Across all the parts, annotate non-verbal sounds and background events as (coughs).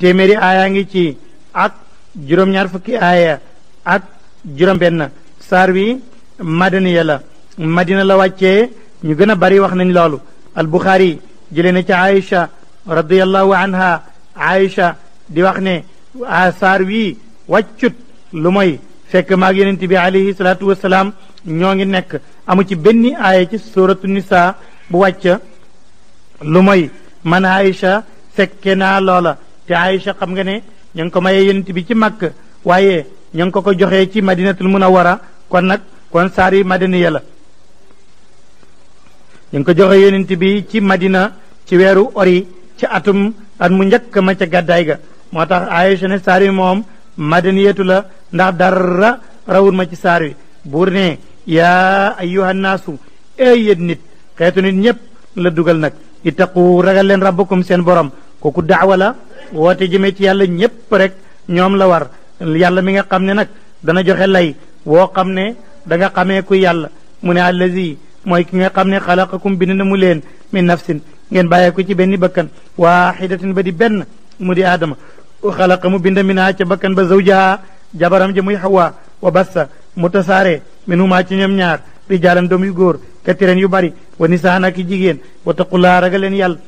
téeméeri aaya ngi ci ak juróom-ñaar fukki aaya ak juróom-benn saar wi madaniya la madina la wàccee ñu gën a bari wax nañ loolu albuxaari jëlee na ci aïcha radiallahu anha aïcha di wax ne a saar wii wàccut lu mooy fekk maag yonent bi alayhi salaatu wasalaam ñoo ngi nekk amu ci benn aaya ci suratu nisa bu wàcc lu mooy man aïcha fekke naa loola te aisha xam nga ne ñang ko maye yonent bi ci makk waaye ñang ko ko joxe ci madinatul munawwara kon nak kon sari madina ya la ko joxe yonent bi ci madina ci wéru ori ci atum at mu njëkk ma ca ga motax aisha ne sari mom madaniyatu la ndax dara rawul ma ci sari wi ne ya ayyuha nasu yed nit xetu nit ñep la nak, nak itaqu ragal len rabbukum sen borom koku da'wala woote jëmee ci yàlla ñépp rek ñoom la war yàlla mi nga xam ne nag dana joxe lay woo xam ne danga nga xamee ku yàlla mu ne si mooy ki nga xam ne xalaqakum bind na mu leen min nafsin ngeen bàyyee ko ci benn bakkan waaxidatin ba di benn mu di aadama xalaqa mu bind minaa ca bakkan ba zawjaha jabaram ja muy xawa wa bassa mu tasaare min huma ci ñoom ñaar rijaalan doom yu góor katiran yu bari wa nisaan ak jigéen wa taqullaa ragal leen yàlla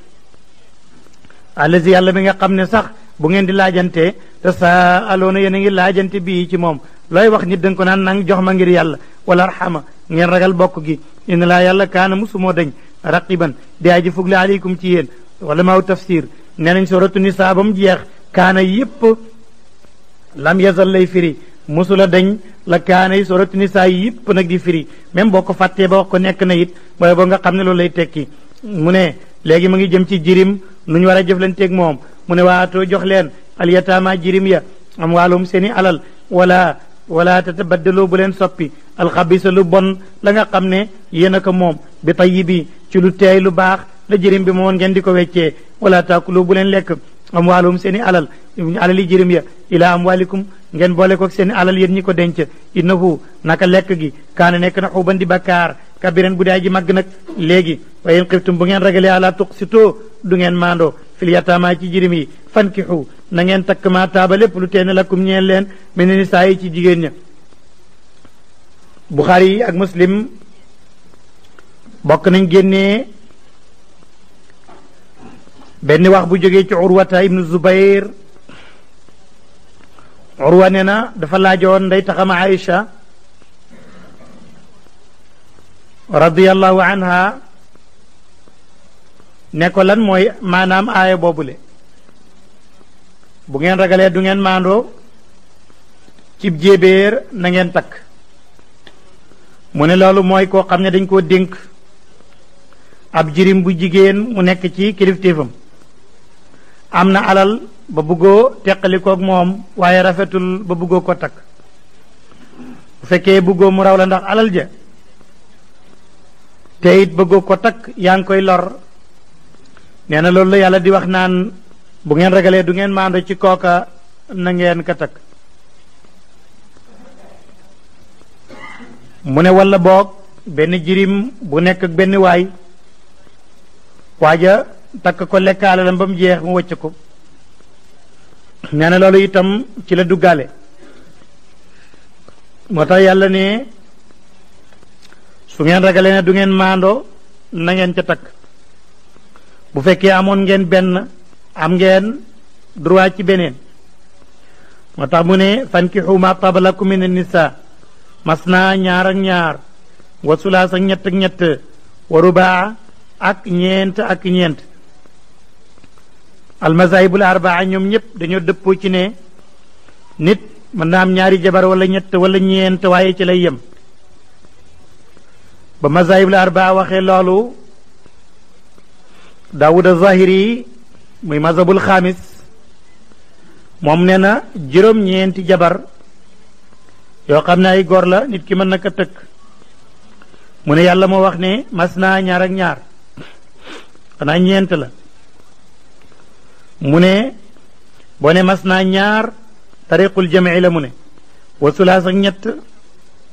allazi yàlla bi nga xam ne sax bu ngeen di laajante te sa aloona yéen ngi laajante bii ci moom looy wax nit danga ko naan nang jox ma ngir yàlla wala arxama ngeen ragal bokk gi inna laa yàlla kaana musumoo dañ raqiban di aji fugli aleykum ci yéen wala maaw tafsir nee soo suratu nisaa ba mu jeex kaana yépp lam yazal lay firi musula dañ la kaana yi suratu nisaa yi yëpp nag di firi même boo ko fàttee ba wax ko nekk na it mooy boo nga xam ne loolu lay tekki mu léegi mu ngi jëm ci jirim nu ñu war a jëflanteeg moom mu ne waatoo jox leen alyataama jirim ya am wàllum seeni alal wala wala tatabaddaloo bu leen soppi alxabisa lu bon la nga xam ne yéen a ko moom bi tayyibi ci lu teey lu baax la jirim bi moomoon ngeen di ko weccee wala taakuloo bu leen lekk am mu seeni alal alali jirim ya ila amwalikum ngeen boole ko seen alal yeen ñi ko denc innahu naka lekk gi kaana nekk na xuuban di bakkaar kabiran bu daay ji legi, nag léegi waaye xiftum bu ngeen ragalee ala tuqsitoo du ngeen maandoo fil yatama ci jirim yi fankixu na ngeen takk ma taaba lépp lu teen lakum ñeen leen mel ni saa ci jigéen ña buxaari ak muslim bokk nañ génnee benn wax bu jógee ci urwata ibnu zubayr urwa ne na dafa laajoon nday taxam aïcha radiallahu anha ne ko lan mooy maanaam aaya boobule bu ngeen ragalee du ngeen maandoo cib jéebéer na ngeen takk mu ne loolu mooy koo xam ne dañ koo dénk ab jirim bu jigéen mu nekk ci kiliftéefam am na alal ba buggoo kali mom waye rafetul ba buggoo ko tak fekke fekkee mu rawla ndax alal ja teyit ko tak yang koy lor neena lolou la yalla di wax nan bu ngeen regale du ngeen maando ci koka na ngeen ka tak mune wala bok ben jirim bu nek ak ben way waja tak ko lekkalam bam jeex mu ko nee na loolu itam ci la duggaale moo tax yàlla ne su ngeen ragale ne du ngeen maandoo na ngeen ca takk bu fekkee amoon ngeen benn am ngeen droit ci beneen moo tax mu ne fankixu ma taaba lakum min annisa mas naa ñaar ak ñaar wa sulaas ak ñett ñett wa rubaa ak ñeent ak ñeent almazahibul arbaa ñoom ñëpp dañoo dëppoo ci ne nit mën na am ñaari jabar wala ñett wala ñeent waaye ci lay yem ba mazahibul arbaa waxee loolu dawuda zahiri muy mazhabul xaamis moom nee na juróom-ñeenti jabar yoo xam ne ay góor la nit ki mën na ko tëkk mu ne yàlla moo wax ne mas naa ñaar ak ñaar xanaa ñeent la mu ne boo ne mas naa ñaar tariqul jamci la mu ne wa sulaas ak ñett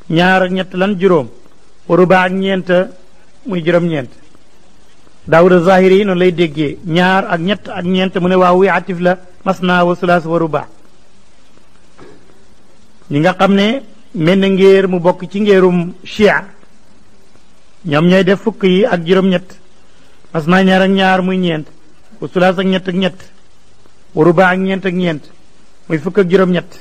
ñaar ak ñett lan juróom wa rubaa ak ñeent muy juróom-ñeent daawuda zahiri yi noonu lay déggee ñaar ak ñett ak ñeent mu ne waaw atif la mas naa wa sulaas wa rubaa ñi nga xam ne mel na ngéer mu bokk ci ngéerum chia ñoom ñooy def fukk yi ak juróom-ñett mas naa ñaar ak ñaar muy ñeent wa sulaas ak ñett ak ñett waru ba ak ñeent ak ñeent muy fukk ak juróom-ñett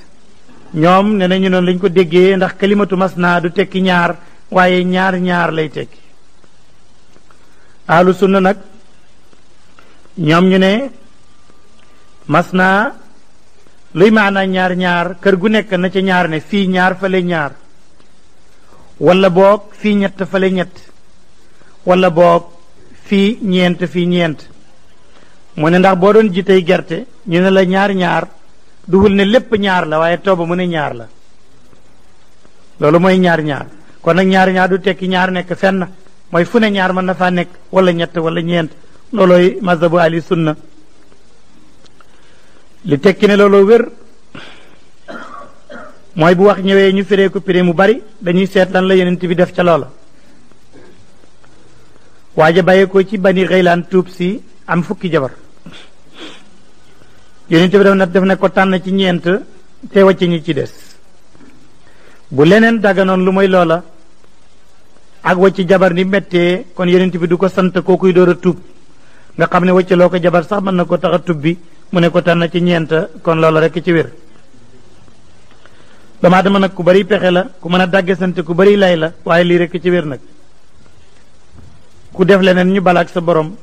ñoom ne nañu noonu lañ ko déggee ndax mas naa du tekki ñaar waaye ñaar ñaar lay tekki ahlu sunna nag ñoom ñu ne mas masna luy maanaa ñaar ñaar kër gu nekk na ca ñaar ne fii ñaar fale ñaar wala boog fii ñett fale ñett wala boog fii ñeent fii ñeent mu ne ndax boo doon ji gerte ñu ne la ñaar ñaar duwul ne lépp ñaar la waaye tooba mu ne ñaar la loolu mooy ñaar ñaar kon nag ñaar ñaar du tekki ñaar nekk fenn mooy fu ne ñaar mën na faa nekk wala ñett wala ñeent loolooy mazhabu ahli sunna lu tekki ne looloo wér mooy bu wax ñëwee ñu firee ko piree mu bari dañuy seet lan la yonent bi def ca loola waaja bàyyi ci bani xëylaan tuub si am fukki jabar yonent bi def na na ko tànn ci ñeent te wàcc ñi ci des bu leneen daganoon lu mooy loola ak wàcc jabar ni méttee kon yonent bi du ko sant koo kuy door a tuub nga xam ne wàcc loo ko jabar sax mën na koo tax a tub bi mu ne ko tànn ci ñeent kon loola rekk ci wér doomu aadama nag ku bari pexe la ku mën a dàgge sant ku bari lay la waaye lii rekk ci wér nag ku def leneen ñu ak sa borom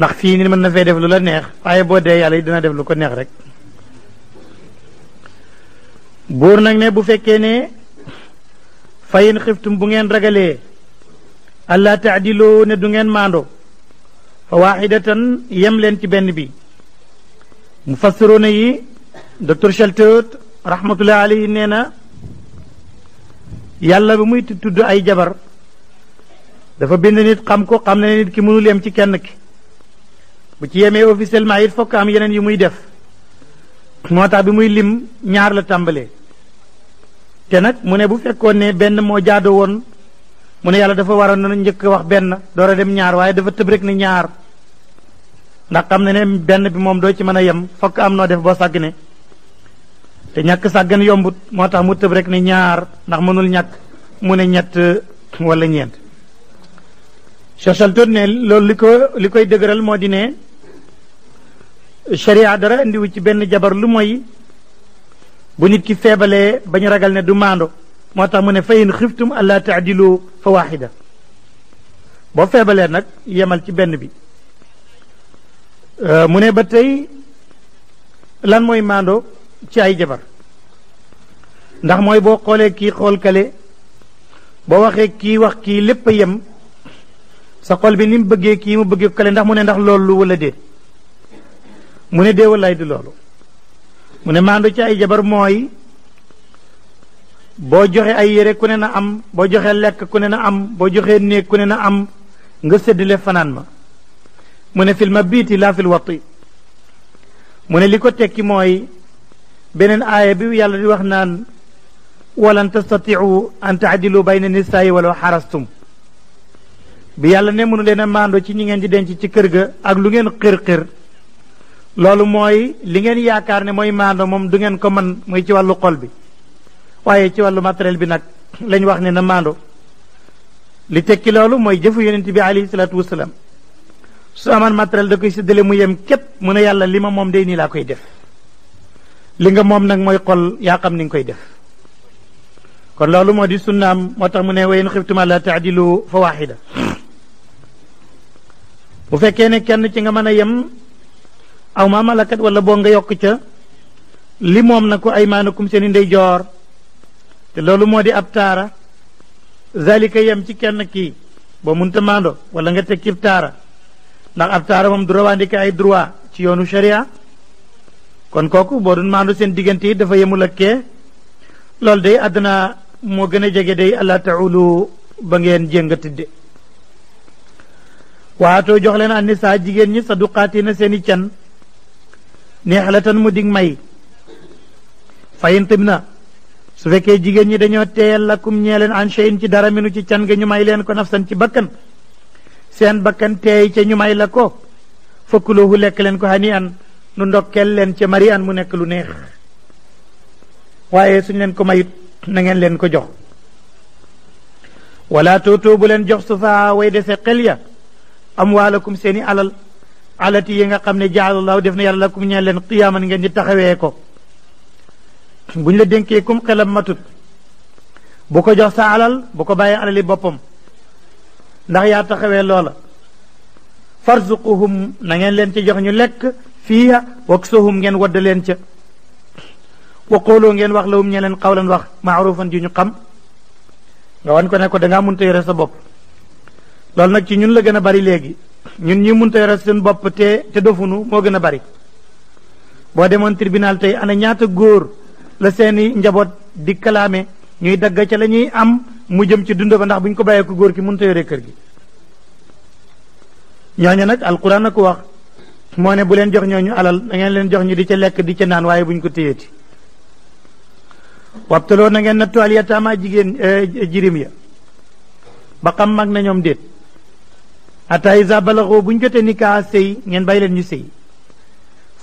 ndax fii ni mën na fee def la neex waaye boo dee yàlla dana dina def lu ko neex rek buur nag ne bu fekkee ne fayin xiftum bu ngeen ragalee allah taadiloo ne du ngeen maando fa waaxidatan yem leen ci benn bi mufassiroona yi docteur Chaltout rahmatullahi alayhi nee na yàlla bi muy tudd ay jabar dafa bind nit xam ko xam ne nit ki mënul yem ci kenn ki bu ci yemee officiellement it fokk am yeneen yu muy def moo tax bi muy lim ñaar la tàmbalee te nag mu ne bu fekkoon ne benn moo jaadoo woon mu ne yàlla dafa war a na njëkk wax benn door a dem ñaar waaye dafa tëb rek ne ñaar ndax xam ne ne benn bi moom doo ci mën a yem fokk am noo def boo sàgg ne te ñàkk sàggan yombut moo tax mu tëb rek ne ñaar ndax mënul ñàkk mu ne ñett wala ñeent Cheikh Chaltoun ne loolu li ko li koy dëgëral moo di ne sharia dara indiwu ci benn jabar lu mooy bu nit ki feebalee ba ñu ragal ne du màndo moo tax mu ne fa in xiftum alla taadilu fa waxida boo feebalee nag yemal ci benn bi euh, mu ne ba tey lan mooy màndo ci ay jabar ndax mooy boo xoolee kii xool kale boo waxee kii wax kii lépp a yem sa xol bi ni mu bëggee kii mu bëggee kale ndax mu ne ndax loolu wala déet mu ne déewal lay du loolu mu ne maandu ci ay jabar mooy boo joxe ay yére ku ne na am boo joxe lekk ku ne na am boo joxe néeg ku ne na am nga séddale fanaan ma mu ne fil mabiiti laa fil wati mu ne li ko tekki mooy beneen aaya bi yàlla di wax naan walan tastatiu an taadilu bayna nisaayi walaw xarastum bi yàlla ne mënu leen a maandoo ci ñi ngeen di denc ci kër ga ak lu ngeen xir-xir loolu mooy li ngeen yaakaar ne mooy maando moom du ngeen ko man mooy ci wàllu xol bi waaye ci wàllu matériel bi nag lañ wax ne na maando li tekki loolu mooy jëfu yonent bi alayhi salaatu wasalaam su amaan matériel da koy séddale mu yem képp mu ne yàlla li ma moom de nii laa koy def li nga moom nag mooy xol yaa xam ni nga koy def kon loolu moo di sunnaam moo tax mu ne wayen xiftuma la taadilu fa waaxida bu fekkee ne kenn ci nga mën a yem aw ma malakat wala boo nga yokk ca li moom na ko aymaanakum seen i ndeyjoor te loolu moo di ab taara zalika yem ci kenn kii boo munta maando wala nga teg ci taara ndax ab taara moom du rawaandike ay droit ci yoonu sharia kon kooku boo doon maando seen diggante yi dafa yemul ak kee loolu day àdduna moo gën a jege day allah taulu ba ngeen jénga tëdde waatoo jox leen annisaa jigéen ñi saduqaati na seeni i can neex la tan mu dig may fayintim na su fekkee jigéen ñi dañoo teeyal lakum ñee leen an cheyin ci dara minu ci can ga ñu may leen ko nafsan ci bakkan seen bakkan teey ca ñu may la ko fakkuloohu lekk leen ko hani an nu ndokkel leen ca mari an mu nekk lu neex waaye suñ leen ko mayut nangeen leen ko jox wala tuutu leen jox su faa way dese xel ya am waalakum seeni alal alati yi nga xam ne jaalallahu def na yàlla kum ñeen leen qiyaaman ngeen di taxawee ko buñ la dénkee kum xelam matut boo ko jox sa alal bu ko bàyyee alali boppam ndax yaa taxawee loola farzuquhum na ngeen leen ci jox ñu lekk fiiha waksuhum ngeen wadd leen ca wa qooloo ngeen wax lawum ñe leen xawlan wax maarufan ji ñu xam nga wan ko ne danga dangaa munta yore sa bopp loolu nag ci ñun la gën a bari léegi ñun ñi mënut a yore seen bopp te te dofunu moo gën a bari boo demoon tribunal tey ana ñaata góor la seeni njaboot di kalaame ñuy dagg ca la ñuy am mu jëm ci dund ba ndax bu ñu ko bayee ko góor ki mënut a yore kër gi ñooñu nag alquran a ko wax moo ne bu leen jox ñooñu alal da ngeen leen jox ñu di ca lekk di ca naan waaye bu ñu ko téyeeti wabtaloo na ngeen nattu al yataama jigéen eh, jirim ya ba xam mag na ñoom déet hatta isa balaxoo buñ jotee nikaa sëy ngeen bay leen ñu sëy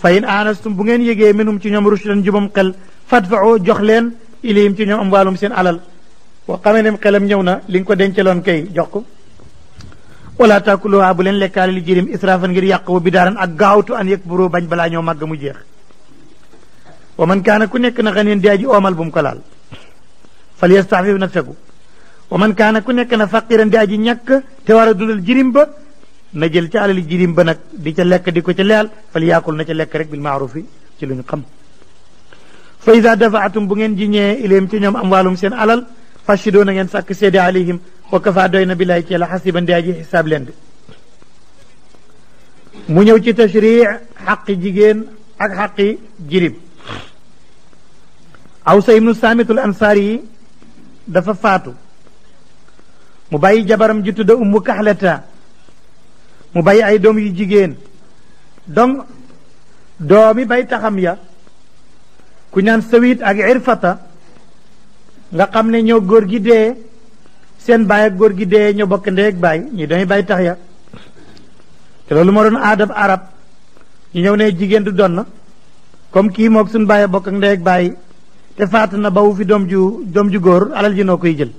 fa in bu ngeen yégee minum ci ñoom rushdan jubam xel fadfa'u jox leen ilayhim ci ñoom amwaalum seen alal boo xamee ne xelam ñëw na li nga ko denceloon kay jox ko wala taakuluha bu leen lekkaale li jirim israfan ngir yàq wa bidaaran ak gaawtu an yakburu bañ balaa ñoo màgg mu jeex wa man kaana ku nekk na xaneen di aji oomal bu ko laal fal yastaxfif na fegu wa man kaana ku nekk na faqiran di aji ñàkk te war a dundal jirim ba na jël ca alali jirim ba nag di ca lekk di ko ca leyal fal yaakul na ca lekk rek bil maarufi ci lu ñu xam fa ida dafaatum bu ngeen jiñee ileem ci ñoom am wàllum seen alal fashido na ngeen sàkk seede alayhim wa kafa doy na bilaay ci la xasiban di aji xisaab leen di mu ñëw ci tashrii xaqi jigéen ak xaqi jirim aw sa ibnu saamitul ansaar yi dafa faatu mu bayyi jabaram ju tudda ummu kahlata mu bayyi ay doom yu jigéen donc doomi bay taxam ya ku ñaan sawit ak irfata nga xam ne ñoo góor gi dee seen baay ak góor gi dee ñoo bokk ndee ak baay ñi bay tax ya te loolu moo doon aadab arab ñu ñëw ne jigéen du donn comme kii moog suñ baay bokk ak ndee ak baay te na fi doom ju doom ju góor alal ji noo jël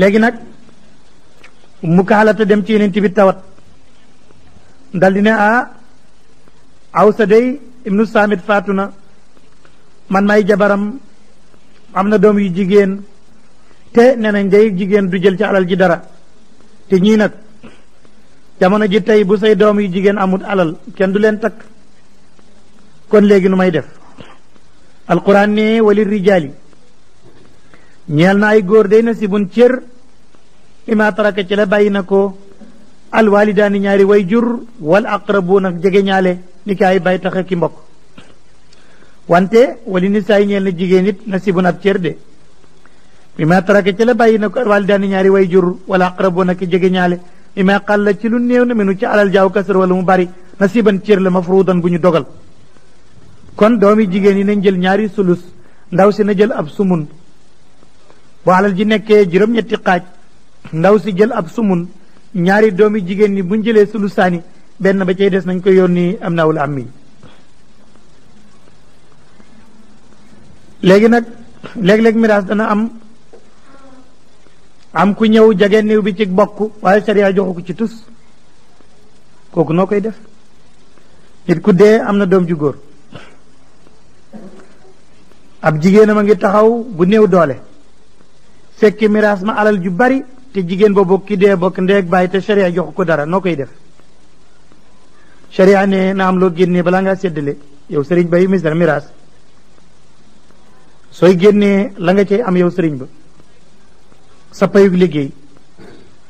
léegi nag mu kaalata dem ci yeneen tawat dal di ne a awsa day ibnu saamit faatu na man may jabaram am na doom yu jigéen te ne nañ day jigéen du jël ci alal ji dara te ñii nag jamono ji tey bu sey doom yu jigéen amut alal kenn du leen takk kon léegi nu may def alquran ne wali rijaali ñeel na ay góor day nasibun cër lima taraka ci la bàyyi na ko alwalidaani ñaari way jur wal aqrabuun ak jege ñaale ni ki ay bay tax ki mbokk wante wali nisaay ñeel na jigéen it nasibun cër de lima ci la bàyyi na ko alwalidaani ñaari way jur wal aqrabuun ak jege ñaale lima ci lu néew na minu ci alal jaaw kasar wala mu bari nasiban cër la mafruudan bu ñu dogal kon doomi jigéen yi nañ jël ñaari sulus ndaw si na jël ab sumun boo alal ji nekkee juróom-ñetti xaaj ndaw si jël ab sumun ñaari doomi jigéen ñi buñ jëlee sulu saani benn ba cay des nañ ko yónni am naawul am yi léegi nag léeg-léeg miraas dana am am ku ñëw jage néew bi ci bokk waaye sariya joxu ko ci tus kooku noo koy def nit ku dee am na doom ju góor ab jigéenam a ngi taxaw bu néew doole fekke mirage ma alal ju bari te bo bok ki de bok ndek bàyyi te sharia jox ko dara noo def sharia ne na am loo génnee balaa ngaa yow serigne ba mis dara mirage soy la nga am yow serigne ba sa payu liggéey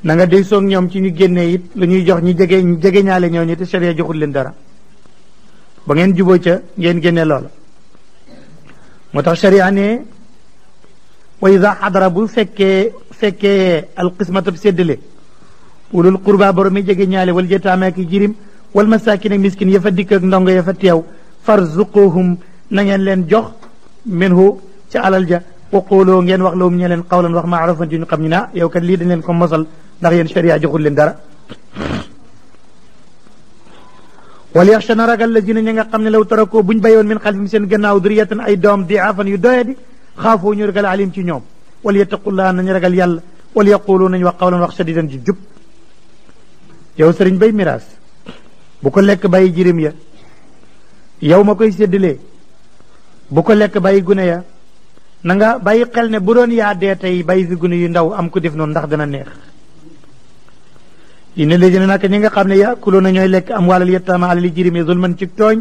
na nga dey sok ñom ci ñu génnee yit lu ñuy jox ñu jégué ñu jégué ñaale ñoo ñi te sharia joxul leen dara ba ngeen jubo ca ngeen lool motax sharia ne وإذا حضر بو فكي فكي القسمة بسدلة ولو القربة برمي جاكي نالي والجتامة كي جيرم والمساكين المسكين يفدك نونغ يفتيو فارزقوهم نين لين جوخ منه تعالى الجا وقولوا نين وقلوا من لين قولا وقم عرفا جن قمنا يو كان ليدن لين كم مصل نغين شريع جغل لين دارا وليخشى نراك الذين ينقمن لو تركوا بن بيون من خلف مسين جنا ودرية اي دوم ضعافا يدايدي xaafoo ñu ragal alim ci ñoom wala yattaqullaa nañu ragal yàlla wala yaqulu nañu wax qawlan wax sadidan ji jub yow sëriñ bay miraas bu ko lekk bàyyi jirim ya yow ma koy séddalee bu ko lekk bàyyi gune ya na nga bàyyi xel ne bu doon yaa dee tey bàyyi si gune yu ndaw am ku def noon ndax dana neex inna lladiina naka ñi nga xam ne yaakuluuna ñooy lekk am waalal yettaama alali jirim ya zulman ci tooñ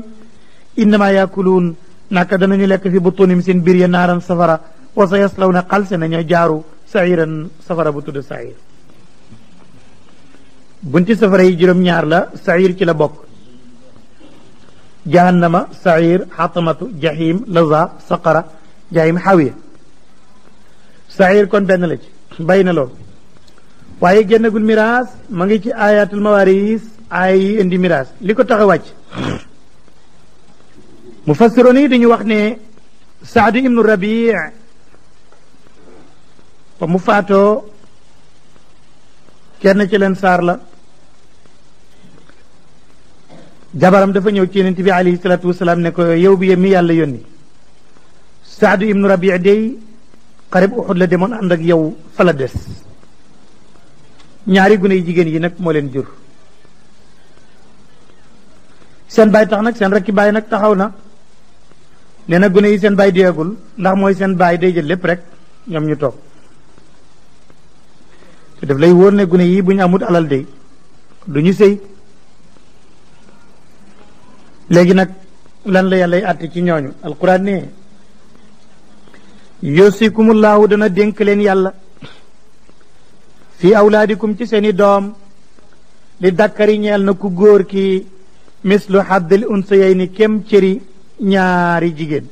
innamaa yaakuluun naka danañu lekk fi butunim seen biir ya naaran safara wa sa yaslaw na xalse nañoo jaaru sairan safara bu tudd sair bunti safara yi juróom-ñaar la sair ci la bokk jahannama sair xatamatu jahim laza saqara jahim xawiya sair kon benn la ci bàyyi na loolu waaye génnagul miraas ma ngi ci ayatul mawaris aaya yi indi miraas li ko tax wàcc mu mufassiroon yi dañu wax ne saadu ibnu rabi ba mu faatoo kenn ci leen saar la jabaram dafa ñëw ci yonent bi alayhi salaatu wasalaam ne ko yow bi mi yàlla yónni saadu ibnu rabi day xareb uxud la demoon ànd ak yow fa des ñaari gune yi jigéen yi nag moo leen jur seen baay tax nag seen rakki baay nag taxaw na nee na gune yi seen baay deegul ndax mooy seen baay day jël lépp rek ñoom ñu toog te daf lay wóor ne gune yi bu ñu amut alal de lu ñu sey léegi nag lan la yàllay àtte ci ñooñu alquran ne yusikumullaahu dana dénk leen yàlla fii awlaadikum ci seeni doom li dakkari ñeel na ku góor ki mislu xaddil unsayayni kem cëri ñaari jigéen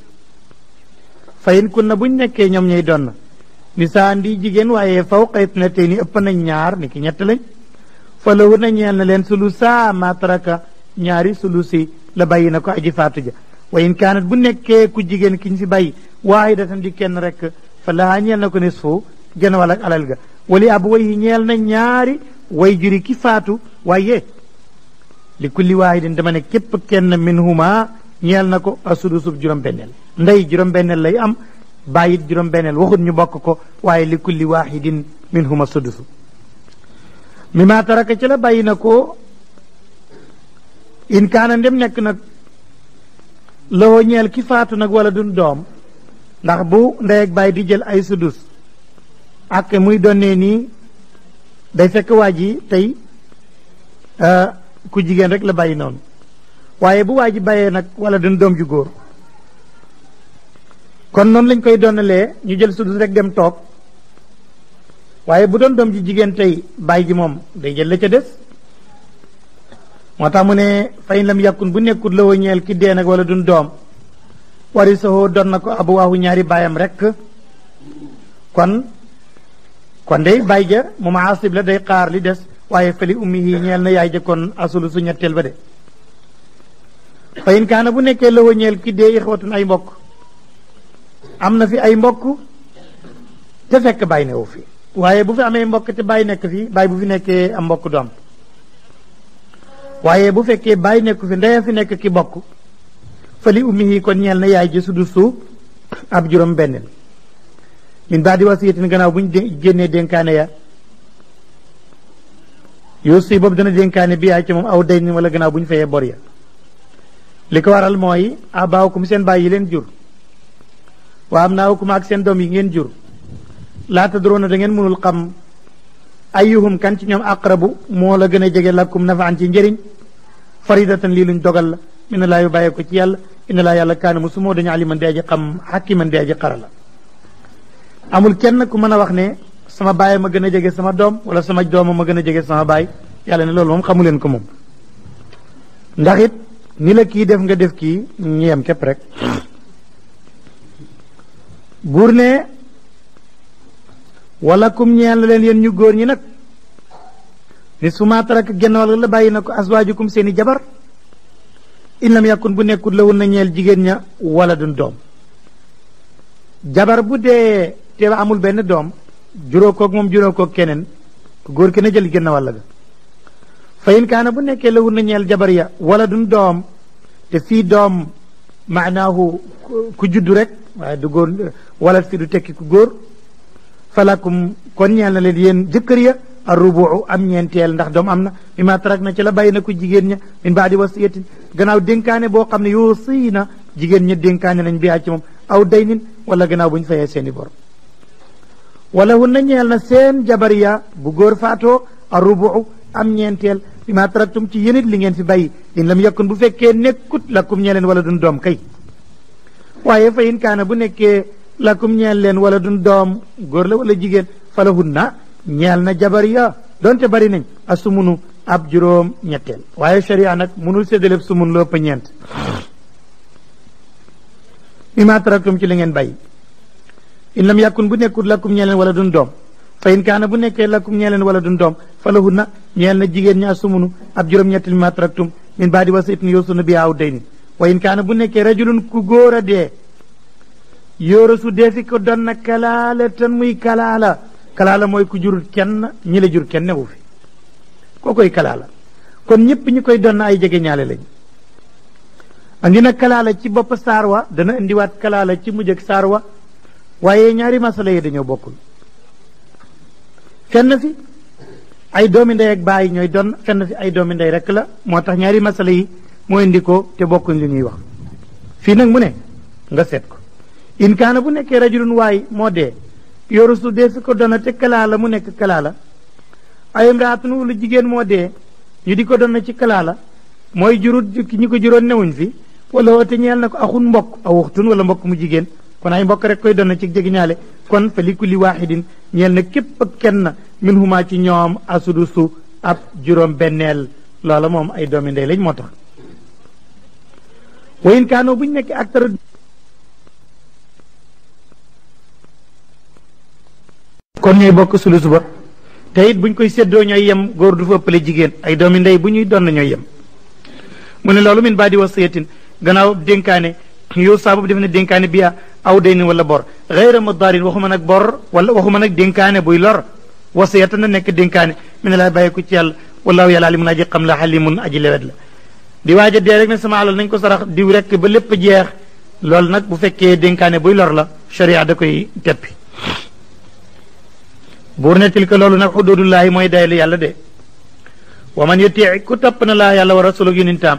fayin kunna buñ nekkee ñoom ñuy donn nisaan di jigéen waaye faw fawqa itnatayni ëpp nañ ñaar ni ki ñett lañ fa lawu na ñeel na leen sulusa ma ñaari sulusi la bàyyi na ko aji faatu ja wa in kaanat bu nekkee ku jigéen kiñ si bàyyi waahidatan di kenn rek fa lahaa ñeel na ko nisfu genn wàll alal ga wali ab way ñeel na ñaari way juri ki faatu waaye li kulli waahidin dama ne képp kenn minhuma ñeel na ko asudusub juróom-benneel ndey juróom-benneel lay am bàyyit juróom-benneel waxut ñu bokk ko waaye li kulli waxidin minhuma sudusu mi maa taraka ci la bàyyi in kaana ndem nekk nag lawoo ñeel ki faatu nag wala dun doom ndax bu ndey ak bàyyi di jël ay sudus ak muy donnee nii day fekk waa ji tey euh, ku jigéen rek la bàyyi noonu waaye bu waa ji bàyyee nag wala dun doom ju góor kon noonu lañ koy donnalee ñu jël sudus rek dem toog waaye bu doon doom ji jigéen tey bàyyi ji moom day jël la ca des moo tax mu ne fay lam yàkkun bu nekkul la woo ñeel ki dee nag walla dun doom wari soxoo doon na ko abu waawu ñaari baayam rek kon kon day bàyyi ja moom asib la day xaar li des waaye fëli ummi yi ñeel na yaay ja kon asulu su ba de fa kaana bu nekkee la wañeel ki dee ixwatun ay mbokk am na fi ay mbokk te fekk bàyyi newu fi waaye bu fi amee mbokk te bàyyi nekk fi bàyyi bu fi nekkee am mbokk du waaye bu fekkee bàyyi nekku fi ndeya fi nekk ki bokk fa li ummihi kon ñeel na yaay ji sudu suuf ab juróom benn min baadi wasiyatin gannaaw bu ñu génnee dénkaane ya yoosu yi boobu dana dénkaane bi yaay ci moom aw day ni wala gannaaw bu ñu fayee bor li ko waral mooy abaakum seen baay yi leen jur waa am naawakum ak seen doom yi ngeen jur laata droona da ngeen mënul xam ayyuhum kan ci ñoom aqrabu moo la gën a jege lakkum nafaan ci njëriñ faridatan lii luñ dogal la inna laa yu bàyyee ko ci yàlla inna laa yàlla kaana musumoo dañu aliman di aji xam xakiman di aji xara la amul kenn ku mën a wax ne sama baay ma gën a jege sama doom wala sama dooma ma gën a jege sama baay yàlla ne loolu moom xamu leen ko moom ndax ni la kii def nga def kii ñu yem képp rek buur ne wala kum ñeel na leen yéen ñu góor ñi nag ni suma tarak genn wàll la bàyyi na ko aswaajukum seeni jabar in lam bu nekkul la woon na ñeel jigéen ña wala dun doom jabar bu dee te amul benn doom juróo koog moom juróo koog keneen ku góor ki na jël genn wàll ga fayin kaana bu nekkee lawun na ñeel jabar ya wala dun doom te fii doom maanaahu ku juddu rek du góor wala fi du tekki ku góor falakum kon ñeel na leen yéen jëkkër ya arrubu am ñeenteel ndax doom am na mi ma tarak na ci la bàyyi na ko jigéen ña min baadi wasiyatin gannaaw dénkaane boo xam ne yuusi na jigéen ña dénkaane nañ bi ci moom aw daynin wala gannaaw bu ñu fayee seen i bor wala hun na ñeel na seen jabar bu góor faatoo arrubu am ñeenteel bi ma taraktum ci yéen li ngeen fi bayyi in lam yakun bu fekkee nekkut lakum ñeleen wala dun doom kay waaye fa in kaana bu nekkee lakum ñeel leen wala dun doom góor la wala jigéen falahunna ñeel na jabar ya donte bari nañ asumunu ab juróom ñetteel waaye sharia nag munul sumunlo sumun loppa ñeent bi ma taratum ci li ngeen bayyi in lam yakun bu nekkut lakum ñeleen wala dun doom fa in kaana bu nekkee lakum ñee leen wala dun doom fa lahunna ñeel na jigéen ñaa sumunu ab juróom-ñetti li ma taraktum min baadi wasiyatin yuusuuna bihaa aw daynin wa in kaana bu nekkee rajulun ku góor a dee yóoru su dee si ko doon kalaala tan muy kalaala kalaala mooy ku jurul kenn ñi la jur kenn newu fi koo koy kalaala kon ñëpp ñi koy doon na ay jege ñaale lañ andi na kalaala ci bopp saar wa dana indiwaat kalaala ci mujj saar wa waaye ñaari mas yi dañoo bokkul fenn fi ay doomi ndey ak baay ñooy donn fenn fi ay doomi ndey rek la moo tax ñaari masala yi moo indi te bokkuñ li ñuy wax fii nag mu ne nga seet ko in bu nekkee rajulun waay moo dee yorusu dee su ko dona te kalaa la mu nekk kalaa la ay imraatun jigéen moo dee ñu di ko donna ci kalaa la mooy jurut ñi ko juróon newuñ fi wala woote ñeel na ko axun mbokk aw waxtun wala mbokk mu jigéen kon ay mbokk rek koy doon ci jegiñaale kon fa li kulli waaxidin ñeel na képp kenn min huma ci ñoom asudusu ab juróom benneel loola moom ay doomi ndey lañ moo tax wayin kaanoo buñ nekk ak tara kon ñooy bokk sulus ba te it buñ koy seddoo ñooy yem góor du fa ëppale jigéen ay doomi ndey bu ñuy doon ñooy yem mu ne loolu min baa di wasiyatin gannaaw dénkaane yuusaa boobu def ne dénkaane bi aw daynin wala bor xayra mudaarin waxuma nag bor wala waxuma nag dénkaane buy lor wasiyata na nekk dénkaane min laa bàyyi ko ci yàlla walaahu yàlla alimun aji xam la xalimun aji lewet la di a dee rek ne sama alal nañ ko sarax diw rek ba lépp jeex lool nag bu fekkee dénkaane buy lor la sharia da koy teppi buur ne tilka loolu nag xududullaahi mooy daylu yàlla de wa man yutii ku topp na laa yàlla wa rasuluk yu nintaam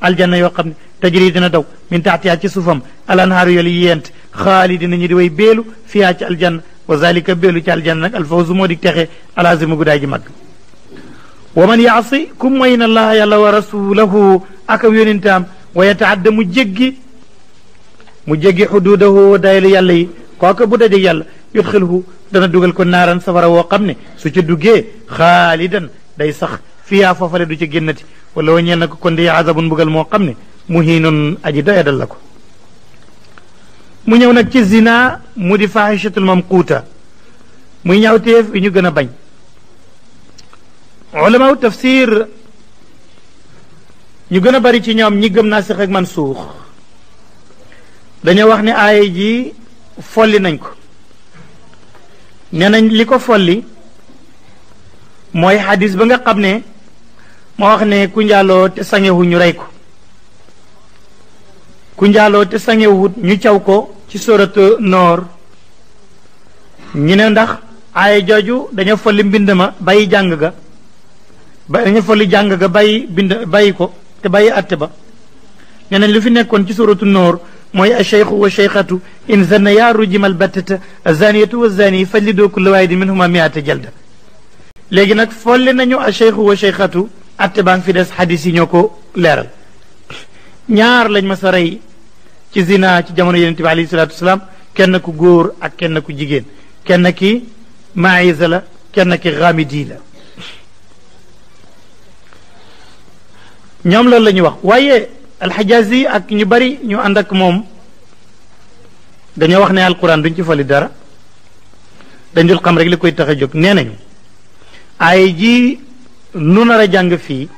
aljanna yoo xam ne tajri dina daw min taxtiha ci suufam al anhaaru yolu yent xaalidina ñu di way beelu fiha ci aljanna wa zalika beelu ci aljanna nag alfawzu moo di texe alazimu gudaay ji mag wa man yaasi ku moy na laa yàlla wa rasulahu ak am yonentaam wa yataadda mu jéggi mu jéggi xududahu dayalu yàlla yi kooka bu dajeg yàlla yudxilhu dana dugal ko naaran safara woo xam ne su ca duggee xaalidan day sax fiyaa foofale du ci génnati wala wa ñeel ko kon di azabun mbugal moo xam ne muhiinun aji doyadal la ko mu ñëw nag ci zina mu di fahishatul mamquuta muy ñaawteef yi ñu gën a bañ ulamaw tafsir ñu gën a bari ci ñoom ñi gëm naa naasix man suux dañoo wax ne aaya ji folli nañ ko nee li ko folli mooy xadis ba nga xam ne moo wax ne ku njaaloo te sangewu ñu rey ko ku njaaloo te sangewut ñu caw ko ci soratu noor ñu ne ndax aaya jooju dañoo folli mbind ma bàyyi jàng ga ba dañoo jàng ga bàyyi bind bàyyi ko te bàyyi atte ba ne nañ lu fi nekkoon ci soratu noor mooy acheikhu wa cheikhatu in zanna yaa rujimal battata azaniyatu wa zani fajlidu kulla waahidin minhuma miata jalda léegi nag folli nañu acheikhu wa cheikhatu atte baa ngi fi des xadis yi ñoo ko leeral ñaar lañ ma sa rey ci zina ci jamono yonente bi alayhi salaatu wasalaam kenn ku góor ak kenn ku jigéen kenn ki maïsa la kenn ki xaamidi la ñoom loolu la ñuy wax waaye yi ak ñu bari ñu ànd ak moom dañoo wax ne alquran duñ ci fali dara dañ dul xam rek li koy tax a jóg nee nañu ay ji nu nar a jàng fii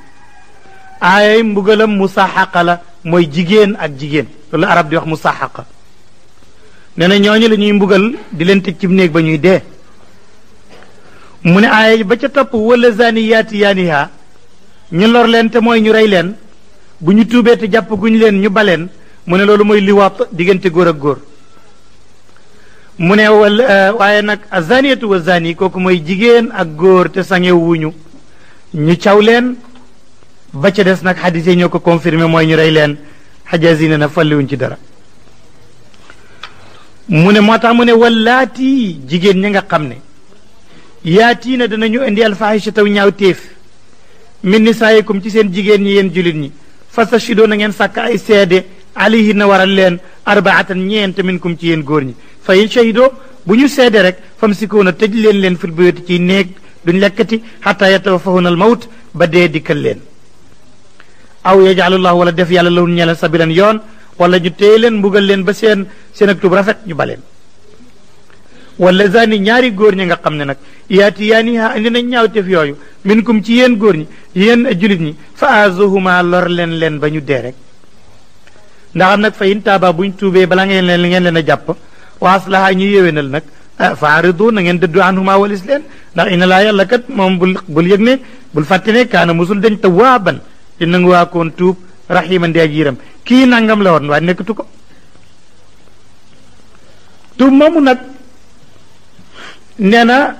aayay mbugalam musaxaqa la mooy jigéen ak jigéen lala arab di wax musaxaqa nee na ñooñu la ñuy mbugal di leen tëj cib néeg ba ñuy dee mu ne aayay ba ca topp wala zaniyaati yaaniha ñu lor leen te mooy ñu rey leen bu ñu tuubee te jàpp guñ leen ñu baleen mu ne loolu mooy liwaat diggante góor ak góor mu ne wal waaye nag azaniyatu wa zani kooku mooy jigéen ak góor te sange ñu caw leen ba ca des nag xadis yi ñoo ko confirmé mooy ñu rey leen xajaas yi na fàlliwuñ ci dara mu ne moo tax mu ne wallaati jigéen ñi nga xam ne yaati na danañu indi alfahisha taw ñaaw téef min nisaayikum ci seen jigéen ñi yéen julit ñi fa fastashidoo na ngeen sàkk ay seede alayhi na waral leen arbaatan ñeent minkum ci yéen góor ñi fa in shahidoo bu ñu seede rek fam sikoo na tëj leen leen fil buyuti ciy néeg duñ lekkati xataa yatawaffahuna al mawt ba dee dikkal leen aw yajalullahu wala def yàlla lawun ñeleen sabilan yoon wala ñu téye leen mbugal leen ba seen seen rafet ñu baleen wala zani ñaari góor ñi nga xam ne nag yaati yaani ha andi nañ ñaawteef yooyu minkum ci yéen góor ñi yéen julit ñi fa azuhuma lor leen leen ba ñu dee rek ndaxam nag fa in taaba buñ tuubee bala ngeen leen ngeen leen a jàpp wa aslaha ñu yéwénal nag Ah, faaridu na ngeen dëddu anhuma walis leen ndax ina laa yàlla kat moom bul bul yëg ne bul fàtte ne kaana musul dañ tawaaban di nangu waa koon tuub raximan di ak yiram kii nangam la woon waaye nekkatu ko tuub moomu nag nena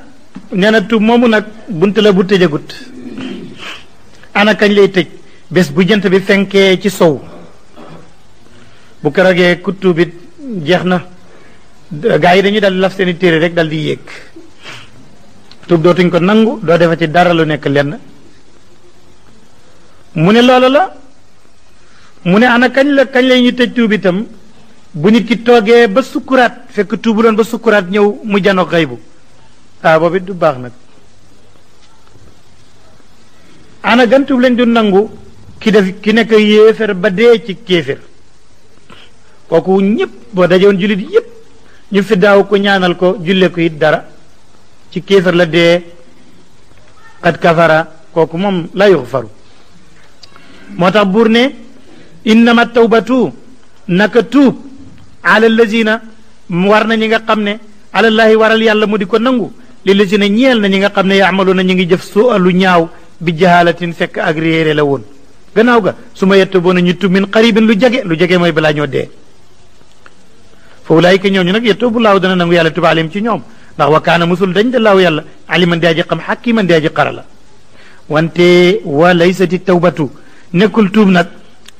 na tuub moomu nag bunt la bu tëjagut ana kañ lay tëj bés bu jant bi fenkee ci sow bu ko rogee ku jeex na gaa yi dañuy dal laf seen i téere rek dal di yéeg tub dootuñ ko nangu doo defe ci dara lu nekk lenn mu ne loolu la mu ne ana kañ la kañ la ñu tëj tuub itam bu nit ki toogee ba sukkuraat fekk tuubuloon ba sukkuraat ñëw mu jano xaybu ah boobu du baax nag ana gan tuub lañ du nangu ki def ki nekk yéefér ba dee ci kéefér kooku ñëpp boo dajewoon jullit yëpp ñu fi ko ñaanal ko julle ko it dara ci kéefar la dee xat kafara kooku moom la yuxfaru moo tax buur ne innama tawbatu naka tuub ala lazina war na ñi nga xam ne alallaahi waral yàlla mu di ko nangu li lazina ñeel na ñi nga xam ne yaamaluuna ñu ngi jëf soo lu ñaaw bi jahalatin fekk ak réere la woon gannaaw ga su ma yettu boona ñu tub min qaribin lu jege lu jege mooy balaa ñoo dee fa ulaayika ñooñu nag yetoobu laahu dana nangu yàlla tuba alim ci ñoom ndax wa kaana musul dañ da laahu yàlla aliman di aji xam xakiman di aji xarala wante wa laysati tawbatu nekkul tuub nag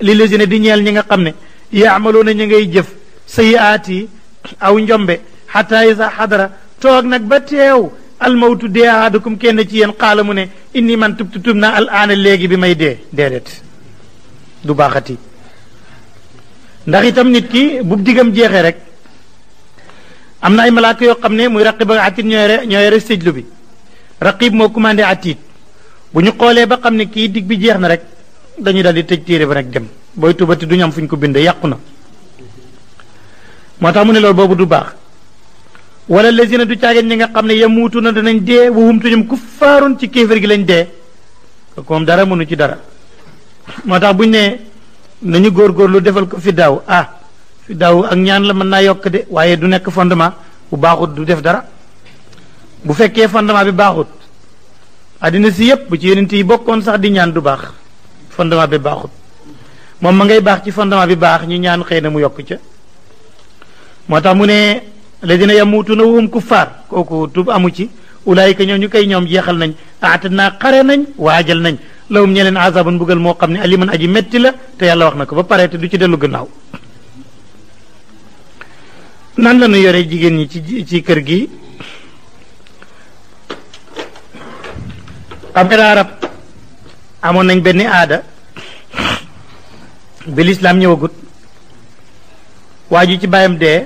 li lésine di ñeel ñi nga xam ne yaamaloona ñu ngay jëf sayiaati aw njombe xata isa xadara toog nag ba teew almawtu dee ahadukum ci yéen xaala mu ne inni man tubtu tub na al léegi bi may dee déedéet du baaxati ndax itam nit ki bu diggam jeexee rek am na ay malaaka yoo xam ne muy raqib ak atit ñoo yore ñoo yore sijlu bi raqib moo commandé atit bu ñu xoolee ba xam ne kii digg bi jeex na rek dañuy daal di tëj téere ba nag dem booy tubati du ñu am fu ñu ko bindee yàqu na moo tax mu ne lool boobu du baax wala lazina du caageen ñi nga xam ne yamuutu na danañ dee wa humtu ñoom faaroon ci kéefar gi lañ dee kooku moom dara mënu ci dara moo tax buñ nee nañu góor góor lu defal ko fi daaw ah daaw ak ñaan la mën naa yokk de waaye du nekk fondement bu baaxut du def dara bu fekkee fondement bi baaxut addina si yépp bu ci yonent yi bokkoon sax di ñaan du baax fondement bi baaxut moom ma ngay baax ci fondement bi baax ñu ñaan xëy na mu yokk ca moo tax mu ne yam ladina yamuutuna wa hum kuffaar kooku tub amu ci ulaayika ñoom ñu koy ñoom jeexal nañ aata naa xare nañ waajal nañ lawum ñe leen azabun bugal moo xam ne aliman aji metti la te yàlla wax na ko ba pare te ci dellu gannaaw nan la ñu yore jigen ñi ci ci kër gi xam nga arab amon nañ benn aada bi lislam ñëwagut waa ci bayam dee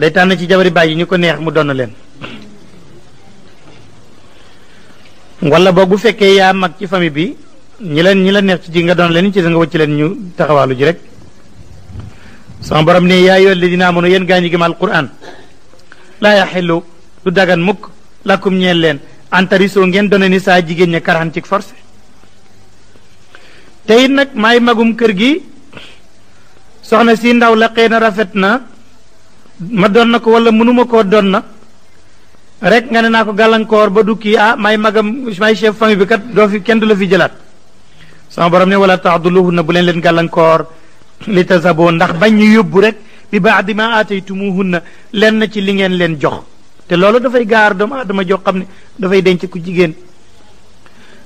day tànn ci jabari bàyyi ñu ko neex mu donn leen wala boog bu fekkee yaa mag ci famille bi ñi leen ñi la neex ci ji nga leen ci nga wëcc leen ñu taxawaalu ji rek sama borom ne ya ayyuha alladina amanu yen kemal ñi gëm la laa yaxillu du dagan muk lakum ñeel len antarisoo ngeen done ni saa jigéen ñe karaan ci forcé te magum kër gi soxna si ndaw la xëy rafetna ma don nako wala mënuma koo don na rek nga ne nako galankor ba du ki ah may magam may chef fami bi kat do fi kenn du la fi sama borom ne wala taxduluhu na bu leen li tasaboo ndax bañ ñu yóbbu rek bi baadi ma aataytumuhunna na ci li ngeen leen jox te loolu dafay gaar doomu aadama jox xam ne dafay denc ku jigéen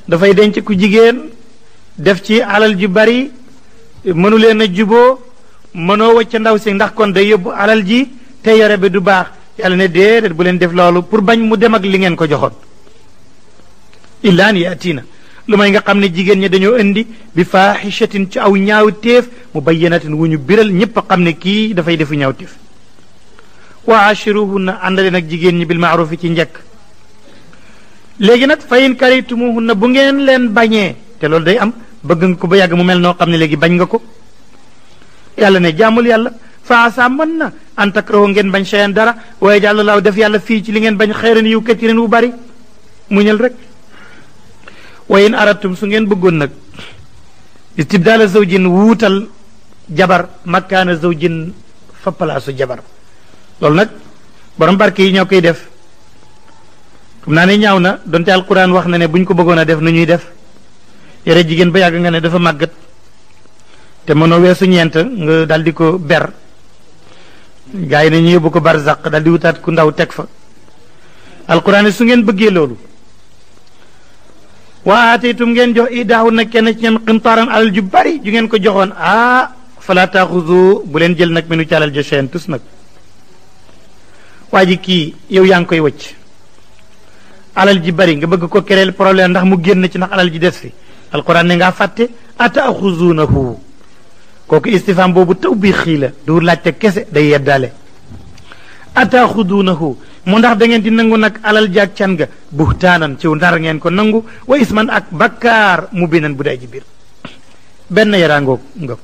dafay denc jigéen def ci alal ju bari mënu leen a juboo mënoo wacca ndaw si ndax kon day yóbbu alal ji te yore bi du baax yàlla ne déedéet bu leen def loolu pour bañ mu dem ak li ngeen ko joxoon illaan yaatiina lu may nga xam ne jigéen ñi dañoo indi bi faaxishatin ci aw ñaaw téef mu bayyanatin wu ñu biral ñépp a xam ne kii dafay defu ñaaw téef wa na àndale nag jigéen ñi bil maarufi ci njëkk léegi nag fayin na bu ngeen leen bañee te loolu day am bëgg nga ko ba yàgg mu mel noo xam ne léegi bañ nga ko yàlla ne jaamul yàlla faa asa na an takrahu ngeen bañ cheyan dara waaye jàllalaaw def yàlla fii ci li ngeen bañ xeyran yiw wu bari muñal rek wayin aratum su ngeen bëggoon nag istibdaala zawjin wuutal jabar makkaana zawjin fa palaasu jabar loolu nag borom barki yi ñoo koy def kum naa ne ñaaw na donte alquran wax na ne buñ ko bëggoon a def nu ñuy def yere jigéen ba yàgg nga ne dafa màggat te mënoo weesu ñeent nga ko ber gars yi ne ñu yóbbu ko barzaq ku ndaw teg fa alquran su ngeen bëggee loolu واتيتم ген جو ايداو نك kenn قنطارا ñeen qintaaran alal ju bari ju ngeen ko joxoon ah fala taaxudu bu leen jël nag minu ci alal ja seen tus nag waa ji nga bëgg ko kereel problème ndax mu génn ci nak alal ji des fi alquran ne ngaa fàtte atakhuzunahu koku istifham bobu taw bi xii la du laajte kese day yeddaale atakhuzunahu mu ndax da ngeen di nangu nag alal jaag can ga buhtaanan ci ndar ngeen ko nangu wa isman ak bakar mubinan binan bu day ci biir benn yaraangoog nga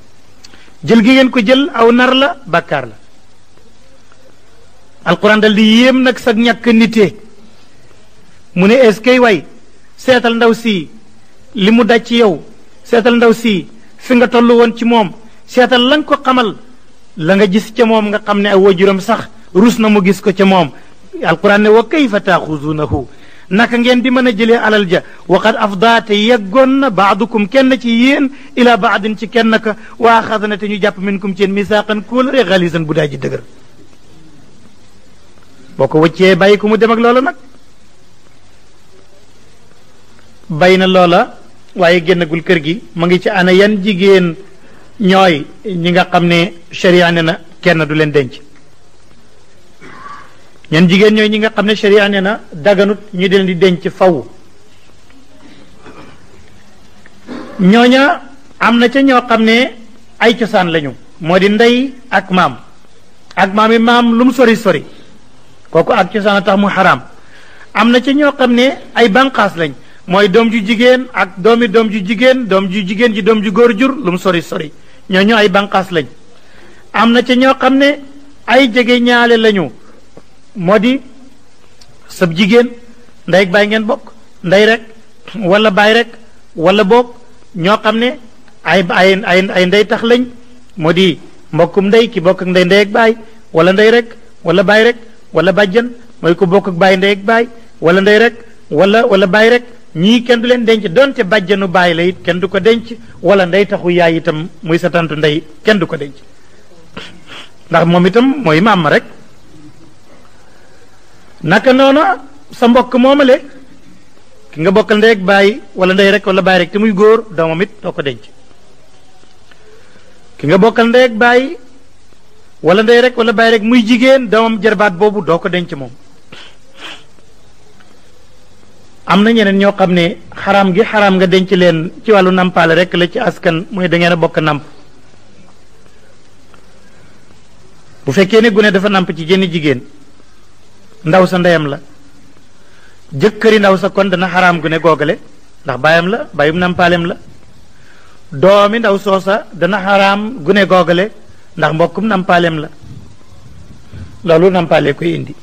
jël gi ngeen ko jël aw nar la bakkaar la alquran dal di yéem nag sag ñàkk nitee mu ne est ce way seetal ndaw si li mu daj ci yow seetal ndaw si fi nga toll woon ci moom seetal lan ko xamal la nga gis ca moom nga xam ne aw wajuram sax rus na gis ko ca moom القران وكيف تاخذونه نك نين دي جلي على الجا وقد افضات يغن بعضكم كن تي الى بعض تي كنك واخذنا تي جاب منكم تي ميثاقا كل غليظا بوداجي دغر بوكو وتي بايكم ديم اك لولا نك بين لولا واي ген غول كيرغي ماغي تي انا يان جيجين نوي نيغا خامني شريعه ننا كين دولين دنج ñan jigéen ñooy ñi nga xam ne sharia nee na daganut ñu di leen di denc faw ñooña am na ca ñoo xam ne ay cosaan lañu moo di ndey ak maam ak maam yi maam lu mu sori sori kooku ak cosaan a tax mu xaraam am na ca ñoo xam ne ay banqaas lañ mooy doom ju jigéen ak doomi doom ju jigéen doom ju jigéen ji doom ju góor jur lu mu sori sori ñooñu ay banqaas lañ am na ca ñoo xam ne ay jege ñaale lañu moo di sab jigéen ndey ak baay ngeen bokk ndey rek walla baay rek wala bokk ñoo xam ne ay ay ay ay ndey tax lañ moo di mbokkum ndey ki bokk ak ndey ndey ak baay wala ndey rek wala baay rek wala bàjjan mooy ko bokk ak baay ndey wala ndey rek wala wala baay rek ñii kenn du leen denc donte bàjjanu baay lay it kenn du ko denc wala ndey taxu yaay itam muy sa tantu ndey kenn du ko denc ndax moom itam mooy maam rek. naka noona sa mbokk moomale ki nga bokkal ndey ak wala ndey rek wala bàyyi muy góor doomam it ko denc ki nga bokkal ndey ak bàyyi wala ndey rek wala bàyyi rek muy jigéen doomam jarbaat boobu doo ko denc moom am na ñeneen ñoo xam ne xaraam gi xaram nga denc leen ci wàllu nampaale rek la ci askan mooy da ngeen a bokk namp bu fekkee ne gune dafa namp ci jenn jigéen ndaw sa ndeyam la jëkkëri ndaw sa kon dana xaraam gune ne googale ndax baayam la baayum nampaaleem la doomi ndaw soosa dana xaraam gu googale ndax mbokkum nampaaleem la loolu nampaale koy indi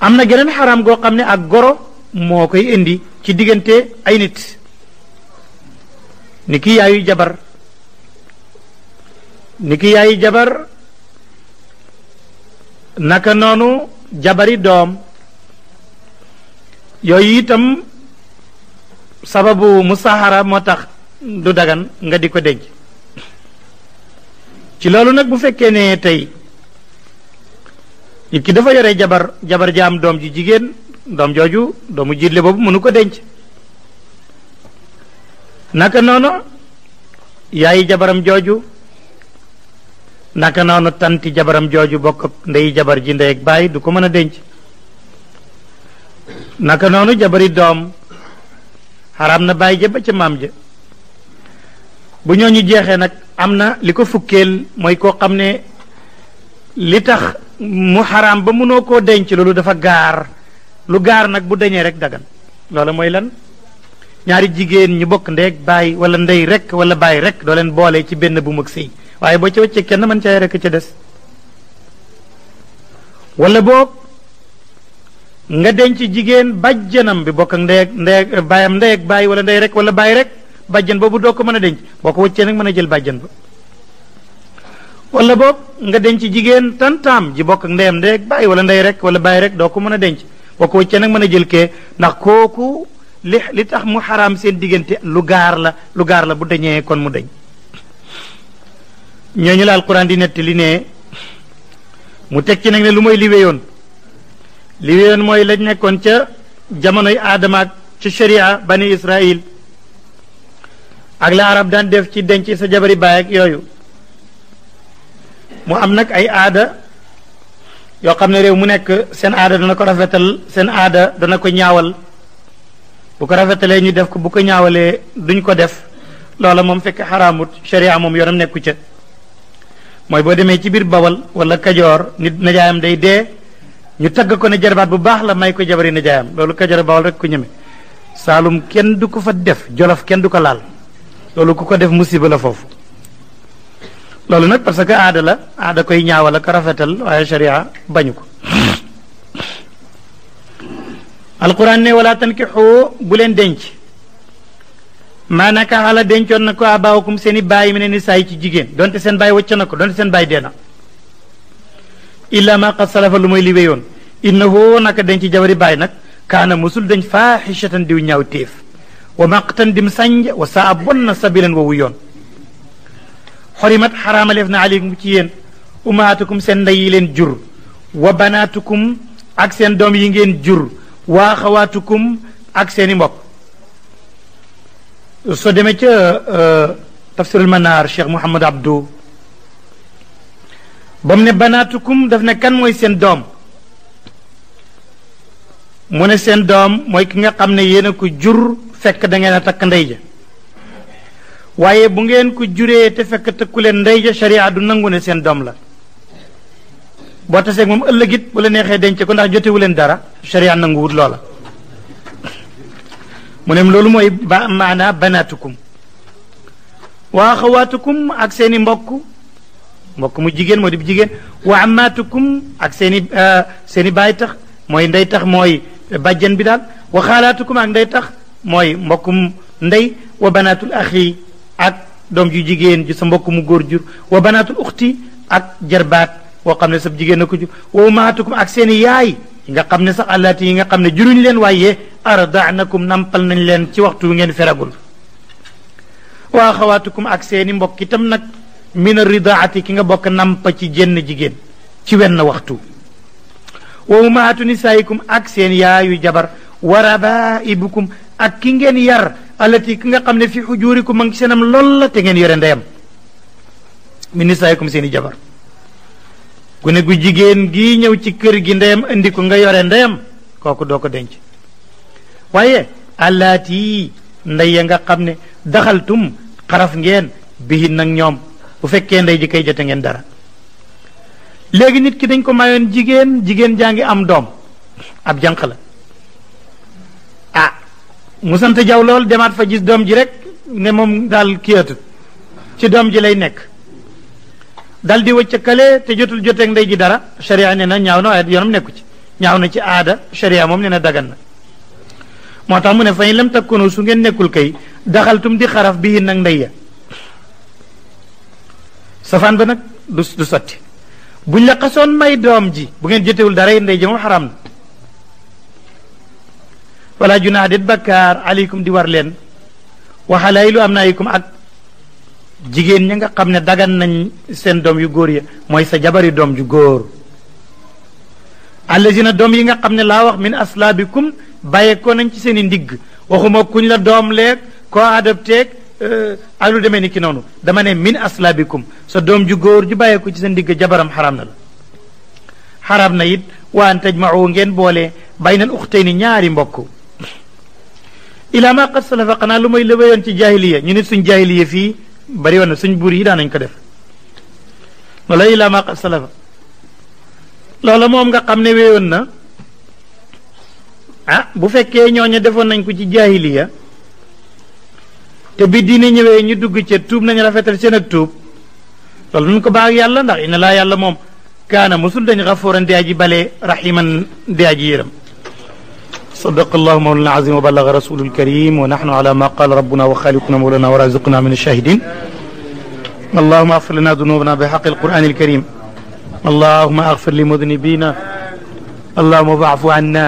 am na geneen xaram goo xam ne ak goro moo koy indi ci diggante ay nit ni ki yaayu jabar ni ki yaayu jabar naka nonu jabari dom yooyu itam sababu musahara motax dudagan du dagan nga diko denj ci loolu nak bu fekke ne tay nit ki dafa yore jabar jabar jam dom ji jigen dom joju domu jiitle bobu munu ko denj naka nono jabaram joju naka noonu tanti jabaram jooju bokk ak ndey jabar ji ndey ak baay du ko mën a denc naka noonu jabari doom xaraam na baay ja ba ca maam ja bu ñooñu jeexee nag am na li ko fukkeel mooy koo xam ne li tax mu xaraam ba mënoo koo denc loolu dafa gaar lu gaar nag bu deñee rek dagan loola mooy lan ñaari jigéen ñu bokk ndey ak baay wala ndey rek wala bàyyi rek doo leen boole ci benn bu mag sëy waaye boo ca wëccee kenn mën caa rekk ca des walla boog nga denc jigéen bàjjanam bi bokk ak ndey ak ndey ak baay wala ndey rek wala baay rek bàjjan boobu doo ko mën a denc boo ko wëccee nag mën a jël bàjjan ba wala boog nga denc jigéen tantaam ji bokk ak ndeyam ndey wala ndey rek wala baay rek doo ko mën a denc boo ko nag mën a jël kee ndax kooku li tax mu xaraam seen diggante lu gaar la lu gaar la bu deñee kon mu dañ ñoo ñooñu la alquran di nettali ne mu teg ci nag ne lu mooy li yoon li wéyoon mooy lañ nekkoon ca jamonoy aadama ak ci sharia bani israil ak la arab daan def ci denc sa jabari baay ak yooyu mu am nag ay aada yoo xam ne réew mu nekk seen aada dana ko rafetal seen aada dana ko ñaawal bu ko rafetalee ñu def ko bu ko ñaawalee duñ ko def loola moom fekk xaraamut sharia moom yoonam nekku ca mooy boo demee ci biir bawal wala kajoor nit najaayam day dee ñu tagg ko ne jarbaat bu baax la may ko jabari najaayam loolu kajoor bawal rek ku ñeme saalum kenn du ko fa def jolof kenn du ko laal loolu ku ko def musiba la foofu loolu nag parce que aada la aada koy ñaawal ak rafetal waaye sharia bañu ko alquran ne wala tankixu bu leen denc maanaka xala dencoon na ko abaawakum seeni i baay mi ne ni saay ci jigéen donte seen baay wacc ko donte seen baay dee na illa ma qad salafa lu mooy li wéyoon innahu naka denc jabari baay nag kaana musul dañ faaxishatan diw ñaaw téef wa maqtan dim sànj wa saa bon na sabilan wawu yoon xorimat xaraamaleef na aleykum ci yéen umaatukum seen ndey yi leen jur wa banaatukum ak seen doom yi ngeen jur waa xawaatukum ak seeni i soo demee ca euh, tafsirul manaar cheikh Mouhamad Abdou ba mu ne banaatukum daf ne kan mooy seen doom mu ne seen doom mooy ki nga xam ne yéen a ko jur fekk da ngeen a takk ndey ja waaye bu ngeen ko juree te fekk tëkku leen ndey ja sharia du nangu ne seen doom la boo taseeg moom ëllëgit bu la neexee denc ko ndax jotewu leen dara sharia nangu wut loola منهم لولو موي معنا بناتكم واخواتكم اك سيني مبوكو مبوكو مو جيجين مودي جيجين وعماتكم اك سيني سيني بايتخ موي ندي تخ موي باجان بي دال وخالاتكم اك ندي تخ موي مبوكم ندي وبنات الاخي اك دوم جو جيجين جو سمبوكو مو غور جور وبنات الاختي اك جربات وقامنا سب جيجين نكو جو وماتكم اك سيني ياي yi nga xamne sax alati yi nga xamne juruñ len waye ardanakum nampal nañ len ci waxtu ngeen feragul wa xawaatukum ak seeni mbokk itam nak min ridaati ki nga bok nampa ci jenn jigen ci wenn waxtu wa ummatu nisaikum ak seen yaayu jabar wa rabaibukum ak ki ngeen yar alati ki nga xamne ne fi hujurikum ngi senam lol la te ngeen yore ndeyam min nisaikum seeni jabar gune gu jigéen gi ñëw ci kër gi ndeyam indi ko nga yore ndeyam kooku doo ko denc waaye allaati ndey ya nga xam ne daxaltum xaraf ngeen bihin nag ñoom bu fekkee ndey ji kay jote ngeen dara léegi nit ki dañ ko mayoon jigéen jigéen jaa ngi am doom ab janq la a ah, mu sant jaw lool demaat fa gis doom ji rek ne moom daal kiyatut ci doom ji lay nekk dal di wëccëkale te jotul joteeg ndey ji dara sharia nee na ñaaw na waaye yoonam nekku ci ñaaw na ci aada sharia moom nee na moo tax mu ne fay lam takkunu su ngeen nekkul kay daxaltum di xaraf bi nag ndey safaan ba nag du sotti bu la xasoon may doom ji bu ngeen jotewul dara yi ndey ji moom xaram na wala junaax dit bakkaar aleykum di war leen waxalay am na ayikum ak jigéen ñi nga xam ne dagan nañ seen doom yu góor ya mooy sa jabari doom ju góor na doom yi nga xam ne laa wax min aslaabikum bàyyeekoo nañ ci seen i ndigg waxuma kuñ la doom leeg koo adopteeg euh, alu lu demee ni ki noonu dama ne min aslaabikum sa doom ju góor ju bàyyeekoo ci seen digg jabaram xaraam na la xaraam na it wa an tajmau ngeen boole baynal uxtayni ñaari mbokk ila ma qad may lëwéyoon ci jahiliya ñu nit suñ jahiliya fii bari na suñ buur yi daan nañ ko def wala ilaa ma qad salafa loola moom nga xam ne wéyoon na ah bu fekkee ñooñu defoon nañ ko ci jaahiliya te bi diine ñëwee ñu dugg ca tuub nañ rafetal seen ak tuub loolu nun ko baax yàlla ndax ina laa yàlla moom kaana mosul dañ xafooran di aji bale raximan di aji yërëm صدق الله مولانا العظيم وبلغ رسول الكريم ونحن على ما قال ربنا وخالقنا مولانا ورازقنا من الشاهدين اللهم اغفر لنا ذنوبنا بحق القرآن الكريم اللهم اغفر لمذنبينا اللهم اعف عنا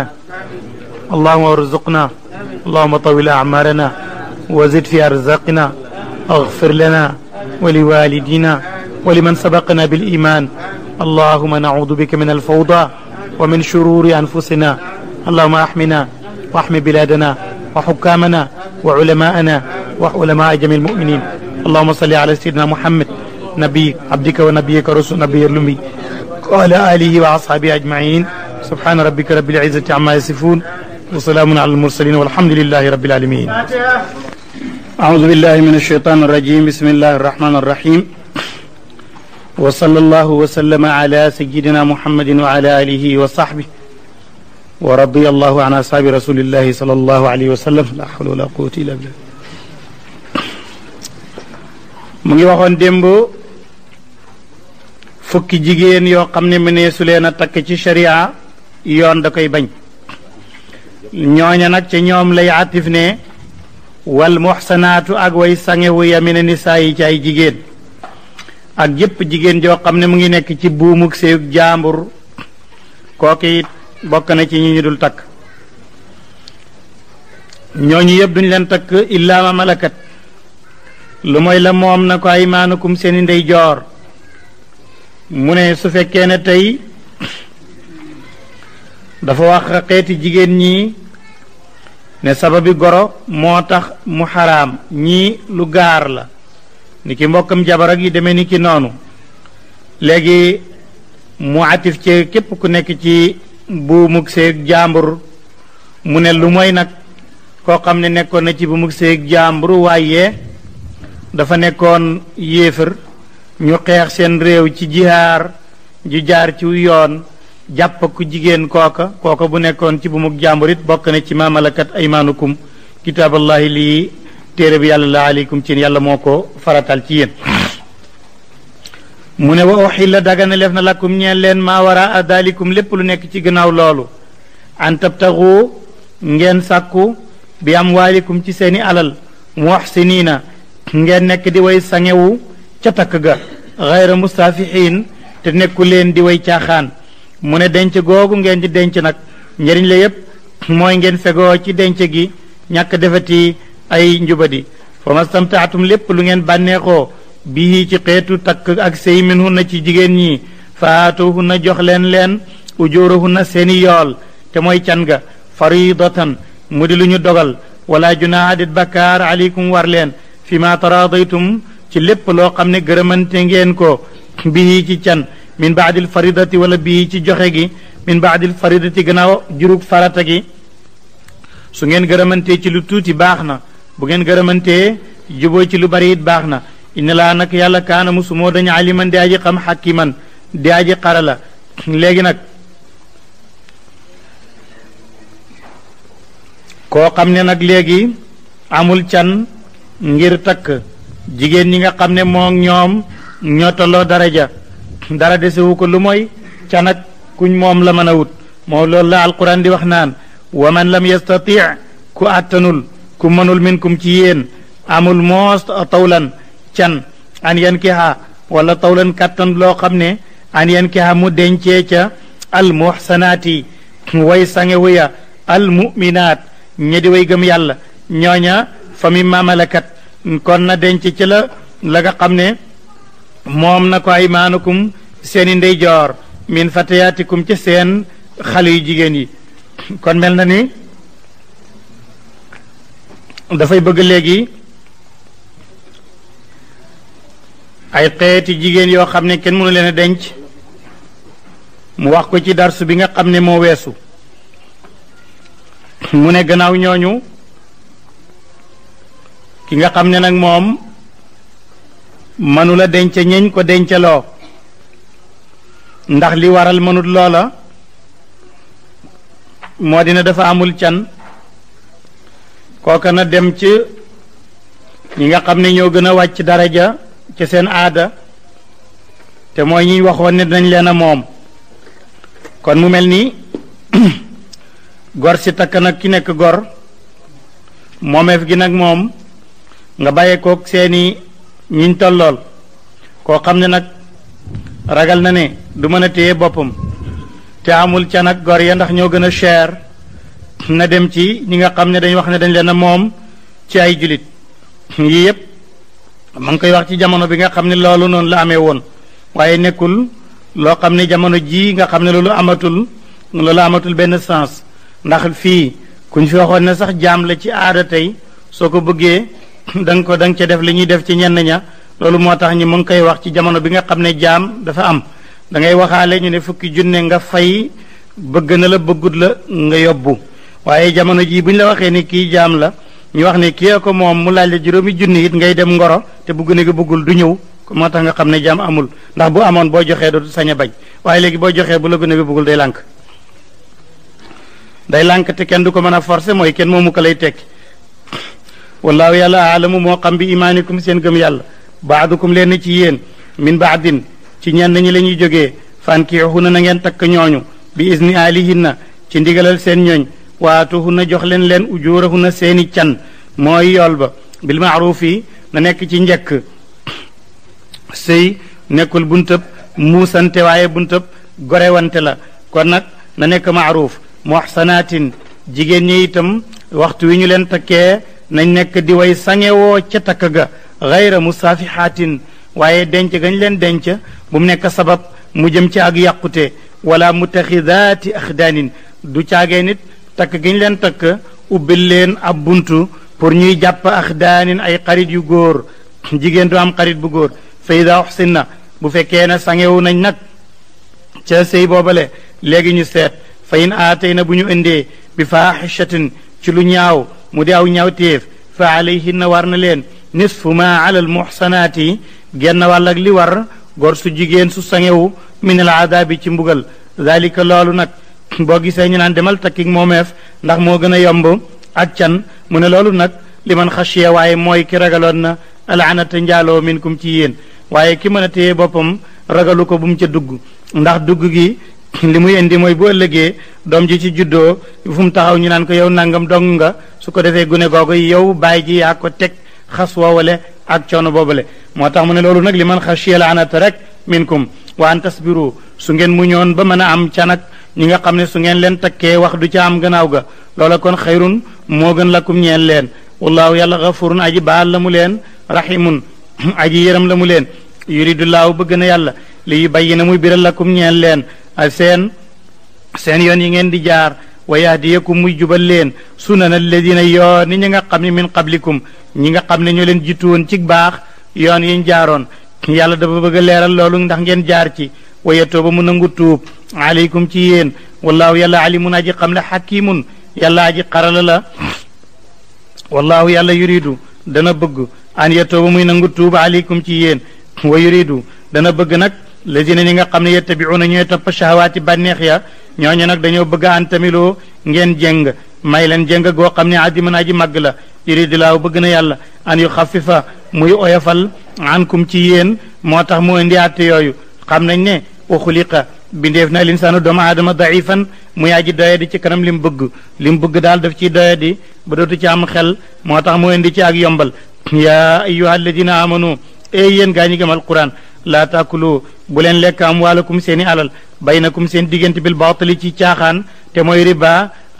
اللهم ارزقنا اللهم طول أعمارنا وزد في أرزاقنا اغفر لنا ولوالدينا ولمن سبقنا بالإيمان اللهم نعوذ بك من الفوضى ومن شرور أنفسنا اللهم احمنا واحم بلادنا وحكامنا وعلماءنا وعلماء جميع المؤمنين اللهم صل على سيدنا محمد نبي عبدك ونبيك رسول نبي الأمي وعلى آله وأصحابه أجمعين سبحان ربك رب العزة عما يصفون وسلام على المرسلين والحمد لله رب العالمين أعوذ بالله من الشيطان الرجيم بسم الله الرحمن الرحيم وصلى الله وسلم على سيدنا محمد وعلى آله وصحبه wa radiya allahu an sal allahu alayhi wa sallam mu ngi waxoon démb fukki jigéen yoo xam ne mu ne su a takk ci sharia yoon da koy bañ ñoña nag ci ñoom lay atif ne wal muxsanaatu ak way sangewu yamina nisaa yi ci ay jigéen ak yépp jigéen joo xam ne mu ngi nekk ci buumug séyug jaambur kooku it bokk na ci ñi ñu dul takk ñooñu yëpp duñ leen takk illaa ma malakat lu mooy la moom na ko aymaanukum seeni ndeyjoor mu ne su fekkee ne tey dafa wax xeeti jigéen ñi ne sababi goro moo tax mu xaraam ñii lu gaar la ni ki mbokkam jabar ak yi demee ni ki noonu léegi mu atif ci képp ku nekk ci bu seeg jambur mu ne lu moy nak ko xamne nekkon na ci buumug seeg jambur waye dafa nekkon yéefar ñu xex seen réew ci jihar ju jaar ci yoon japp ku jigen koka koka bu nekkon ci bu jàmbur jamburit bok na ci mamalakat aymanukum aymaanukum li tere bi yalla la ci faratal ci yeen mu ne wa daggane daganaleef na lakkum ñeen leen maa a daalikum lépp lu nekk ci gannaaw loolu an tabtaxu ngeen sàkku bi am waalikum ci seeni alal muxsiniina ngeen nekk di way sangewu ca takk ga xayra mustaafixiin te nekku leen di way caaxaan mu ne denc googu ngeen di denc nag njëriñ la yépp mooy ngeen fegoo ci denc gi ñàkk defeti ay njubadi fa mastamtaatum lépp lu ngeen bànneexoo bii ci xeetu takk ak sëy min hun na ci jigéen ñi faatoohun na jox leen leen ujoorahun na seeni yool te mooy can ga faridatan mu di lu ñu dogal wala junaa adit bakkaar aleykum war leen fi ma taradaytum ci lépp loo xam ne gërëmante ngeen ko bii ci can min baadil faridati wala bii ci joxe gi min baadil faridati gannaaw jurug farata gi su ngeen gërëmantee ci lu tuuti baax na bu ngeen gërëmantee juboo ci lu bari it baax na inna anak nag yàlla kaana mu aliman di aji xam xakiman di aji xarala léegi nak koo amul can ngir tak jigen ñi nga xam ne moo ñoom daraja dara desewu ko lu moy can nak kuñ mom la wut mo lol la alquran di wax naan wa man lam yastati ku atanul ku manul minkum ci yeen amul most atawlan can an yan ki walla wala tawlan kàttan loo xam ne an yan ki mu dencee ca almuhsanaati way sangewu ya almuminaat ñe di way gëm yàlla ñooña fa mi mamalakat kon na denc ci la la xam ne moom na ko ay maanukum seeni ndeyjoor min fatayaatikum ca seen xale yu jigéen yi kon mel na ni dafay bëgg léegi ay xeeti jigéen yoo xam ne kenn mënu leen a denc mu wax ko ci darsu bi nga xam ne moo weesu mu ne gannaaw ñooñu ki nga xam ne nag moom mënula denc ñeñ ko denceloo ndax li waral mënut loola moo dina dafa amul can kooka na dem ci ñi nga xam ne ñoo gën a wàcc daraja ci seen aada te mooy ñuy waxoon ne dañ leen a moom kon mu mel nii (clears throat) gor si takk nag ki nekk gor moomeef gi nag moom nga kook seeni ñiñ tollool koo xam ne nag ragal na ne du mën a téye boppam te amul ca nag gor ya ndax ñoo gën a cher na dem ci ñi nga xam ne dañ wax ne dañ leen a moom ci ay julit yii yépp ma ngi koy wax ci jamono bi nga xam ne loolu noonu la amee woon waaye nekkul loo xam ne jamono jii nga xam ne loolu amatul loolu amatul benn sens ndax fii kuñ fi waxoon ne sax jaam la ci aada tey soo ko bëggee (clears throat) da ko da nga ca def li ñuy def ci ñenn ña loolu moo tax ñi mu ngi koy wax ci jamono bi nga xam ne jaam dafa am dangay ngay waxaale ñu ne fukki junne nga fay bëgg na la bëggut la nga yóbbu waaye jamono jii bu ñu la waxee ni kii jaam la ñu wax ne kii ko moom mu laaj la juróomi junni yit ngay dem ngoro te bugg gën a bëggul du ñëw moo tax nga xam ne jaam amul ndax bu amoon boo joxee dootu sañ a bañ waaye léegi boo joxee bu la gën a bëggul day lànk day lànk te kenn du ko mën a forcer mooy kenn moomu ko lay tekki wallaahu yàlla aalamu moo xam bi imaanikum seen gëm yàlla baadukum leen ci yéen min baadin ci ñenn ñi la ñuy jógee fankiixuna na ngeen takk ñooñu bi izni alihinna ci ndigalal seen ñooñ waatu waatuhunna jox leen leen ujuurahunna seeni can mooy yool ba bil maaruf yi na nekk ci njëkk sëy nekkul buntëb muusante waaye buntëb gorewante la kon nag na nekk maaruf muhsanaatin jigéen ñi itam waxtu wi ñu leen takkee nañ nekk di way sangewoo ca takk ga xayra musaafihaatin waaye denc gañ leen denc bu mu nekk sabab mu jëm ci ag yàqute wala mutaxidaati axdaanin du caagee nit takk gi ñu leen takk ubbil leen ab buntu pour ñuy jàpp ax daanin ay xarit yu góor jigéen du am xarit bu góor fa ida uxsin na bu fekkee ne sangewu nañ nag ca boobale léegi ñu seet fa in aatay na bu ñu indee bi faaxishatin ci lu ñaaw mu di aw ñaaw téef fa alayhinna war na leen fu ma ala al muxsanaati genn wàll ak li war gor su jigéen su sangewu min al adaabi ci mbugal dalika loolu nag (coughs) boo gisee ñu naan demal takki moomeef ndax moo gën a yomb ak can mu ne loolu nag li man xashiya waaye mooy ki ragaloon na alaanata njaaloo minkum ci yéen waaye ki mën a téye boppam ragalu ko bu mu ca dugg ndax dugg gi (coughs) li muy indi mooy bu ëllëgee doom ji ci juddoo fu mu taxaw ñu naan ko yow nangam dong nga su ko defee gune googu yow baay ji yaa ko teg xas woowale ak coono boobale moo tax mu ne loolu nag li man la laanata rek minkum wa an ñi nga xam ne su ngeen leen takkee wax du am gannaaw ga kon khairun moo gën lakum ñeen len wallahu yàlla gafurun aji baal la mu rahimun (clears throat) aji yëram la mu leen yuridullahu bëgg na yàlla li yu bayyi na muy biral lakum ñeen leen seen seen yoon yi ngeen di jaar wa yahdiyakum muy jubal len sunan alladina yoon ñi nga xam min qablikum ñi nga xam ne ñoo leen jiitu woon ci baax yoon yiñ jaaroon yàlla dafa bëgg leeral loolu ndax ngeen jaar ci mu nangu tuub aleykum ci yéen wallaahu yàlla alimun aji xam la xakimun yàlla aji xarala la wallaahu yàlla yuridu dana bëgg an yetooba muy nangu tuuba aleykum ci yéen wa yuridu dana bëgg nag lazina ñi nga xam ne yettabiuuna ñooy topp shahawaati bànneex ya ñooñu nag dañoo bëgg an tamiloo ngeen jéng may leen jéng goo xam ne adiman aji màgg la yuridu laaw bëgg na yàlla an yu xafifa muy oyofal ankum ci yéen moo tax mu indi àtte yooyu xam nañ ne uxuliqa bindeef na linsaanu doomu aadama daifan mu yaa ji doyadi ci kanam li mu bëgg li mu bëgg daal daf ciy doyadi ba dootu ci am xel moo tax mu indi ci ak yombal yaa ayyuha alladina amanu ey yéen gaa ñi gëm alquran laa taakulu bu leen lekk amwaalakum seeni alal baynakum seen diggante bil baatili ci caaxaan te mooy riba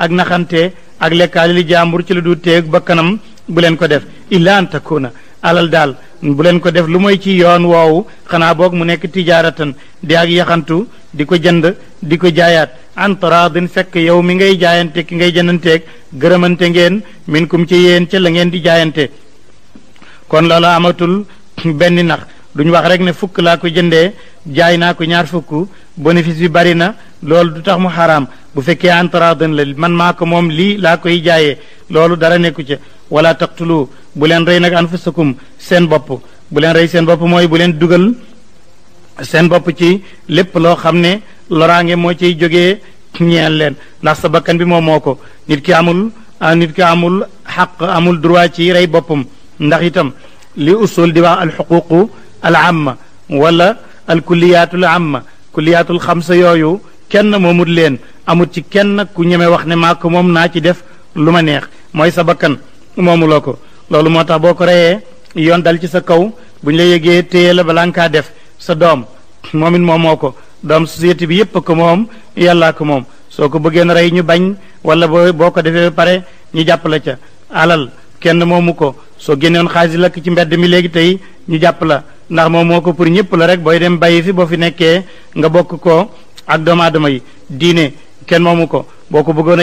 ak naxante ak lekkaali li jaambur ci lu du teeg bakkanam bu leen ko def illa an na alal daal buleen ko def lu mooy ci yoon woowu xanaa boog mu nekk tijaaratan di ak yaxantu di ko jënd di ko jaayaat antaraadin fekk yow mi ngay jaayante ki ngay jëndanteeg gërëmante ngeen min kum ci yéen ca la ngeen di jaayante kon loola amatul (clears throat) benn nax duñu wax rek ne fukk laa ko jëndee jaay naa ko ñaar fukk bénéfice bi bari na loolu du tax mu xaram bu fekkee antaraadin la man maa ko moom lii laa koy jaayee loolu dara nekku ca wala taqtulu bu leen rey nag anfusakum seen bopp bu leen rey seen bopp mooy bu leen dugal seen bopp ci lépp loo xam ne loraange moo ciy jógee ñeen leen ndax sa bakkan bi moom moo ko nit ki amul ah, nit ki amul xaq amul droit ci rey boppam ndax itam li usul di wax alxuququ al amma wala al kulliyaatul amma kulliyaatul xamsa yooyu kenn moomut leen amut ci kenn ku ñeme wax ne maa moom naa ci def lu ma neex mooy sa bakkan moomuloo ko loolu moo tax boo ko reyee yoon dal ci sa kaw bu ñu la yëgee téye la balaa nga kaa def sa doom moom moo moomoo ko doom société bi yépp ko moom yàlla ko moom soo ko bëggee na rey ñu bañ wala boo boo ko defee ba pare ñu jàpp jàppale ca alal kenn moomu ko soo génnewoon xaalis lakk ci mbedd mi léegi tey ñu jàpp la ndax moom moo ko pour ñëpp la rek booy dem bàyyi fi boo fi nekkee nga bokk ko ak doomu aadama yi diine kenn moomu ko boo ko bëggoon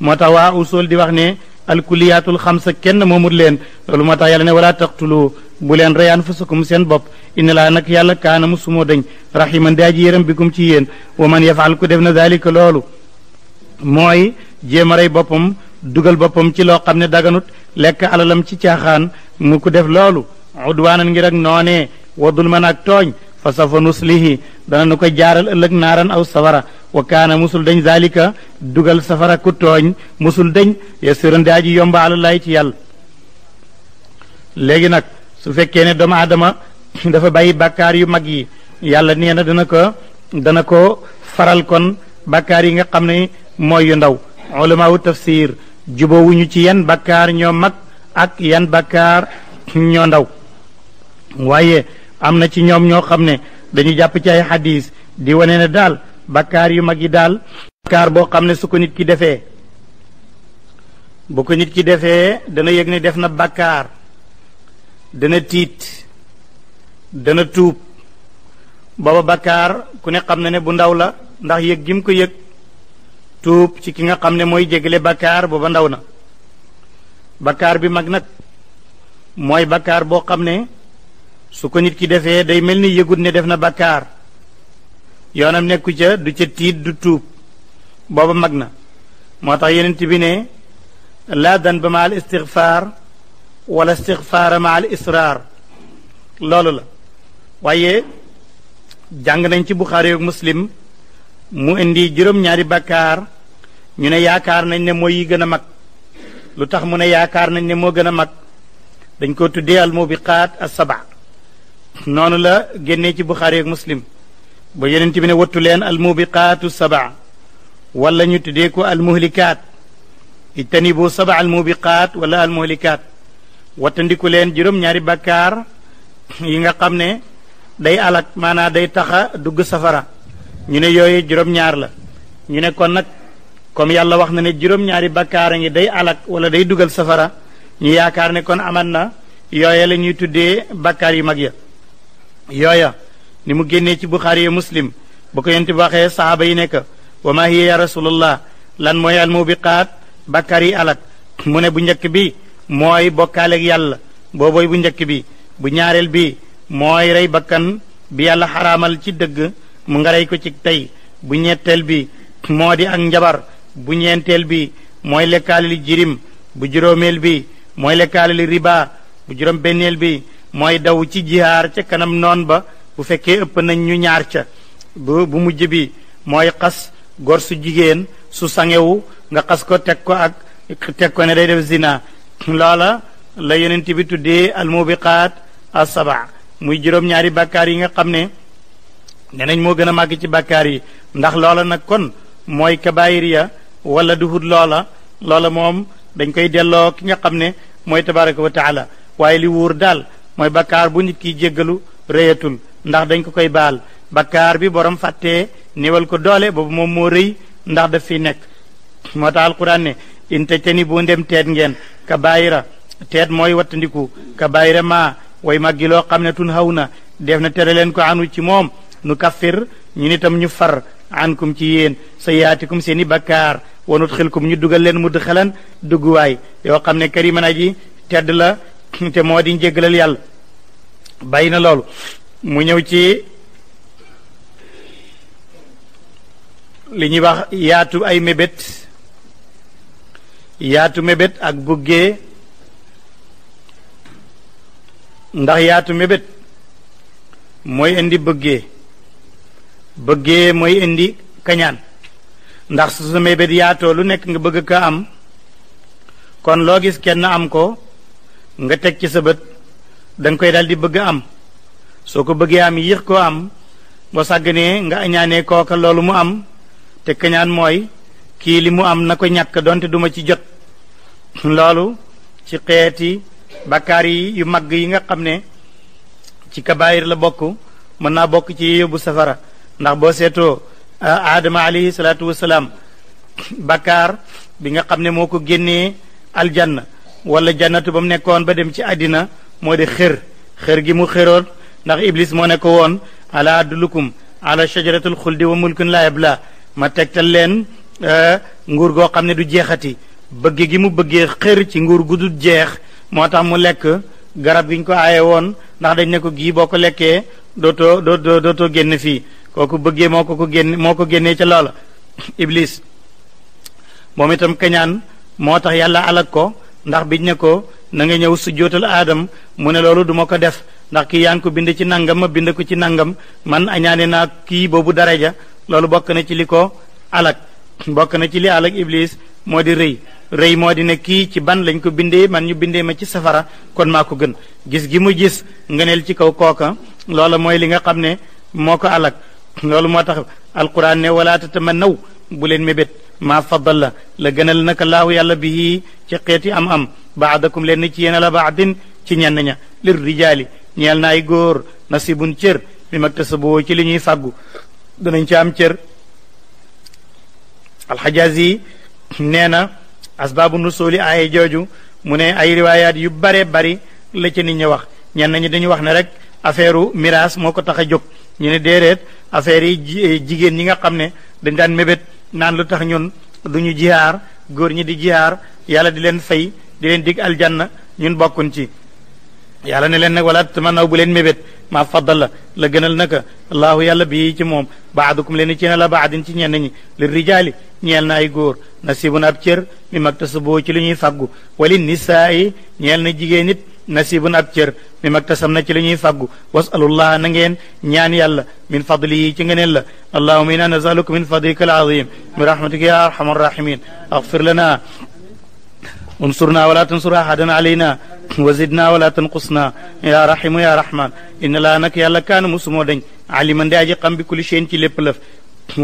moo tax waa usul di wax ne alkuliyaatul xamsa kenn moomut leen loolu moo tax yàlla ne wala taqtulu bu leen rey anfusakum seen bopp inna laa nag yàlla kaana mu sumoo dañ rahiman daa ji yéram bikum ci yéen wa man yafaal ku def na dalika loolu mooy jéem a rey boppam dugal boppam ci loo xam ne daganut lekk alalam ci caaxaan mu ko def loolu wa udwaanan ngir ak noonee wa dulman ak tooñ fa safa nuslihi dana nu ko jaaral ëllëg naaran aw safara wa mosul deñ dañ dugal safara ku tooñ musul dañ yasiran daa ji yomba àlalaay ci yàlla léegi nag su fekkee ne doomu adama (coughs) dafa bàyyi bakkaar yu mag yi yàlla nee na dana ko dana ko faral kon bakkaar yi nga xam ne mooy yu ndaw ulamaawu tafsir jubóowuñu ci yan bàkkaar ñoo mag ak yan bàkkaar ñoo ndaw waaye am na ci ñoom ñoo xam ne dañu jàpp ci ay xadis di wane na daal bakkaar yu mag yi daal bakkaar boo xam ne su ko nit ki defee bu ko nit ki defee dana yëg ne def na bakkaar dana tiit dana tuub booba bakkaar ku ne xam na ne bu ndaw la ndax yëg gim ko yëg tuub ci ki nga xam ne mooy jégale bakkaar booba ndaw na bakkaar bi mag nag mooy bakkaar boo xam ne su ko nit ki defee day mel ni yëgut ne def na bàkkaar yoonam nekku ca du ca tiit du tuub booba mag na moo tax yeneen bi ne laa danba ma al istigfaar wala istigfaara ma al israar loolu la waaye jàng nañ ci buxaari ak muslim mu indi juróom-ñaari bàkkaar ñu ne yaakaar nañ ne mooy yi gën a mag lu tax mu ne yaakaar nañ ne moo gën a mag dañ ko tuddee al mubiqaat as saba noonu la génne ci buxaari ak muslim ba yonent bi ne wattu leen almubiqaatu saba wala ñu tuddee ko almuhlikaat ijtanibu saba xaat wala almuhlikaat wattandiku leen juróom-ñaari bakkaar yi nga xam ne day alak maanaa day taxa dugg safara ñu ne yooyu juróom-ñaar la ñu ne kon nag comme yàlla wax na ne juróom-ñaari bakkaar a ngi day alak wala day dugal safara ñu yaakaar ne kon aman na yooye la ñuy tuddee bakkaar yu mag ya yooya ni mu génnee ci buxaari ya muslim ba ko yonent bi waxee sahaaba yi nekk wa ma hiya ya rasulallah lan mooy al mubiqaat bàkkaar yi alak mu ne bu njëkk bi mooy bokkaaleg yàlla boobooy bu njëkk bi bu ñaareel bi mooy rey bakkan bi yàlla xaraamal ci dëgg mu nga ko ci tey bu ñetteel bi moo di ak njabar bu ñeenteel bi mooy lekkaale li jirim bu juróomeel bi mooy lekkaale li riba bu juróom benneel bi mooy daw ci jihaar ca kanam noon ba bu fekkee ëpp nañ ñu ñaar ca bu bu mujj bi mooy xas gor su jigéen su sangewu nga xas ko teg ko ak teg ko ne day def na (clears throat) loola la yeneen yonent bi tuddee almubiqaat asaba muy juróom-ñaari bàkkaar yi nga xam ne ne nañ moo gën a màgg ci bàkkaar yi ndax loola nag kon mooy kabaayir ya wala duhut loola loola moom dañ koy delloo ki nga xam ne mooy tabaraka wa waaye li wóor daal mooy bakkaar bu nit ki jéggalu rëyatul ndax dañ ko koy baal bakkaar bi borom fàttee néewal ko doole boobu moom moo rëy ndax daf fi nekk moo tax alquran ne in tajtani bu ndem teet ngeen ka baayira teet mooy wattandiku ka baayira maa way maggi loo xam ne tun xaw na def na tere leen ko anu ci moom nu kafir ñu nitam ñu far ankum ci yéen sa yaatikum seen i bakkaar wanut xilkum ñu dugal leen mudd xelan dugguwaay yoo xam ne kariman aji tedd la te moo di njéggalal yàlla bàyyi na loolu mu ñëw ci li ñuy wax yaatu ay mébét yaatu mébét ak buggee ndax yaatu mébét mooy indi bëggee bëggee mooy indi kañaan ndax su sa mébét yaatoo lu nekk nga bëgg ka am kon loo gis kenn am ko nga tek ci sa beut dang koy daldi bëgg am soko bëgg am yéex ko am bo sàgganee nga ko ka lolu mu am te kañaan moy ki li mu am nako ñak don donte duma ci jot lolu (laughs) ci xéeti bakkaar yi yu mag yi nga xamne ne ci kabaayir la bokku man na bokk ci yobu safara ndax bo seto adam ali salatu wassalam (clears throat) bakar bi nga xamne ne genné aljanna wala jannatu ba mu nekkoon ba dem ci àddina moo di xër xër gi mu xëroon ndax iblis moo ne ko woon ala adulukum ala shajaratul xuldi wa mulkun la yabla ma tegtal leen euh, nguur goo xam ne du jeexati bëgg gi mu bëggee xër ci nguur gu du jeex moo tax mu lekk garab gi ñu ko aaye woon ndax dañ ne ko gii boo ko lekkee dootoo dootoo dootoo génn fii kooku bëggee moo ko ko génn moo ko génnee ca lool (laughs) iblis moom itam kañaan moo tax yàlla alak ko ndax biñ ne ko na nga ñëw su jootal aadam mu ne loolu duma ko def ndax kii yaa ngi ko bind ci nangam ma bind ko ci nangam man añaane naa kii boobu daraja loolu bokk na ci li ko alag bokk na ci li alag iblis moo di rëy rëy moo di ne kii ci ban lañ ko bindee man ñu bindee ma ci safara kon maa ko gën gis gi mu gis ngeneel ci kaw kooka loola mooy li nga xam ne moo ko alag loolu moo tax alquran ne wala naw bu leen mébét maa faddala la gënal naka laahu yàlla bi ci xeeti am-am baadakum leen ci yéen la baadin ci ñenn ña lir rijaali ñeel na ay góor nasibun cër bi mag tasaboo ci li ñuy fàggu danañ ci am cër alxajazi nee na asbaabu nusuuli ay jooju mu ne ay riwaayaat yu bare bari la ci nit wax ñenn ñi dañu wax ne rek affaire miraas moo ko tax a jóg ñu ne déedéet affaire yi jigéen ñi nga xam ne dañ daan mébét naan lu tax ñun duñu jiar goor góor ñi di jiar yàlla di leen fay di leen dig aljanna ñun bokkuñ ci yàlla ne leen nag wala tamanaw bu leen mébét ma faddala la gënal nak allahu yàlla bi ci moom baadukum leen ci na la baadin ci ñenn ñi li rijaali ñeel na ay góor nasibun ab cër mi mag tasaboo ci li ñuy faggu wali nisaa ñeel na jigéen nit nasibun ab cër mi maktasam na ci li ñuy fàggu wasalullah na ngeen ñaan yàlla min fadlihi ci ngeneen la allahuma inna nasaluka min fadlika al azim bi rahmatika ya arhamar rahimin اغفر لنا انصرنا ولا تنصر احدا علينا وزدنا ولا تنقصنا يا رحيم يا رحمن ان لا نك يالا كان مسمو دنج علما دي اجي قم بكل شيء تي لب لف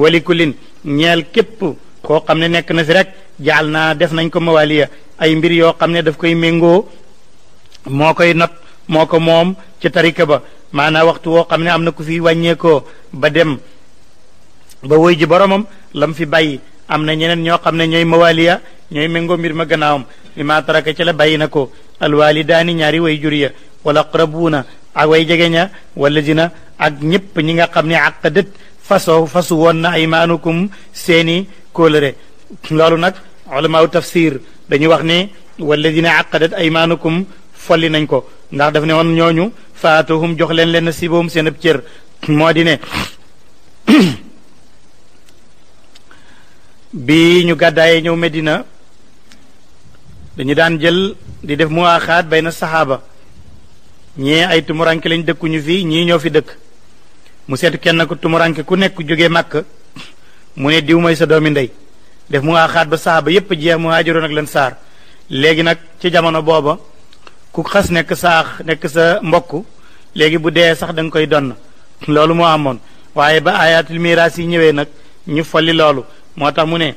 ولكلن نيال كيب ko xamne nek na fi rek jaal na def nañ ko mawaliya ay mbir yo xamne daf koy mengo moo koy not moo ko moom ci tarika ba maanaam waxtu woo xam ne am na ku fi wàññeekoo ba dem ba way ji boromam lam fi bàyyi am na ñeneen ñoo xam ne ñooy mawaliya ñooy méngoo mbir ma gannaawam li ma taraka ci la bàyyi na ko alwalidaani ñaari way jur ya wala na ak way jege ña wala dina ak ñëpp ñi nga xam ne àqadat fasoo fasu woon na ay maanukum seeni kóolëre loolu nag ulamaaw tafsir dañu wax ne wala dina àqadat ay maanukum folli nañ ko ndax daf ne woon ñooñu faatuhum jox leen leen nasiibahum seen ab cër moo di ne (clears throat) bi ñu gàddaayee ñëw medina dañu daan jël di def muwaaxaat bay na sahaba, ñee ay tumuranke lañ ñu fii ñii ñoo fi dëkk mu seetu kenn ko tumuranke ku nekk jógee màkk mu ne diw mooy sa doomi ndey def muwaaxaat ba sahaba yépp jeex muhaajiroon ak lan saar léegi nag ci jamono booba ku xas nekk saax nekk sa mbokk léegi bu dee sax danga koy donn (laughs) loolu moo amoon waaye ba ayatul miraas yi ñëwee nag ñu folli loolu moo tax mu ne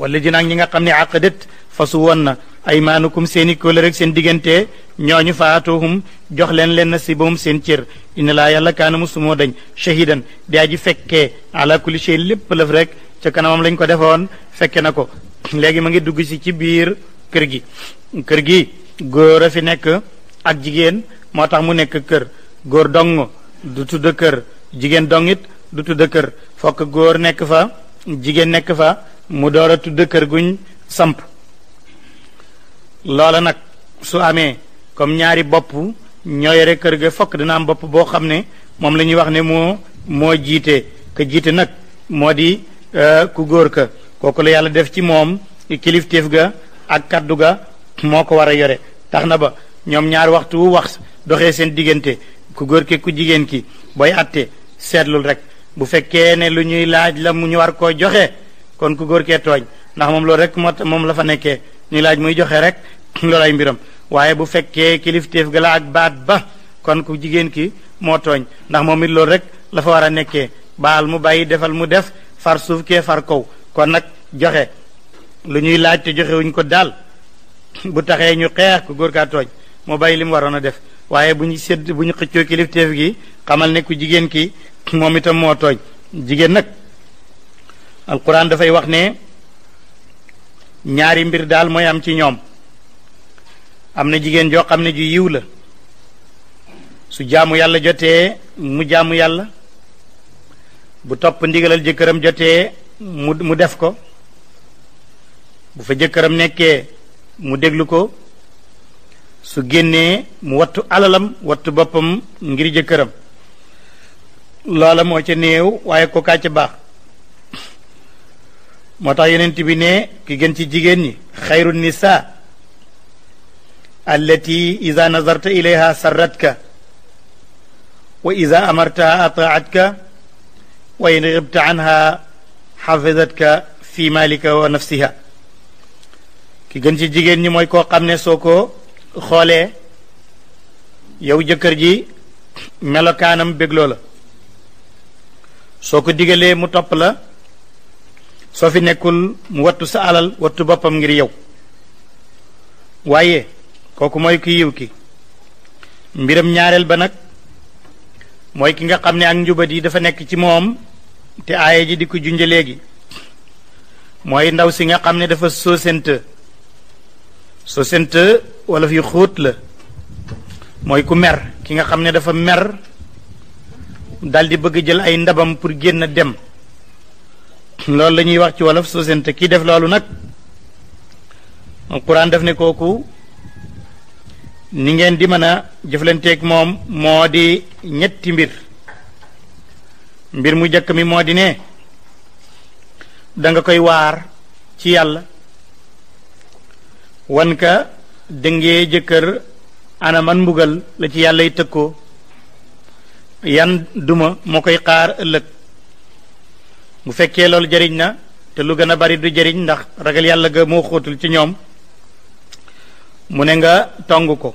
wala ji ñi nga xam ne àqadat fasu woon na aymaanukum seeni kóllëre rek seen diggante ñooñu faatuhum jox leen leen nasibahum seen cër inna laa yàlla kaana musumoo dañ shahidan di aji fekkee ala kulli shay lépp lëf rek ca kanamam lañ ko defoon fekke na ko (clears throat) léegi ma ngi dugg si ci biir kër gi kër gi góor fi nek ak jigen motax mu nek keur góor dong du tudd keur jigen dongit du tudd keur fokk góor nek fa jigen nek fa mu doora tudd guñ samp lola nak su amé comme ñaari bop ñoo fokk dina am bop bo xamné mom lañuy wax né mo mo jité ke jité nak modi di euh, ku góor ka koku la yalla def ci ga ak kaddu ga moo ko war a yore tax na ba ñoom ñaar waxtu wax doxee seen diggante ku góor ke ku jigéen ki booy atte seetlul rek bu fekkee ne lu ñuy laaj la mu ñu war koo joxe kon ku góor kee tooñ ndax moom loolu rek moo moom la fa nekkee ñuy laaj muy joxe rek (laughs) loolay mbiram waaye bu fekkee kilifteef ga la ak baat ba kon ku jigéen ki moo tooñ ndax moom it loolu rek la fa war a nekkee baal mu bàyyi defal mu def far suuf kee far kow kon nag joxe lu ñuy laaj te joxewuñ ko daal (coughs) bu taxee ñu xeex ku góor kaa tooñ moo bàyyi waroon a def waaye bu ñu sédd bu ñu xëccoo kilifteef gi xamal ne ku jigéen ki (coughs) moom itam moo tooñ jigéen nag alquran dafay wax ne ñaari mbir daal mooy am ci ñoom am na jigéen joo xam ne ju yiw la su jaamu yàlla jotee mu jaamu yàlla bu topp ndigalal jëkkëram jotee mu mu def ko bu fa jëkkëram nekkee mu déglu ko su génnee mu wattu alalam wattu boppam ngir jëkkëram loola moo ca néew waaye ko kaa ca baax moo tax yonent bi ne ki gën ci jigéen ñi xayru nisa allati iza nazarta ilayha sarratka wa iza amartaha ataatka wa in ghibta anha xafidatka fi malika wa nafsiha ki gën ci jigéen ñi mooy koo xam ne soo ko xoolee yow jëkkër ji melokaanam bégloo la soo ko digalee mu topp la soo fi nekkul mu wattu sa alal wattu boppam ngir yow waaye kooku mooy ki yiw ki mbiram ñaareel ba nag mooy ki nga xam ak njubat yi dafa nekk ci moom te aaya ji di ko junje léegi mooy ndaw si nga xam dafa soosente so wala fi xóot la moy ku mer ki nga xamne dafa mer dal di bëgg jël ay ndabam pour genn dem loolu lañuy wax ci wala so sent ki def loolu nag alquran def ne koku ni ngeen di mëna a ak mom modi ñetti mbir mbir mu jëk mi modi ne da nga koy waar ci yalla wan ka dëngee jëkkër ana man mbugal la ci yàlla yi tëkkoo yan duma moo koy xaar ëllëg bu fekkee loolu jariñ na te lu gën a bari du jariñ ndax ragal yàlla ga moo xóotul ci ñoom mu ne nga tong ko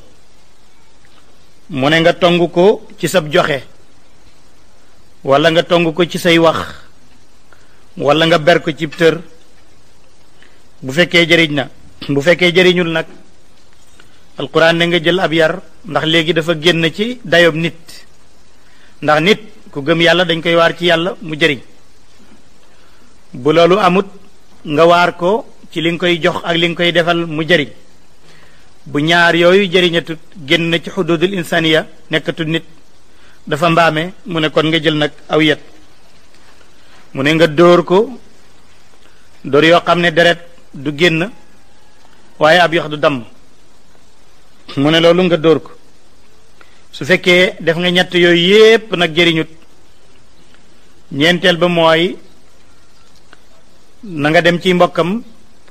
mu ne nga tong ko ci sab joxe wala nga tong ko ci say wax wala nga ber ko ci tër bu fekkee jariñ na bu fekke jeriñul nak alquran ne nga jël ab yar ndax legi dafa genn ci dayob nit ndax nit ku gëm yalla dañ koy war ci yalla mu jeriñ bu amut nga war ko ci li nga koy jox ak li koy defal mu jeriñ bu ñaar yoyu jëriñatut genn ci hududul insaniya nit dafa mbaame mu ne kon nga jël nak aw yet mu ne nga dóor ko dor yo xamne deret du genn waye ab yox du damm mu ne nga dor ko su nyentel def nga ñett yoy yep nak jeriñut ñentel ba moy na nga dem ci mbokkam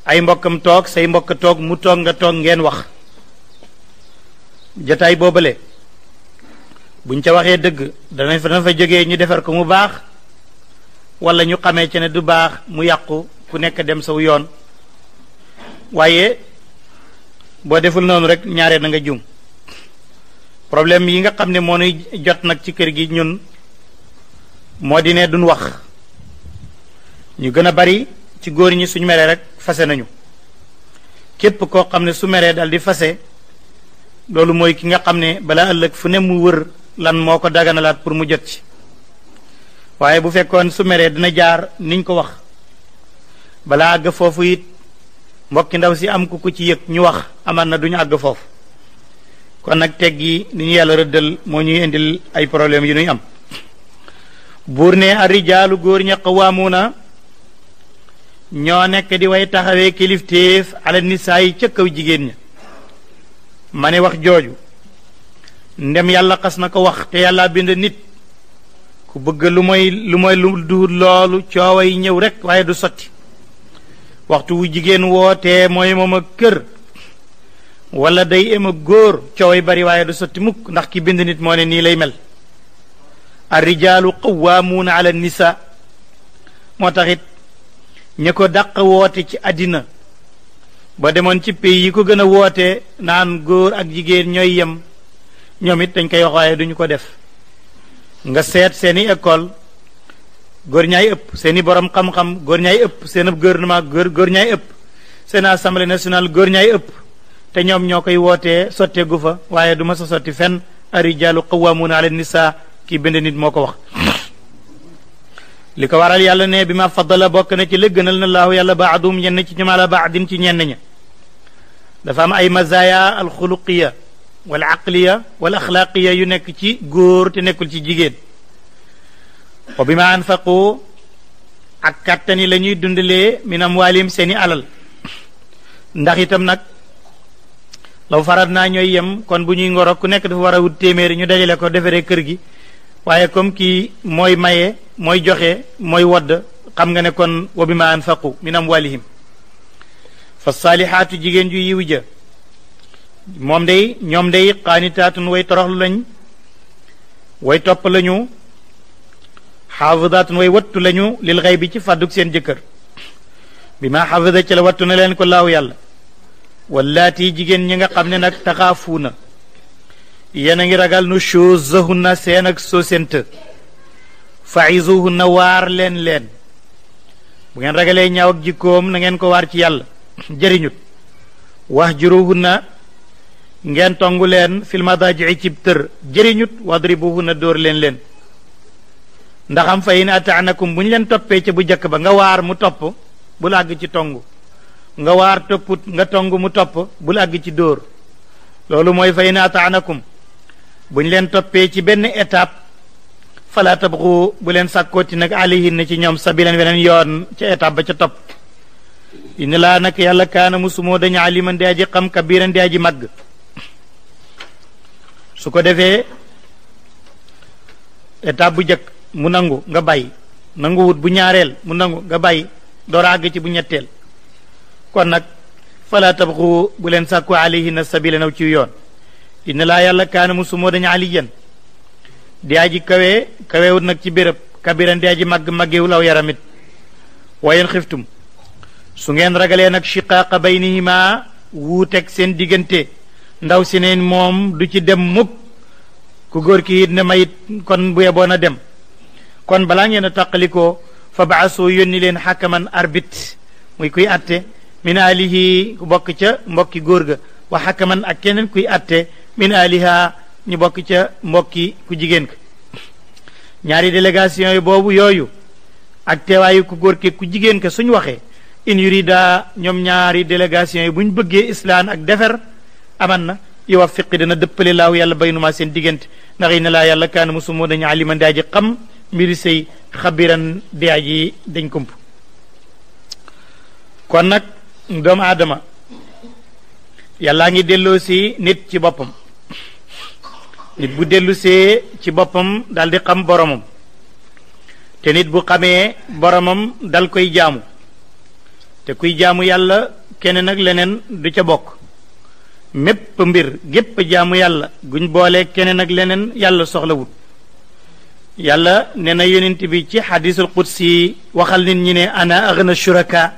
ay mbokam tok say mbok tok mu tok nga tok ngeen wax jotaay bobale buñ ca waxee dëgg dana fa dana fa joge ñu defar ko mu bax wala ñu ci ne du bax mu yaqku ku nekk dem saw yoon waye boo deful noonu rek ñaaree da nga juum problème yi nga xam ne moo nuy jot nag ci kër gi ñun moo di ne duñ wax ñu gën a bari ci góor ñi suñ meree rek fase nañu képp koo xam ne su meree dal di fase loolu mooy ki nga xam ne balaa ëllëg fu ne mu wër lan moo ko daganalaat pour mu jot ci waaye bu fekkoon su meree dina jaar niñ ko wax balaa àgg foofu it mbokki ndaw si am ku ko ci yëg ñu wax amaan na duñu àgg foofu kon nag teggi gi ni ñu yàlla rëddal moo ñuy indil ay problème yu ñuy am buur ne arijaalu góor ña na ñoo nekk di way taxawee kilifteef ala nisaa yi ca kaw jigéen ña mane wax jooju ndem yàlla xas na ko wax te yàlla bind nit ku bëgg lu mooy lu mooy lu duhut loolu coowa yi ñëw rek waaye du sotti waxtu wu jigéen woote mooy moom ak kër wala day am góor cooway bari waaye du sotti mukk ndax ki bind nit moo ne nii lay mel arrijaalu qawaamuuna ala nisa moo taxit ña ko daq woote ci àddina boo demoon ci pays yi ko gën a woote naan góor ak jigéen ñooy yem ñoom it dañ koy wax waaye duñu ko def nga seet seeni école góor ñaay ëpp seeni borom xam-xam góor ñaay ëpp seen ab gouvernement góor góor ñaay ëpp seen assemblée nationale góor ñaay ëpp te ñoom ñoo koy wootee sottee gu fa waaye du ma sa sotti fenn arijaalu qawaamuuna ala nisaa kii bind nit moo ko wax li ko waral yàlla ne bi ma faddala na ci la na laahu yàlla ci ci ñenn ña dafa am ay mazaya wal wal yu nekk ci te nekkul ci wa bi ma anfaqu ak kàttan yi la ñuy minam min seeni alal ndax itam nag law farat naa ñooy yem kon bu ñuy ngoro ku nekk dafa war a wut téeméeri ñu dajale ko defaree kër gi waaye comme kii mooy maye mooy joxe mooy wodd xam nga ne kon wa bi ma anfaqu min fa saalihaatu jigéen ju yiw ja moom day ñoom day qaanitaatun way toroxlu lañ way topp lañu xaafidaatun way wattu lañu lil xay bi ci fàddug seen jëkkër bi ma xaafida ci la wattu na leen ko laaw yàlla wallaati jigéen ñi nga xam ne nag taxaafuuna yéen a ngi ragal nu shuzahunna seen ak sosent na waar leen leen bu ngeen ragalee ñaaw ak jikkoom na ngeen ko waar ci yàlla (coughs) jëriñut wax na ngeen tongu leen fil madaaji ci tër jëriñut na dóor leen leen ndax am fa in ataanakum bu ñu leen toppee ca bu jëkk ba nga waar mu topp bul àgg ci tongu nga waar topput nga tongu mu topp bul àgg ci dóor loolu mooy fa in ataanakum buñ leen toppee ci benn étape falaata bu bu leen sàkkooti nag alihin ci ñoom sabilan weneen yoon ca étape ba ca topp ina laa nag yàlla kaana musumoo dañu aliman di aji xam kabiran di aji màgg su ko defee étape bu jëkk mu nangu nga bàyyi nanguwut bu ñaareel mu nangu nga bàyyi door àgg ci bu ñetteel kon nag fala tabxu bu leen sàkku alayhina sabila naw ci yoon inna laa yàlla kaanamu mu sumoo dañu aliyan di aji kawee kaweewut nag ci béréb kabiran di aji màgg màggewul aw yaramit wayen xiftum su ngeen ragalee nag shiqaaqa baynihima wuuteg seen diggante ndaw si neen moom du ci dem mukk ku góor ki it ne mayit kon bu yeboon a dem kon balaa ngeen a taqalikoo fa baasoo yónni leen xakaman arbit muy kuy atte min alihi bokk ca mbokki góor ga wa xakaman ak keneen kuy atte min aliha ñu bokk ca mbokki ku jigéen ka ñaari délégation yi boobu yooyu ak teewaayu ku góor ke ku jigéen ka suñ waxee in yurida ñoom ñaari délégation yi bu ñu bëggee islaan ak defer aman na yuwaffiqi na dëppale laaw yàlla baynuma seen diggante ndax yi ne laa yàlla kaana musumoo dañu aliman daaji xam mbiri sey xabiran di yi dañ kump kon nag doomu aadama yàllaa ngi delloo si nit ci boppam nit bu dellu ci boppam dal di xam boromam te nit bu xamee boromam dal koy jaamu te kuy jaamu yàlla keneen ak leneen du ca bokk mépp mbir gépp jaamu yàlla guñ boole keneen ak leneen yàlla soxla wut yàlla nee na yonent bi ci xadisul qudsi waxal nit ñi ne ana agna shuraka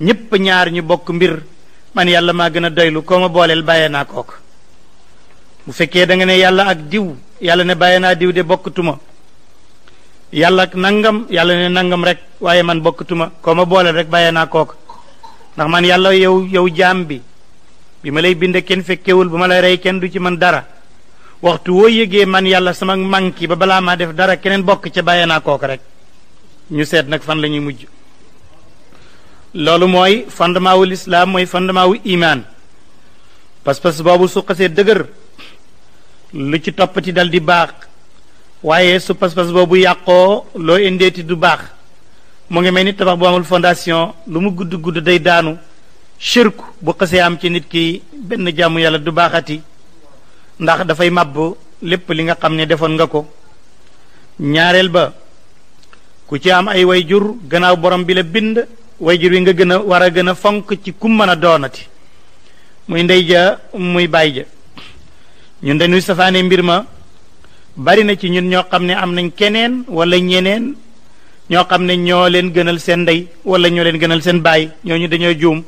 ñépp ñaar ñu bokk mbir man yàlla maa gën a doylu koo ma booleel bàyyee naa kook bu fekkee danga ne yàlla ak diw yàlla ne bàyyee naa diw de bokkatuma yàlla ak nangam yàlla ne nangam rek waaye man bokkatuma koo ma booleel rek bàyyee naa kook ndax man yàlla yow yow jaam bi bi ma lay binde kenn fekkewul bu ma lay rey kenn du ci man dara waxtu woo yëgee man yàlla sama manki ba balaa maa def dara keneen bokk ca bàyyee naa kooku rek ñu seet nag fan la ñuy mujj loolu mooy fondement wu lislaam mooy fondement wu imaan pas-pas boobu su xasee dëgër lu ci toppati dal di baax waaye su pas-pas boobu yàqoo loo indeeti du baax mu ngi mel ni tabax bu amul fondation lu mu gudd gudd day daanu shirku bu xasee am ci nit ki benn jàmm yàlla du baaxati ndax dafay màbb lépp li nga xam ne defoon nga ko ñaareel ba ku ci am ay wayjur jur gannaaw borom bi la bind way jur wi nga gën a war a gën a fonk ci kum mën a doonati muy ndey ja muy baay ja ñun dañuy safaane mbir ma bari na ci ñun ñoo xam ne am nañ keneen wala ñeneen ñoo xam ne ñoo leen gënal seen ndey wala ñoo leen gënal seen baay ñooñu dañoo juum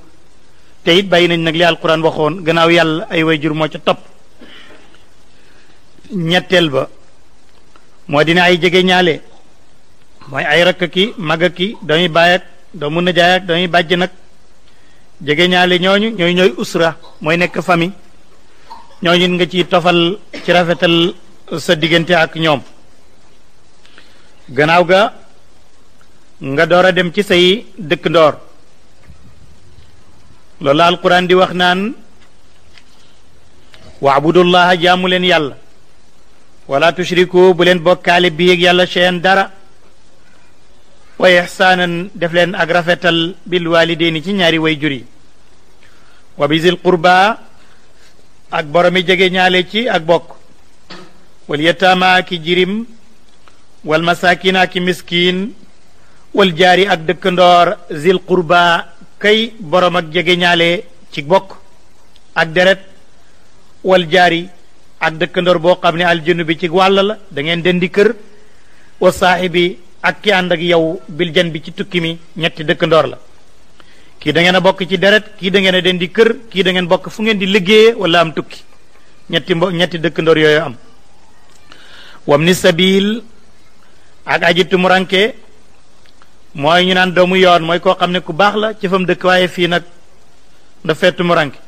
te it bàyyi nañ nag li alquran waxoon gannaaw yàlla ay way jur moo ca topp ñetteel ba moo dina ay jege ñaale mooy ay rakk ki mag ki doomi baay ak doomu nijaay ak bàjj nag jege ñooñ ñooñu ñooy ñooy usra mooy nekk famille ñooñu nga ci tofal ci rafetal sa diggante ak ñoom gannaaw ga nga door a dem ci say dëkk ndoor loolu alquran di wax naan waabudullaha jaamu leen yàlla wala tushriku bu leen bokkaale bi ak yàlla seen dara wa ixsaanan def leen ak rafetal bil waalidayni ci ñaari way juri wa bisil qurba ak boromi jege ci ak bokk wal yataama ki jirim wal masaakina ki miskin wal jaari ak dëkkandoor zil qurba kay borom ak jege ci bokk ak deret wal jaari ak dëkkandoor boo xam ne aljanu bi ci wàll la da ngeen den di kër wa saaxibi ak ki ànd ak yow bil jan bi ci tukki mi ñetti dëkkandoor la kii da ngeen a bokk ci deret kii da ngeen a den kër kii da ngeen bokk fu ngeen di liggéeyee wala am tukki ñetti mbo ñetti dëkkandoor yooyu am wam ni sabil ak aji muranke mooy ñu naan doomu yoon mooy koo xam ne ku baax la ci fam dëkk waaye fii nag da muranke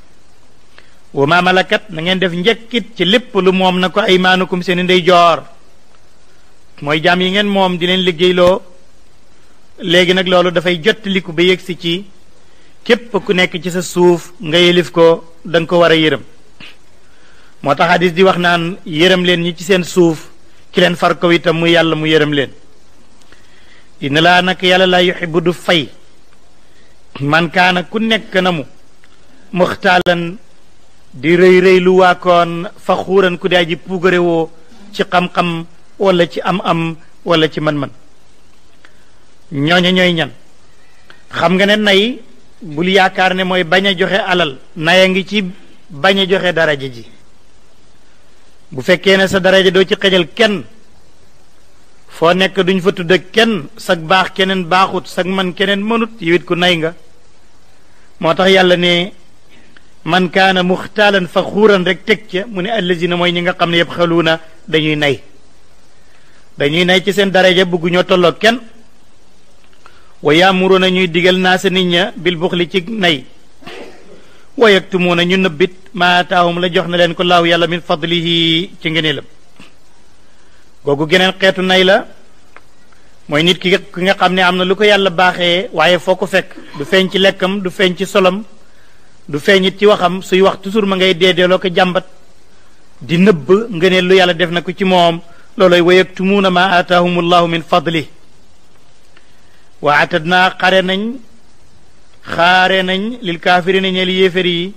wa ma malakat na ngeen def njekit ci lepp lu mom nako ko aymaanukum seen ndey jor moy jam yi ngeen mom di leen liggéeyloo léegi nag ba yeksi ci kep ku nek ci sa suuf nga yelif ko dang ko wara a yërëm hadith di wax nan yërëm len ñi ci seen suuf ki len far ko itam mu yalla mu yërëm len inna laa nag yàlla fay man kana ku nek namu mukhtalan di rëy rëy lu waakoon fa xuuran ku daa ji wo ci xam-xam wala ci am-am wala ci man-man ñooña ñoy ñan xam nga ne nay li yaakar ne moy baña joxe alal naya ngi ci baña joxe daraja ji bu fekke ne sa daraja do ci xejal ken fo nek duñ fa tudde ken sak bax kenen baxut sak man kenen manut yewit ku nay nga motax yalla ne من كان مختالا فخورا رك تك من الذين ما ينغا خمن يبخلونا دانيي ناي دانيي ناي سي درجه بوغو ньо تولو كين ويامرون ني ديغل ناس نينيا بالبخل تي ناي ويكتمون ني نبيت ما تاهم لا لين كو الله من فضله تي غوغو غنين خيتو ناي لا موي نيت كيغا خمن امنا لوكو يالا باخي وايي فوكو فك دو لكم دو فنجي du feeñit ci waxam suy wax toujours ma ngay deedeeloo ko jàmbat di nëbb nga lu yàlla def na ko ci moom looloy wa yaktumuuna maa aataahum allahu min fadli wa atadnaa xare nañ xare nañ lil kaafirina ñeel yéeféri yi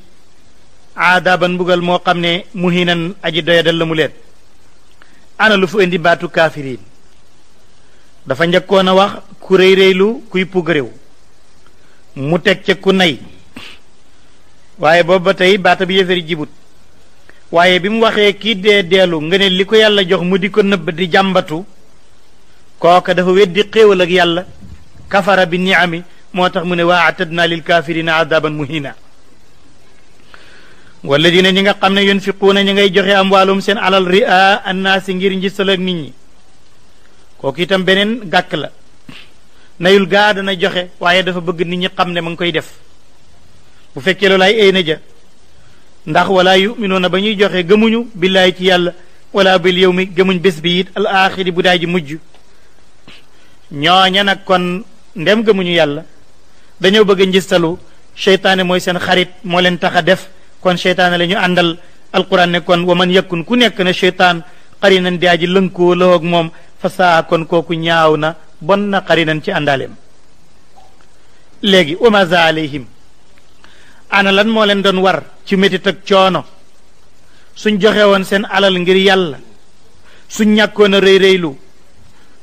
aadaban mbugal moo xam ne muhinan aji doyadal la mu leen ana lu fu indi baatu kaafirin dafa njëkkoon a wax ku réy réylu kuy pug mu teg ca nay waaye ba tey baata bi yëfari jibut waaye bi mu waxee kii dee deelu nga ne li ko yàlla jox mu di ko nëbb di jàmbatu kooka dafa weddi xéewal ak yàlla kafara bi niami moo tax mu ne waa lil kafirina adaban muhina walladina ñi nga xam ne yunfiquuna ñi ngay joxe am wàllum seen alal ria annaasi ngir njistal ak nit ñi kooku itam beneen gàkk la nayul gaa dana joxe waaye dafa bëgg nit ñi xam ne koy def bu fekkee loolaay ay na ja ndax walaa yuminuuna ba ñuy joxe gëmuñu billaay ci yàlla wala bil yow mi gëmuñ bés bi it al bu daay ji mujj ñooña nag kon ndem gëmuñu yàlla dañoo bëgg a njistalu seytaane mooy seen xarit moo leen tax a def kon seytaane lañu ñu àndal alquran ne kon wa man yakkun ku nekk na seytaan xarinan daa ji lënkoo lawoog moom fa saa kon kooku ñaaw na bon na xarinan ci àndaaleem léegi wa ma alayhim ana lan mo len don war ci métit ak coono suñ joxe won sen alal ngir yàlla suñ ñàkkoon reey rëy rëylu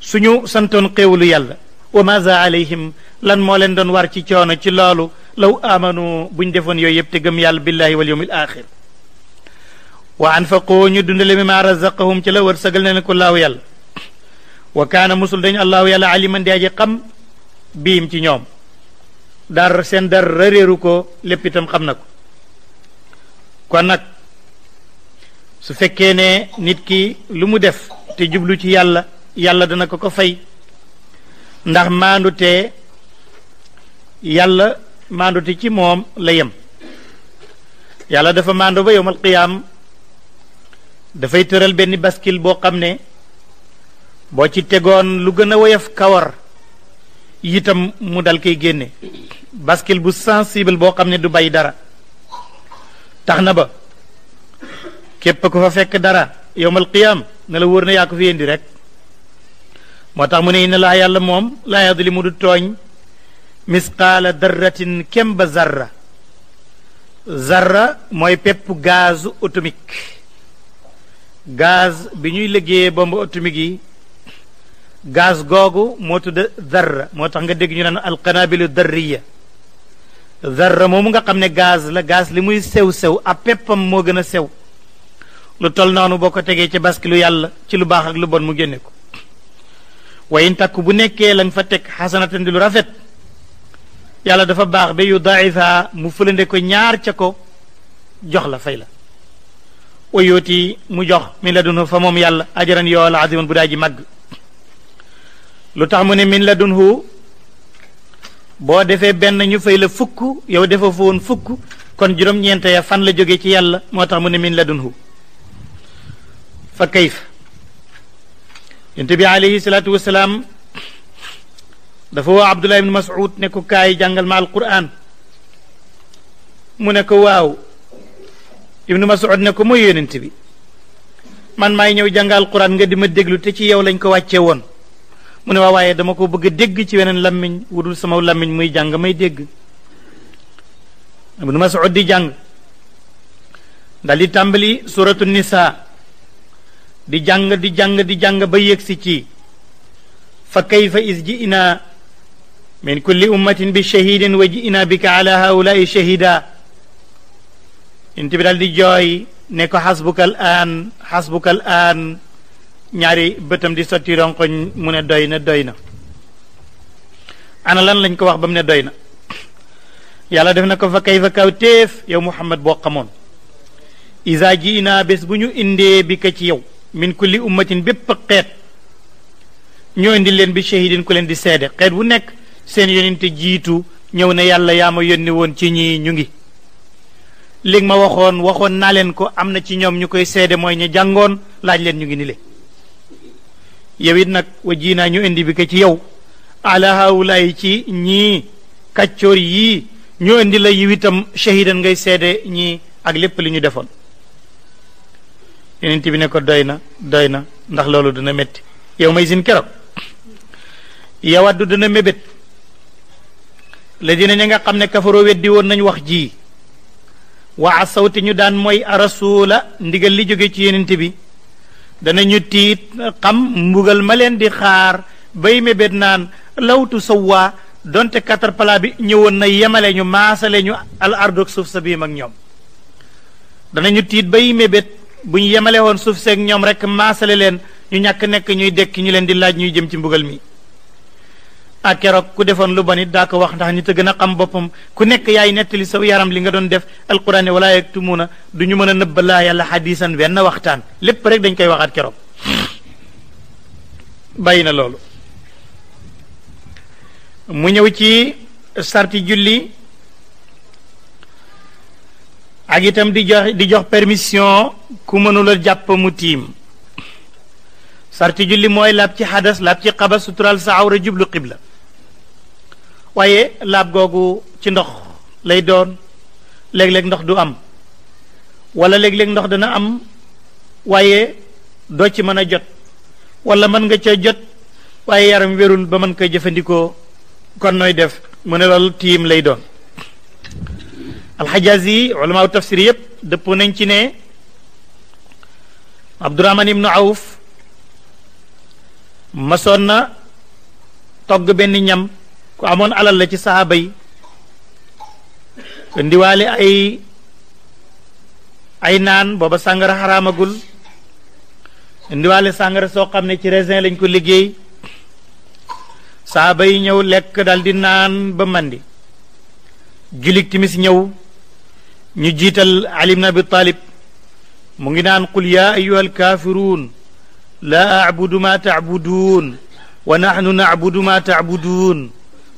suñu santoon xewlu yàlla wa maza alayhim lan mo len don war ci coono ci lolu law amanu buñ defon yoy yëpp te gëm yàlla billahi wal yawmil akhir wa anfaqo ñu dundale mi ma razaqahum ci la wër sëgal ne ko law yàlla wa kana musul dañ allah yàlla aliman de aji xam biim ci ñoom dar seen dar réeru ko lépp itam xam na ko kon nag su fekkee ne nit ki lu mu def te jublu ci yàlla yàlla dana ko ko fay ndax maandute yàlla maandute ci moom la yem yàlla dafa maandu ba yowmal qiyaam dafay tëral benn baskil boo xam ne boo ci tegoon lu gën a woyof kawar yitam mu dal kay génne bascule bu sensible bo xamné du bay dara taxna ba képp ku fa fekk dara yowmal qiyam na la wóor na yaa ko fi indi rek moo tax mu ne inna laa yàlla moom laa yadlimu du tooñ misqaala darratin kem ba zarra zarra mooy pepp gaz atomique gaz bi ñuy liggéeyee bombe atomique yi gaz googu moo tudd zarra moo tax nga dégg ñu naan alqanabilu darriya zarra moomu nga xam ne gaz la gaz li muy sew-sew ab peppam moo gën a sew lu tol noonu boo ko tegee ci baskilu yàlla ci lu baax ak lu bon mu génne ko wayin takku bu nekkee la fa teg xasanatan di lu rafet yàlla dafa baax ba yu daifa mu fulande ko ñaar ca ko jox la fay la wayooti mu jox mi la dunu fa moom yàlla ajaran yool aziman bu daa ji màgg lutax mu ne min la dun ladunhu boo defee benn ñu fay la fukk yow defa fa woon fukk kon juróom-ñeent ya fan la jóge ci yàlla moo tax mu ne min la dun ladunhu fa kayf yonent bi alayhi salaatu wasalaam dafa woo abdullah ibne mas'ud ne ko kaay jàngal ma alquran mu ne ko waaw ibnu mas'ud ne ko mooy yonente bi man maay ñëw jàngal alquran nga di ma déglu te ci yow lañ ko wàcce woon mu ne ma waaye dama ko bëgg dégg ci weneen lammiñ wudul sama lammiñ muy jàng may dégg Ibnu Mas'ud di jàng dal di tàmbali suratu nisa di jàng di jàng di jàng ba yëgsi ci fa kayfa is ji'na min kulli ummatin bi shahidin wa ji'na bika ala haulaai shahida inti bi dal jooy ne ko xasbuka al aan xasbuka ñaari bëtam di sotti mu ne doy na doy na ana lan lañ ko wax ba mu ne doy na yàlla def na ko fa kay fa kaw téef yow muhammad boo xamoon isa ji inaa bés bu ñu indee bi ka ci yow min kulli ummatin bépp xeet ñoo indi leen bi shahidin ku leen di seede xeet bu nekk seen yonente jiitu ñëw ne yàlla yaa ma yónni woon ci ñii ñu ngi léegi ma waxoon waxoon naa leen ko am na ci ñoom ñu koy seede mooy ñu jàngoon laaj leen ñu ngi ni le yow it nag wa ji naa ñu indi bi ka ci yow ala ci ñii kàccoor yii ñu indi la yiw itam shahidan ngay seede ñii ak lépp li ñu defoon yonent bi ne ko doy na doy na ndax loolu dina metti yow may sin keroog yawaddu dina mébét la dina ña nga xam ne kafaroo weddi woon nañ wax ji waa asawte ñu daan mooy rasula ndigal li jóge ci yonent bi danañu tiit xam mbugal ma leen di xaar bay mébét naan lawtu sawwa donte caterpillar bi ñëwoon na yemale ñu maasale ñu al ardog suuf sa biim ak ñoom danañu tiit bay mébét bu ñu yemale woon suuf seeg ñoom rek maasale leen ñu ñàkk nekk ñuy dekk ñu leen di laaj ñuy jëm ci mbugal mi ak keroog ku defon lu banit da ko wax ndax nit a gën xam bopam ku nekk yaay netti saw yaram li nga doon def alquran wala yaktumuna du ñu mën rek dañ koy waxat bayina lolu mu ñew ci sarti julli ak itam di jox di jox permission ku mënula japp mu tim sarti julli moy lap ci hadas lap ci qabas sutural sa jublu qibla waaye laab googu ci ndox lay doon léeg-léeg ndox du am wala léeg-léeg ndox dana am waaye doo ci mën a jot wala mën nga ca jot waaye yaram wérul ba mën koy jëfandikoo kon nooy def mu ne loolu tiim lay doon alxajaaz yi ulamaaw tafsir yépp dëpp nañ ci ne abdurahman ibnu awuf masoon na togg benn ñam ku amoon alal la ci saxaaba yi ndiwaale ay ay naan booba sàngara xaraamagul ndiwaale sàngara soo xam ne ci raisin lañ ko liggéey saaba yi ñëw lekk dal di naan ba mandi julik timis ñëw ñu jiital ali ibn abi talib mu ngi naan qul yaa ayuha alkaafiruun laa abudu ma taabuduun wa nahnu naabudu ma taabuduun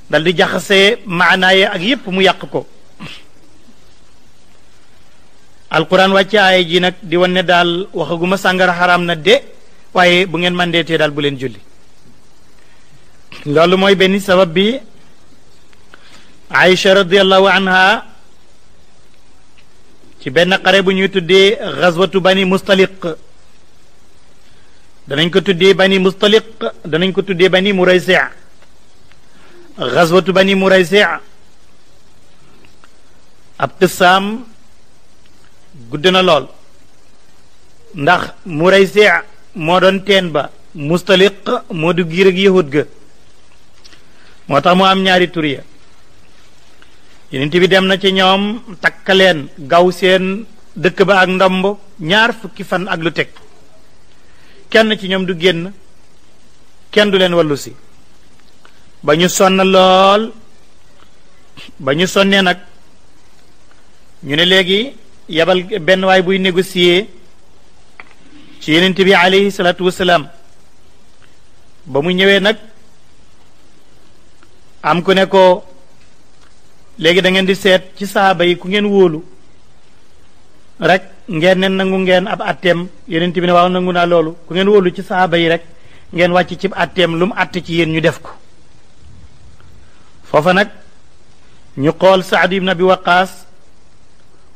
dal di jaxase maanaaye ya ak yépp mu yàq ko alquran wàcce aaya ji nag di wan ne daal waxaguma sàngara xaraam na de waaye bu ngeen mandeetee daal bu leen julli loolu mooy benn sabab bi Aïcha radiallahu anha ci benn xare bu ñuy tuddee bani mustaliq danañ ko tuddee bani mustaliq danañ ko tuddee bani muraysi' غزوة بني مريسع ab qissaam gudd na lool ndax Muraysi' moo doon teen ba Mustaliq moo du giir ak yahud ga moo tax am ñaari tur ya Yonent bi dem na ci ñoom takk leen gaw seen dëkk ba ak ndomb ñaar fukki fan ak lu kenn ci ñoom du kenn du wallu si ba ñu sonn lool ba ñu sonnee nag ñu ne léegi yabal benn waay buy négocier ci yenent bi alayhi salaatu wasalaam ba mu ñëwee nag am ku ne ko léegi da ngeen di seet ci saaba yi ku ngeen wóolu rek ngeen ne nangu ngeen ab atteem yenent bi ne waaw nangu naa loolu ku ngeen wóolu ci saaba yi rek ngeen wàcc ci atteem lu mu àtt ci yéen ñu def ko fofa nak ñu xol sa'd ibn abi waqas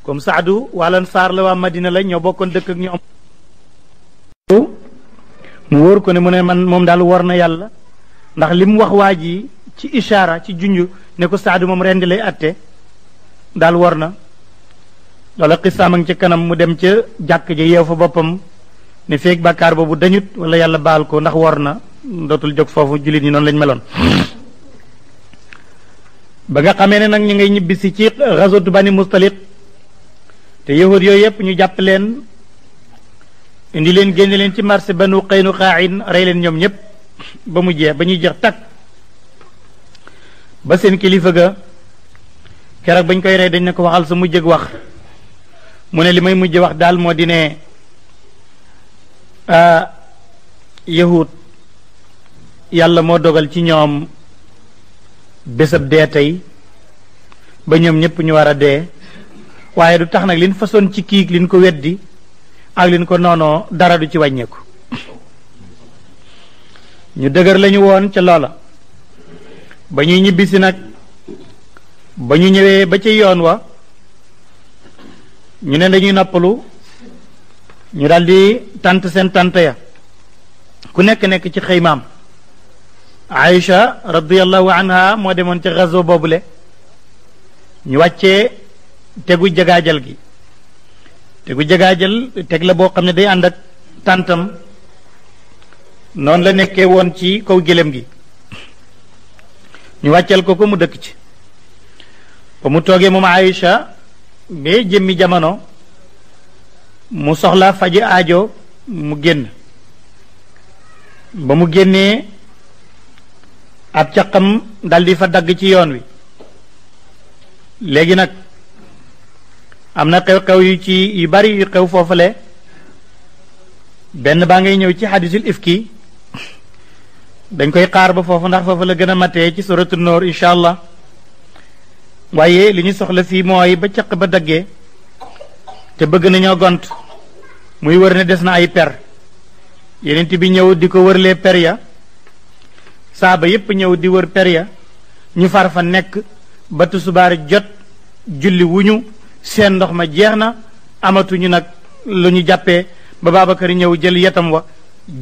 comme saadu walan sar la wa madina la ñoo bokkoon dekk ak ñu mu wor ko ne mu ne man mom dal wor na yalla, ndax lim wax waji ci ishara ci junju ne ko saadu mom rendi lay atté dal wor na loola qissam ngi ci kanam mu dem ci jakk ji yew fa bopam ne fek bakkar bobu dañut wala yalla bal ko ndax wor na dotul jog fofu julit ni non lañ melone ba nga xamé né nak ñi ngay ñibbisi ci ghazwat bani mustalit te yahud yoy yépp ñu japp leen indi leen génne leen ci marché banu qainu qa'in ray leen ñom ñépp ba mu jé ba ñuy jeex tak ba seen kilifa ga keroog bañ koy ray dañ ne waxal sa mujjëg wax mu né limay mujjë wax dal mo di ah, yahud yalla mo dogal ci ñoom bésëb dee tey ba ñoom ñëpp ñu war a dee waaye du tax nag lin façon ci kiig lin ko weddi ak liñ ko noonoo dara du ci wàññeeku ñu dëgër lañu woon ca loola ba ñuy ñibbisi nag ba ñu ñëwee ba ca yoon wa ñu ne dañuy noppalu ñu daldi tànt seen tant ya ku nekk nekk ci xëymaam Aïcha radiallahu anha moo demoon ci gazo boobule ñu wàccee tegu jagaajal gi tegu jagaajal teg la boo xam ne day ànd ak tàntam noonu la nekkee woon ci kaw gélém gi ñu wàcceel ko ko mu dëkk ci ba mu toogee moom Aïcha ba jëmmi jamono mu soxla faji aajo mu génn ba mu génnee ab caqam di fa dagg ci yoon wi léegi nag am na xew-xew yu ci yu bari yu xew foofale benn baa ngay ñëw ci xadisul ki dañ koy xaar ba foofu ndax foofu la gën a matee ci suratu noor incha allah waaye li ñu soxla fii mooy ba caq ba daggee te bëgg nañoo gont muy wër ne des na ay per yenent bi ñëw di ko wërlee per ya saaba yépp ñëw di wër per ya ñu far fa nekk ba tusubaar jot julli ñu seen ndox ma jeex na amatuñu nag lu ñu jàppee ba Babacar ñëw jël yatam wa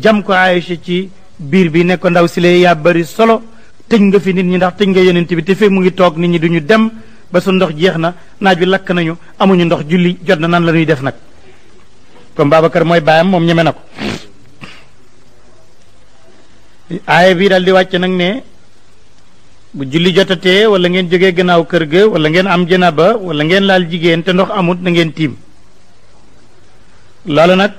jam ko Aïcha ci biir bi ne ko ndaw si lee yaa bari solo tëj nga fi nit ñi ndax tëj nga yonent bi te fekk mu ngi toog nit ñi duñu dem ba su ndox jeex na naaj bi lakk nañu amuñu ndox julli jot na nan la ñuy def nag comme Babacar mooy baayam moom ñeme na ko aaya bi dal di wàcc nag ne bu julli jotatee wala ngeen jóge gannaaw kër ga wala ngeen am janaba wala ngeen laal jigéen te ndox amut na ngeen tiim loolu nag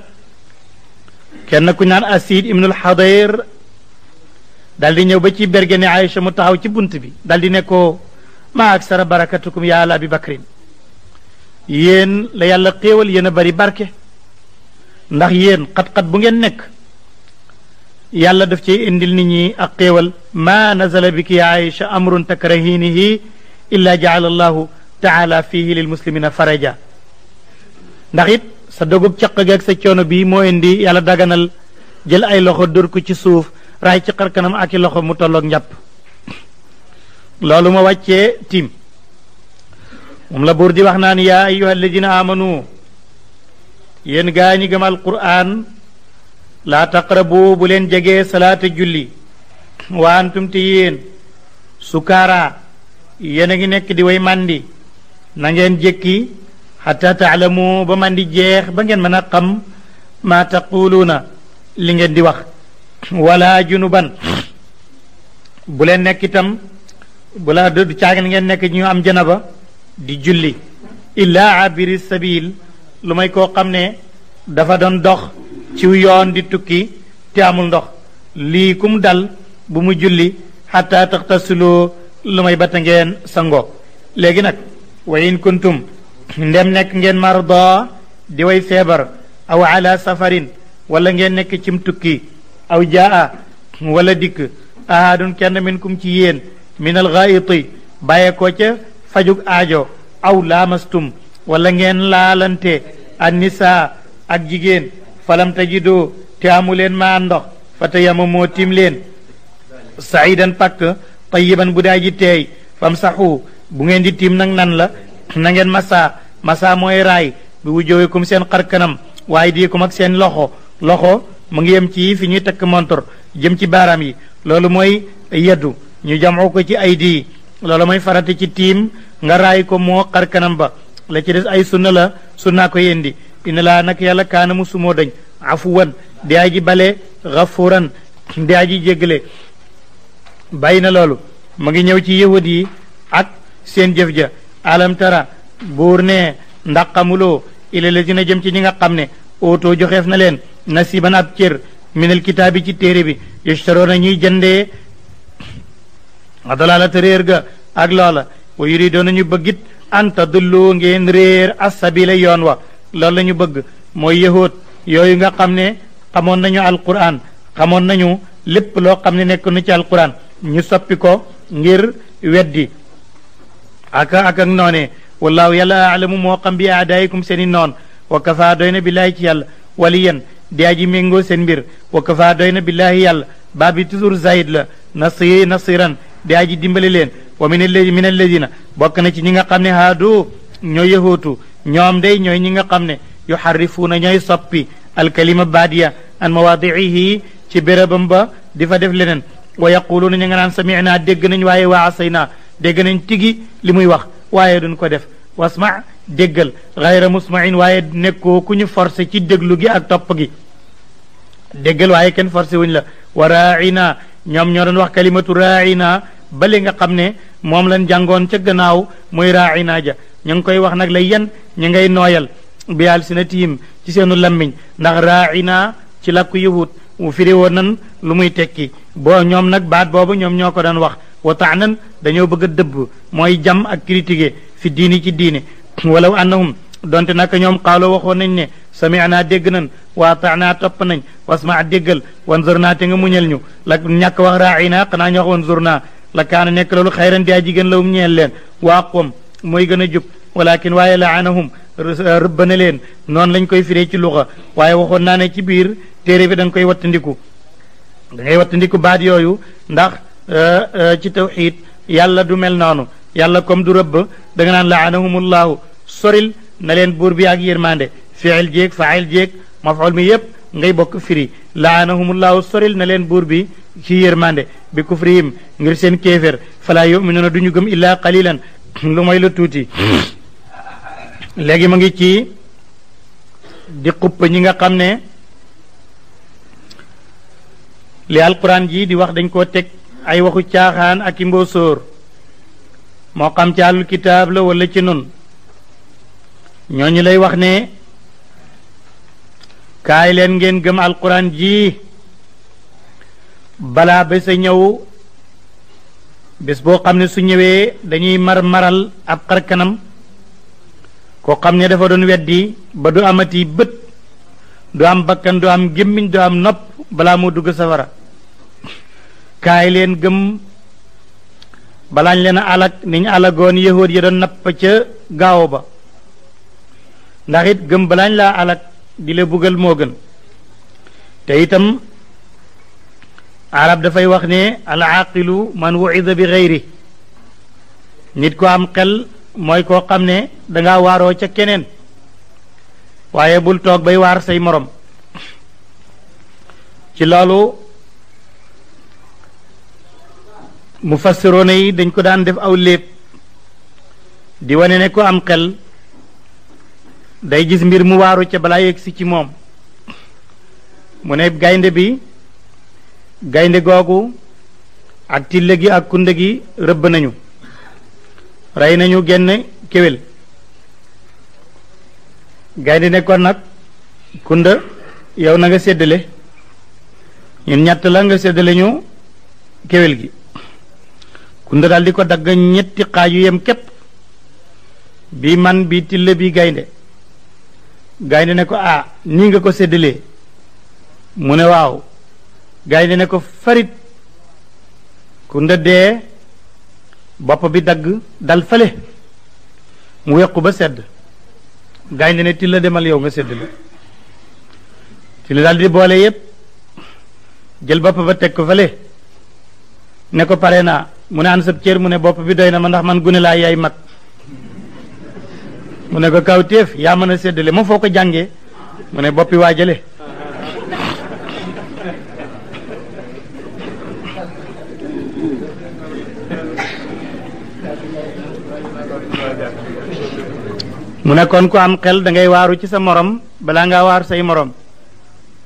kenn ku naan asid ibnul xadayr dal di ñëw ba ci bergene Aïcha mu taxaw ci bunt bi daal di nekkoo ko maa ak sara barakatukum yaa la yàlla xéewal yéen a bari barke ndax yéen xat-xat bu ngeen nekk yàlla def ci indil nit ñi ak xéewal ma nazala biki ya aïcha amrun takrahinihi illa jaala allahu taala fihi lil muslimina faraja ndax it sa dogub caq geeg sa coono bii moo indi yàlla daganal jël ay loxo dër ko ci suuf raay ci xar kanam ak i loxo mu tollook njàpp loolu ma wàccee tim la buur di wax naan yaa ayuha alladina amanu yéen gaa ñi gëm alquran laa taqrabu bu leen jegee salaata julli wa antum te yéen sukaara yéen a ngi nekk di way màndi na ngeen jékki xata ba màndi jeex ba ngeen mën a xam maa na li ngeen di wax wala junuban bu leen nekkitam itam bu la du caagan ngeen nekk ñu am janaba di julli illaa abiri sabil lu may koo xam ne dafa doon dox ci yoon di tukki te amul ndox lii kum dal bu mu julli xataa taxtasiloo lu may bata ngeen sangoo léegi nag wa in kuntum ndem nekk ngeen marda di way feebar aw ala safarin wala ngeen nekk cim tukki aw jaa wala dikk ahadun kenn min minkum ci yéen min al gaiti bàyyee ko ca fajug aajo aw laamastum walla ngeen laalante an nisaa ak jigéen falam tajidu te amu leen maa ndox fa tim saidan pak tayyiban budaji budaya ji fam bu ngeen di tim nang nan la na ngeen masa masa moy ray bi kum sen xarkanam di kum ak sen loxo loxo mu ngi yem ci fi ñuy montor jëm ci baram yi loolu moy yeddu ñu jamu ko ci aidi dii moy farata ci tim nga ray ko mo xarkanam ba la ci dess ay sunna la sunna ko yendi ina laa nag yàlla kaana mu sumoo dañ afuwan di aji bale gafuran di aji jéggale bàyyi na loolu mu ngi ñëw ci yahud yi ak seen jëf ja alam tara ne ndax xamuloo ila la jëm ci ñi nga xam ne oto joxeef na leen nasiban ab cër minal kitaab ci téere bi yashtaroona ñuy jëndee adalaalata réer ga ak loola wa yuridoona ñu bëggit an tadullu ngeen réer asabila yoon wa loolu la bëgg mooy yëhoot yooyu nga xam ne xamoon nañu alquran xamoon nañu lépp loo xam ne nekk nu ci alquran ñu soppi ko ngir weddi aka ak ak noone wallaahu yàlla aalamu moo xam bi aadaayikum seen i noon wa kafa doy billaahi ci yàlla waliyan di aji méngoo seen mbir wa kafa doy na billaahi yàlla baa bi toujours zayid la nasi nasiran di aji dimbali leen wa min alladina bokk na ci ñi nga xam ne haadu ñoo yëhootu ñoom day ñooy ñi nga xam ne yuxarrifuuna ñooy soppi alkalima baat ya an mawaadicihi ci bérébam ba di fa def leneen wa yaquluuna nga naan samicnaa dégg nañ waaye waa asaynaa dégg nañ tigi li muy wax waaye duñ ko def wasma déggal gayra musmain waaye nekkoo ku ñu forcé ci déglu gi ak topp gi déggal waaye kenn forcé wuñ la wa raacina ñoom ñoo doon wax kalimatu raacina ba li nga xam ne moom lañ jàngoon ca gannaaw muy raaci naaja ñu ngi koy wax nag lay yan ñu ngay nooyal si na alsinatihim ci seenu lammiñ ndax raaci naa ci làkku yahud firi woon nan lu muy tekki boo ñoom nag baat boobu ñoom ñoo ko doon wax wa taanan dañoo bëgg a dëbb mooy jam ak critiquer fi diini ci diine walaw annahum donte naka ñoom xaaloo waxoon nañ ne sami'naa dégg nan waa taanaa topp nañ wasma déggal wan zur naa te nga muñal ñu la ñàkk wax raaci naa xanaa ñoo wax wan naa la kaana nekk loolu xayran di jigéen la hum ñeel leen waaqoom mooy gën a jub walakin waaye laanahum rëbbana leen noonu lañ koy fire ci luxa waaye waxoon naa ne ci biir téere bi da nga koy wattandiku da ngay wattandiku baat yooyu ndax euh, euh, ci tawxiid yàlla du mel noonu yàlla comme du rëbb da nga naan laanahumullahu soril na leen buur bi ak yërmande fiil jéeg faayil jéeg xool mi yépp ngay bokk firi laanahumullahu soril na leen buur bi ci yërmande bi kufrihim ngir seen kéefér falaa yuminuuna du ñu gëm illaa qalilan lu mooy la tuuti léegi ma ngi ci di xupp ñi nga xam ne li alquran ji di wax dañ koo teg ay waxu caaxaan ak i mboosóor moo xam ci àllul kitaab la wala ci nun ñooñu lay wax ne kaay leen ngeen gëm alquran ji balaa ba sa ñëw bés boo xam ne su ñëwee dañuy mar maral ab xarkanam koo xam ne dafa doon weddi ba du amati bët du am bakkan du am gémmiñ du am nopp balaa moo dugg safara kaay leen gëm balaañ leen a alag ni ñu alagoon yahuud ya doon napp ca gaaw ba ndaxit gëm balaañ laa alag di la buggal moo gën te itam arab dafay wax ne al aqilu man wuida bi xeyri nit ko am xel mooy koo xam ne danga waaroo ca keneen waaye bul toog bay waar say moroom ci loolu mufassiroona yi dañ ko daan def aw léeb di wane ne ko am xel day gis mbir mu waaru ca balaa yegsi ci moom mu ne gaynde bi gaynde googu ak tille gi ak kunde gi rëbb nañu rey nañu genn kéwél gaynde ne kon nag kunda yow na nga séddale ñun ñett la nga séddale ñu kéwél gi kunda daal di ko dagg ñetti xaaj yem képp bi man bi tille bi gaynde gaynde ne ko ah nii nga ko séddalee mu ne waaw gaynde ne ko farit ku ndëddee bopp bi dagg dal fale mu wequ ba sedd gaynde ne tilla demal yow nga sedd la tilla daal di boole yépp jël bopp ba teg ko fale ne ko pare naa mu ne an sab cër mu ne bopp bi doy na ma ndax man gune laa yaay mag mu ne ko kaw téef yaa mën a séddale ma foo ko jàngee mu ne boppi waajale mu nekkoon ko am xel da ngay waaru ci sa morom balaa ngaa waaru say morom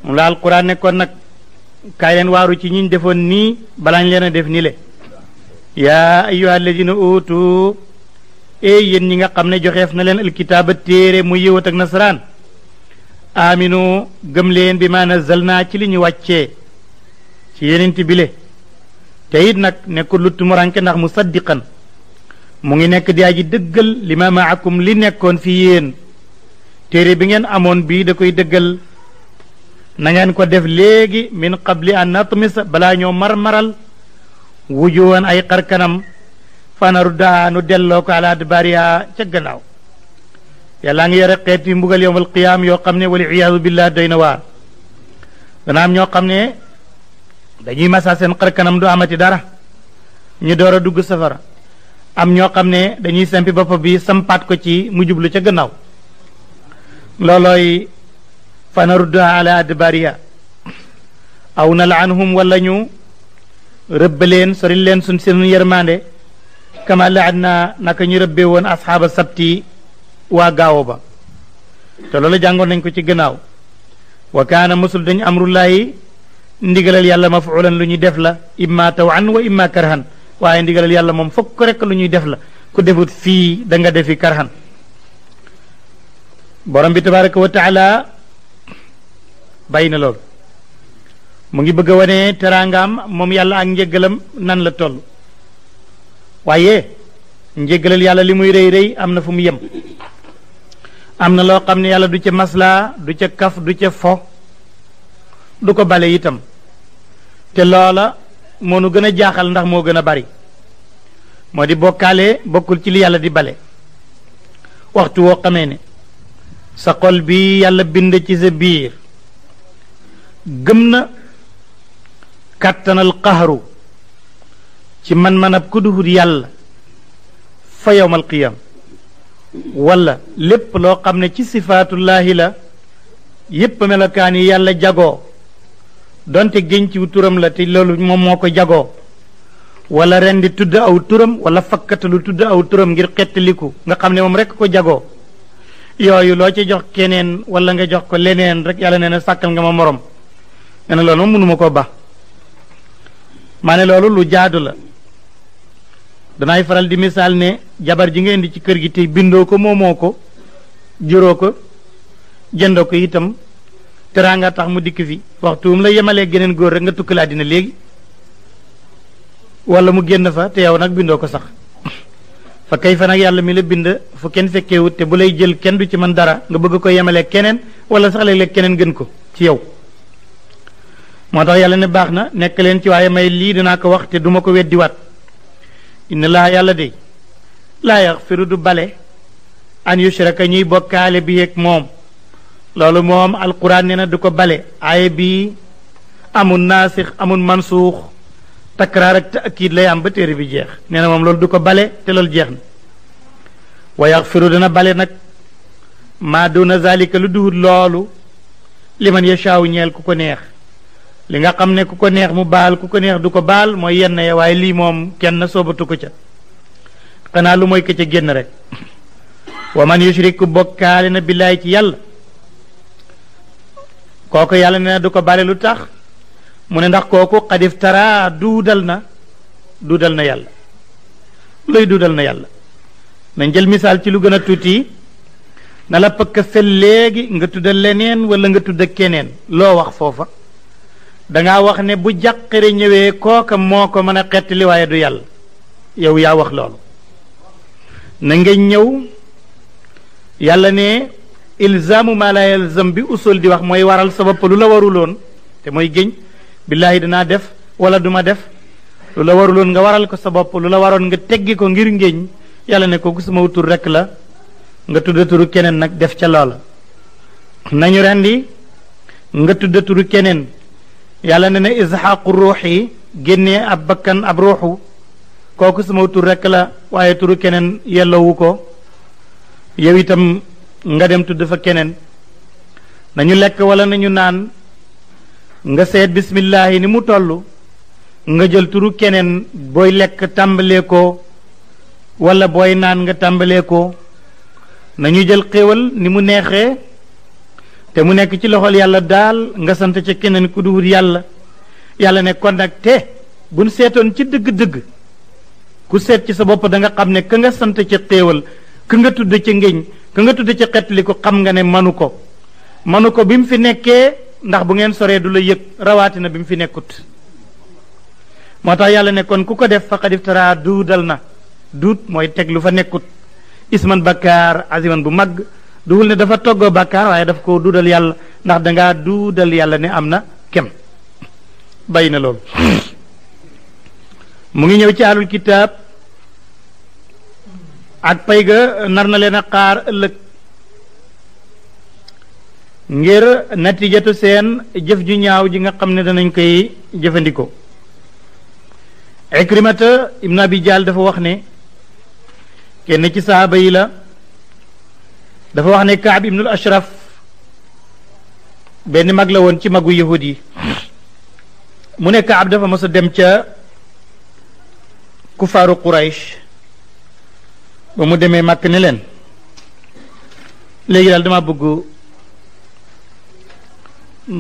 mu la alquran nekkoon nag kaay leen waaru ci ñiñ defoon nii balaañ leen a def nii le yaa ayyuha alladina uutu ey yéen ñi nga xam ne joxeef na leen alkitaaba téere mu yëwat ak nasaraan aaminu gëm leen bi ma naa ci li ñu wàccee ci yenent bi le te it nag nekkul lu tumuranke ndax musaddiqan mu ngi nekk di aji dëggal li ma maakum li nekkoon fi yéen téere bi ngeen amoon bii da koy dëggal na ngeen ko def léegi min qabli an natmis balaa ñoo marmaral wujuwan ay xarkanam fanaru daa nu delloo ko ala adbaariha ya ca ya gannaaw yàllaa ngi yore ya xeet yi mbugal yowmal qiyaam yoo xam ne wal iyaadu billah doy na dana ñoo xam dañuy masa seen xarkanam du amati dara ñu door a dugg safara am ñoo xam ne dañuy sampi bopp bi sampaat ko ci mu jublu ca gannaaw loolooy fanarudduha ala adbariya aw nalaanhum wala ñu rëbba leen sori leen suñ sunu yërmande kama laat na naka ñu rëbbe woon asxaaba sabti waa gaawo ba te loolu jàngoon nañ ko ci gannaaw wa kaana mësul dañu amrullaahi ndigalal yàlla mafulan lu ñuy def la imma tawan wa imma karhan waaye ndigalal yàlla moom fokk rek lu ñuy def la ku defut fii danga nga defi karxan borom bi tabaraka wa taala bàyyi na loolu mu ngi bëgg a wane teraangam moom yàlla ak njëggalam nan la toll waaye njëggalal yàlla li muy rey rey am na fu mu yem am na loo xam ne yàlla du ca maslaa du ca kaf du ca fo du ko bale itam te loola moo nu gën a jaaxal ndax moo gën a bari moo di bokkaale bokkul ci li yàlla di bale waxtu woo xamee ne sa xol bi yàlla bind ci sa biir gëm na kàttanal qaharu ci man-man ab ku duhut yàlla fa yowmal qiyam wala lépp loo xam ne ci sifaatullaahi la yépp melokaan yàlla jagoo donte génn ci turam la te loolu moom moo ko jagoo walla ren di tudd aw turam wala fakkatalu tudd aw turam ngir xettaliku nga xam ne moom rekk ko jagoo yooyu loo ci jox keneen wala nga jox ko leneen rek yàlla nee na sàkkal nga ma moroom nee na loolu moom mënuma ko ba maa ne loolu lu jaadu la danaay faral di misaal ne jabar ji nga indi ci kër gi tey bindoo ko moomoo ko juroo ko jëndoo ko itam teraanga tax mu dikk fi waxtuum la yemalee geneen góor rek nga tukkal àddina léegi wala mu génn fa te yow nag bindoo ko sax (laughs) fa kay fa nag yàlla mi la bind fu kenn fekkewut te bu lay jël kenn du ci man dara nga bëgg ko yemalee keneen wala sax léeg keneen gën ko ci yow moo tax yàlla ne baax na nekk leen ci waaye may lii dinaa ko wax te duma ko weddiwaat inna laa yàlla de laa yaxfiru du bale an yushraka ñuy bokkaale bi yeeg moom loolu moom alquran nee na du ko bale aaya bi amul naasix amul mansuux takraar ak taakiid lay am ba téere bi jeex nee na moom loolu du ko bale te loolu jeex na wa yaxfiru dana bale nag ma duna zalika lu duhut loolu liman yashaaw ñeel ku ko neex li nga xam ne ku ko neex mu baal ku ko neex du ko baal mooy yenn ya waaye lii moom kenn soobatu ko ca xanaa lu mooy ko génn rek wa man yushrik bokkaale na billaay ci yàlla kooku yàlla ne na du ko bale lu tax mu ne ndax kooku xadif tara duudal na duudal na yàlla luy duudal na yàlla nañ jël misaal ci lu gën a tuuti na la pëkk sel léegi nga tudda leneen wala nga tudda keneen loo wax foofa danga wax ne bu jàqare ñëwee kooka moo ko mën a xettali waaye du yàlla yow yaa wax loolu na nga ñëw yàlla ne ilzaamu maa laa yalzam bi usul di wax mooy waral sa bopp lu la waruloon te mooy géñ billaahi danaa def wala duma def lu la waruloon nga waral ko sa bopp lu la waroon nga teggi ko ngir ngéñ yàlla ne kooku sama tur rekk la nga tudda turu keneen nag def ca loola nañu rendi nga tudd turu keneen yàlla ne ne isxaaqu ruux yi génnee ab bakkan ab ruuxu kooku sama tur rekk la waaye turu keneen yellowu ko yow itam nga dem tudd fa keneen nañu lekk wala nañu naan nga seet bismillaahi ni mu tollu nga jël turu keneen booy lekk tàmbalee ko wala booy naan nga tàmbalee ko nañu jël xéewal ni mu neexee te mu nekk ci loxol yàlla daal nga sant ca keneen ku duwut yàlla yàlla ne kon nag te buñ seetoon ci dëgg-dëgg ku seet ci sa bopp danga xam ne ka nga sant ca xéewal ka nga tudd ca ngéñ ka nga tudd ci xettaliku xam nga ne manu ko manu ko bi mu fi nekkee ndax bu ngeen soree du la yëg rawatina bi mu fi nekkut moo tax yàlla nekkoon ku ko def faqad iftara duudal na duut mooy teg lu fa nekkut isman bakkaar aziman bu mag duwul ne dafa toggoo bakkaar waaye daf ko duudal yàlla ndax dangaa duudal yàlla ne am na kem bàyyi na loolu mu ngi ñëw ci alul kitaab ak pay ga nar na leen a xaar ëllëg ngir natijatu seen jëf ju ñaaw ji nga xam ne danañ koy jëfandikoo ikrimata ibn bi jaal dafa wax ne kenn ci saaba yi la dafa wax ne kaab ibnul ashraf benn mag la woon ci magu yahud yi mu ne kaab dafa mos a dem ca kufaaru quraysh ba mu demee màkk ni leen léegi daal dama bëgg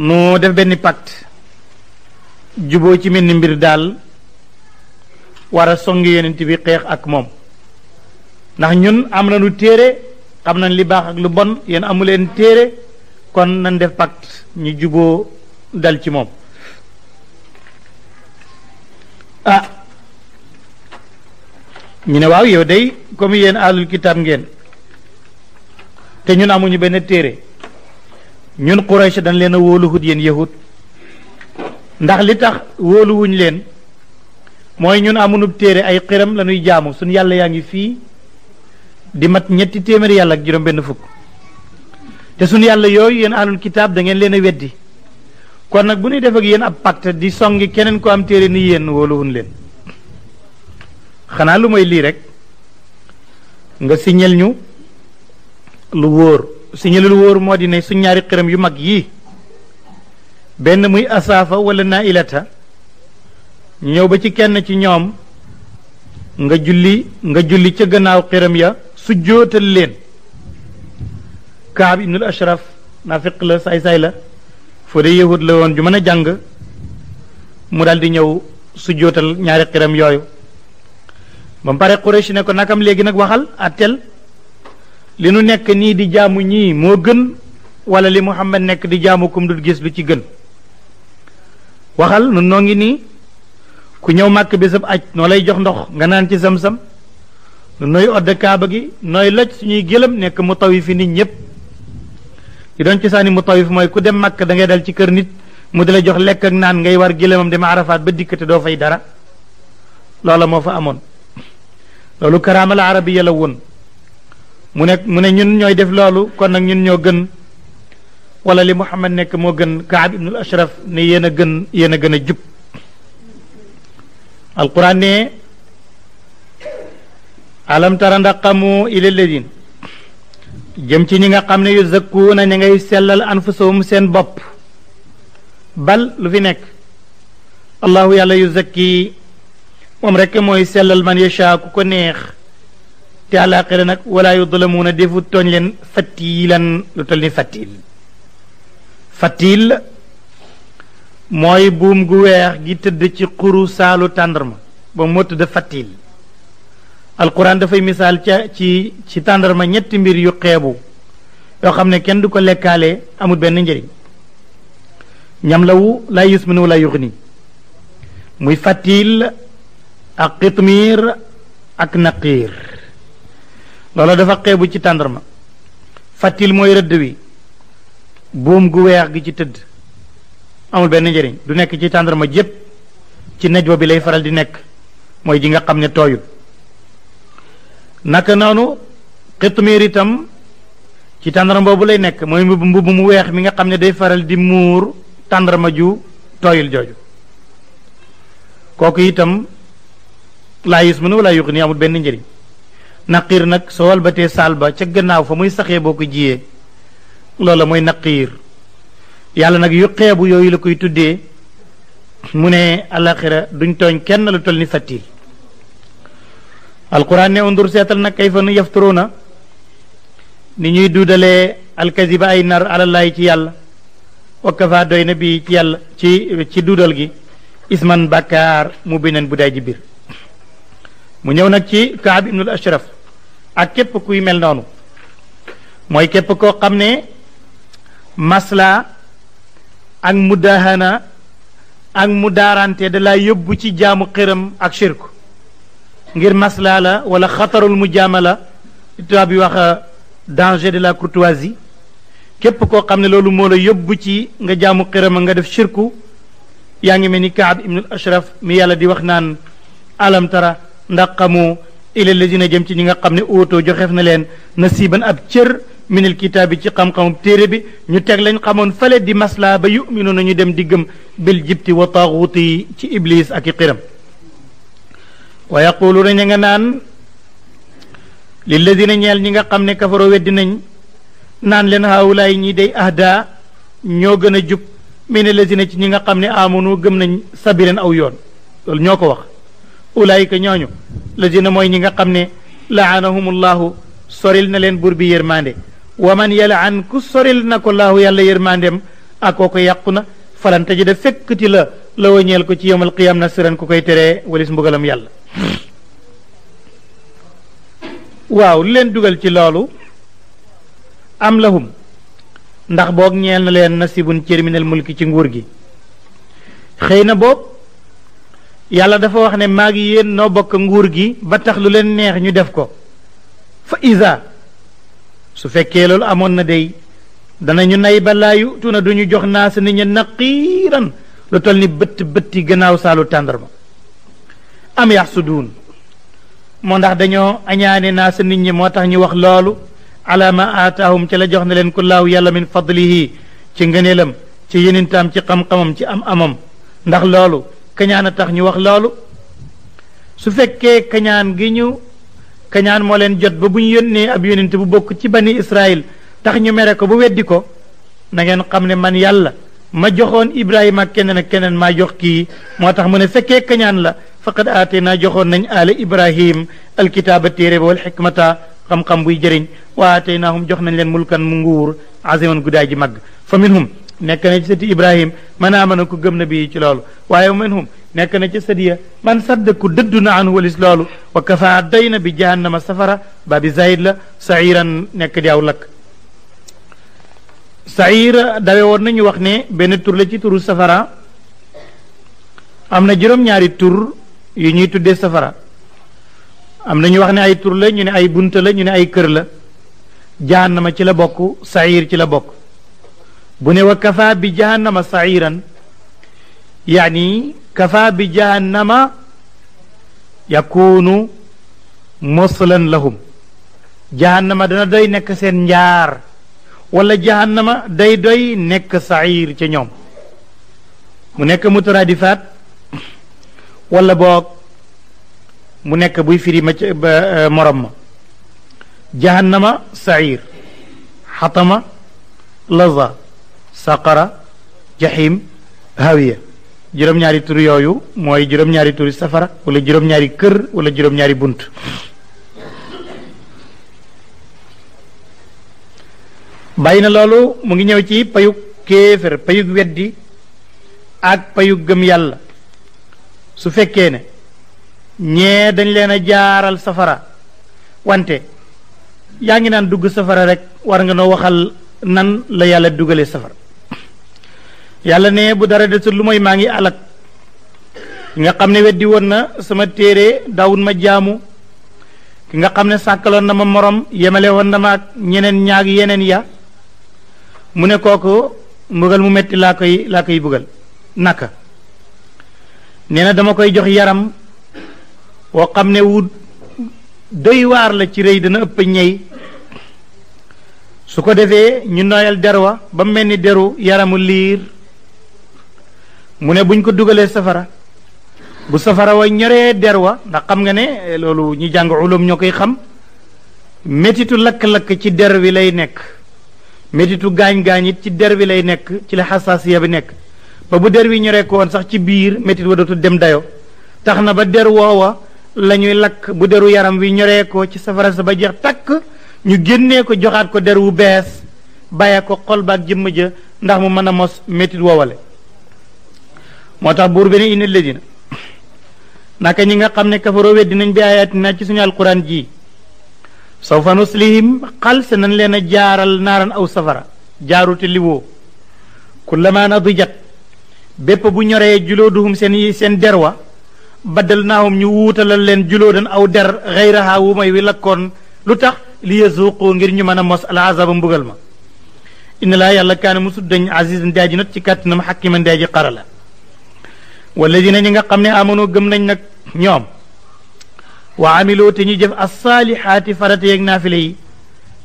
nu def benn pacte juboo ci mel ni mbir daal wara a songi yonent bi xeex ak moom ndax ñun am na nañu téere xam nañ li baax ak lu bon yéen amuleen téere kon nañ def pacte ñu juboo dal ci moom ah ñu ne waaw yow day comme yéen àllul kitaab ngeen te ñun amuñu benn téere ñun Quraysh dañ leen a wóoluwut yéen yahud ndax li tax wóoluwuñ leen mooy ñun amunub téere ay xiram la ñuy jaamu suñu yàlla yaa ngi fii di mat ñetti téeméeri yàlla ak juróom benn fukk te suñu yàlla yooyu yéen àllul kitaab da ngeen leen a weddi kon nag bu nuy def ak yéen ab pacte di songi keneen ko am téere ni yéen wóoluwuñ leen xanaa lu mooy lii rek nga siñel ñu lu wóor signal wóor moo di ne su ñaari xiram yu mag yii benn muy asaafa wala nailata ñu ñëw ba ci kenn ci ñoom nga julli nga julli ca gannaaw xiram ya su jootal leen kaab ibnul ashraf naafiq la saay-saay la foo dee yahud la woon ju mën a jàng mu daldi ñëw su jootal ñaari xiram yooyu ba pare Quraysh ne ko nakam léegi nak waxal atel li nu nek ni di jaamu mo gën wala li Muhammad nek di jaamu kum dul gis lu ci gën waxal nu noo ngi nii ku mak bi bésab acc no lay jox ndox nga naan ci sam-sam nu noy odd kaaba gi noy loj suñuy gëlëm nek mu tawif nit ñëpp li ci sani mu tawif ku dem mak da ngay dal ci kër nit mu dala jox lek ak naan ngay war gëlëmam dem arafat ba dikkate do fay dara loola mo fa amone loolu karaamal arabiya la woon mu ne mu ne ñun ñooy def loolu kon nag ñun ñoo gën wala li muhammad nekk moo gën kaab ibnul ashraf ne yéen a gën yéen a gën a jub alquran ne alam tara ndax xamu ila ledin jëm ci ñi nga xam ne yu zakkuuna ña ngay sellal anfusahum seen bopp bal lu fi nekk allahu yàlla yu zakki mom rek moy selal man yasha ku ko neex te àllaaxira nak wala yudlamuna defu togn len fatilan lu tolni fatil fatil moy mooy gu weex gi tëdd ci xuru salu tàndarma ba moo tëdd fattiil alquran da fay misal ci ci tàndarma ñetti mbir yu xébu yo xamne kenn du ko lekkaale amul ben njëriñ ñam lawu la yusminu la yughni muy fatil ak qitmir ak naqir loola dafa xebu ci tandarma fatil moy redd wi boom gu weex gi ci amul benn njëriñ du nekk ci tandarma jépp ci najwa bi lay faral di nekk mooy ji nga xam ne tooyut naka noonu xitmiir itam ci tandarma boobu lay nekk mooy mbubb mu weex mi nga xam day faral di muur tandarma ju tooyul jooju kooku itam laa yus mënu wala yuqi ni amul benn njëriñ naqiir nag soo walbatee saal ba ca gannaaw fa muy saxee boo ko jiyee loola mooy naqiir yàlla nag yu xeebu yooyu la koy tuddee mu ne alaxira duñ tooñ kenn lu toll ni sattil alquran ne undur seetal nag kay fa nu na ni ñuy duudalee alkaziba ay nar alallaay ci yàlla wakkafa doy na bi ci yàlla ci ci duudal gi isman bàkkaar mu beneen bu day ji biir mu ñëw nag ci kaab ibnul ashraf ak képp kuy mel noonu mooy képp koo xam ne masla ak mudahana ak mudaarante da laa yóbbu ci jaamu xiram ak shirku ngir masla la wala xatarul mu jaama la tubaab bi wax danger de la courtoisie képp koo xam ne loolu moo la yóbbu ci nga jaamu xiram nga def shirku yaa ngi mel ni kaab ibnul ashraf mi yàlla di wax naan alam tara ndax xamu ila lazina jëm ci ñi nga xam ne ootoo joxeef na leen nasiban ab cër minal kitaab bi ci xam-xamub téere bi ñu teg lañ xamoon fale di masla ba yuminu nañu dem di gëm bil jibti wa taaxuuti yi ci ibliis ak i xiram wa yaqulu na ña nga naan lilladina ñeel ñi nga xam ne kafaro weddi nañ naan leen haawulaay ñi day ahda ñoo gën a jub min alladina ci ñi nga xam ne amanu gëm nañ sabileen aw yoon loolu ñoo ko wax ulaayika ñooñu la dina mooy ñi nga xam ne laanahumullahu soril na leen buur bi yërmande wa man yalaan ku soril na ko laahu yàlla yërmandeem ak koo yàqu na falante ji da fekkati la la wañeel ko ci yowmal qiyam na siran ku koy teree walis mbugalam yàlla waaw lu leen dugal ci loolu am lahum ndax boog ñeel na leen nasibun cër mulki ci nguur gi xëy na boog yàlla dafa wax ne maa ngi yéen noo bokk nguur gi ba tax lu leen neex ñu def ko fa isa su fekkee loolu amoon na dey dana ñu nay ba laayu tuna du ñu jox naas nit ñi naqiiran lu toll ni bëtt bëtti gannaaw saalu tàndarma am yax su moo ndax dañoo añaane naas nit ñi moo tax ñu wax loolu ala ma aataahum ci la jox na leen laaw yàlla min fadlihi ci ngëneelam ci yenintaam ci xam-xamam ci am amoom ndax loolu kañaan a tax ñu wax loolu su fekkee kañaan gi ñu kañaan moo leen jot ba bu ñu yónnee ab yónent bu bokk ci bani Israël tax ñu mere ko bu weddi ko na ngeen xam ne man yàlla ma joxoon Ibrahima ak keneen ak keneen ma jox kii moo tax mu ne fekkee kañaan la faqad naa joxoon nañ aala Ibrahim alkitaaba téere ba wal xikmata xam-xam buy jëriñ wa aateynaahum jox nañ leen mulkan mu nguur aziman guddaay ji mag fa minhum nekk na ci sëti ibrahim man amana ku gëm na bii ci loolu waaye minhum nekk na ci sadiya man saddaku dëddu na anhu walis loolu wa kafa doy na bi jahannama safara ba bi zayd la sairan nekk di aw lakk sair dawe woon nañu wax ne benn tur la ci turu safara am na juróom tur yu ñuy tuddee safara am na ñu wax ne ay tur la ñu ne ay bunta la ñu ne ay kër la jahannama ci la bokk sair ci la bokk بني وكفى بجهنم سعيرا يعني كفى بجهنم يكون مصلا لهم جهنم دنا داي نك سين نيار ولا جهنم داي داي نك سعير تي نيوم مو نك مترادفات ولا بوك مو نك بوي فيري ما مرام جهنم سعير حطم لظه saqara jahim hawiya juróom-ñaari tur yooyu mooy juróom-ñaari turi safara wala juróom-ñaari kër wala juróom-ñaari bunt bàyyi na loolu mu ngi ñëw ci payug kéefër payug weddi ak payug gëm yàlla su fekkee ne ñee dañ leen a jaaral safara wante yaa ngi naan dugg safara rek war nga noo waxal nan la yàlla dugale safara yàlla ne bu dara desul lu mooy maa ngi alag ki nga xam ne weddi woon na sama téere daawun ma jaamu ki nga xam ne sàkkaloon na ma moroom yemale woon na ma ak ñeneen ñaag yeneen ya mu ne kooku mbugal mu metti laa koy laa koy bugal naka nee na dama koy jox yaram woo xam ne wu doy waar la ci rëy dana ëpp ñey su ko defee ñu nooyal der wa ba mel ni deru yaramu liir mu ne buñ ko dugalee safara bu safara wa ñoré derwa wa ndax xam nga né eh, lolu ñi jang ulum ñokay xam metitu lak lakk ci der wi lay nek metitu gañ gaañ ci der wi lay nek ci la xasaasiya bi ba bu der wi ko won sax ci biir metit wa dotu dem dayo taxna ba der la ñuy lakk bu deru yaram wi ñoré ko ci safara sa ba jeex tak ñu genné ko joxat ko der wu bees bàyyee xol ndax mu mos metit motax bur buur bi ne inna ladina naka ñi nga xamne ne kafaroo weddi nañ bi ayat na ci suñu alquran ji sawfa nuslihim xal se nañ leen a jaaral naaran aw safara jaarute liwo woo kullama nadijat bépp bu ñoré juloduhum sen yi sen derwa badalnahum ñu wuutalal leen julodan aw der xayraha wu may wi lakkon lutax li yazuqu ngir ñu mëna mos al azab mbugal ma inna laa yàlla kaane musud dañ azizan daaji not ci kàttanam xakiman daaji xara walladina ñi nga xam ne amono gëm nañ nag ñoom wa amiloo te ñu jëf assaalihaati farate yeeg naafile yi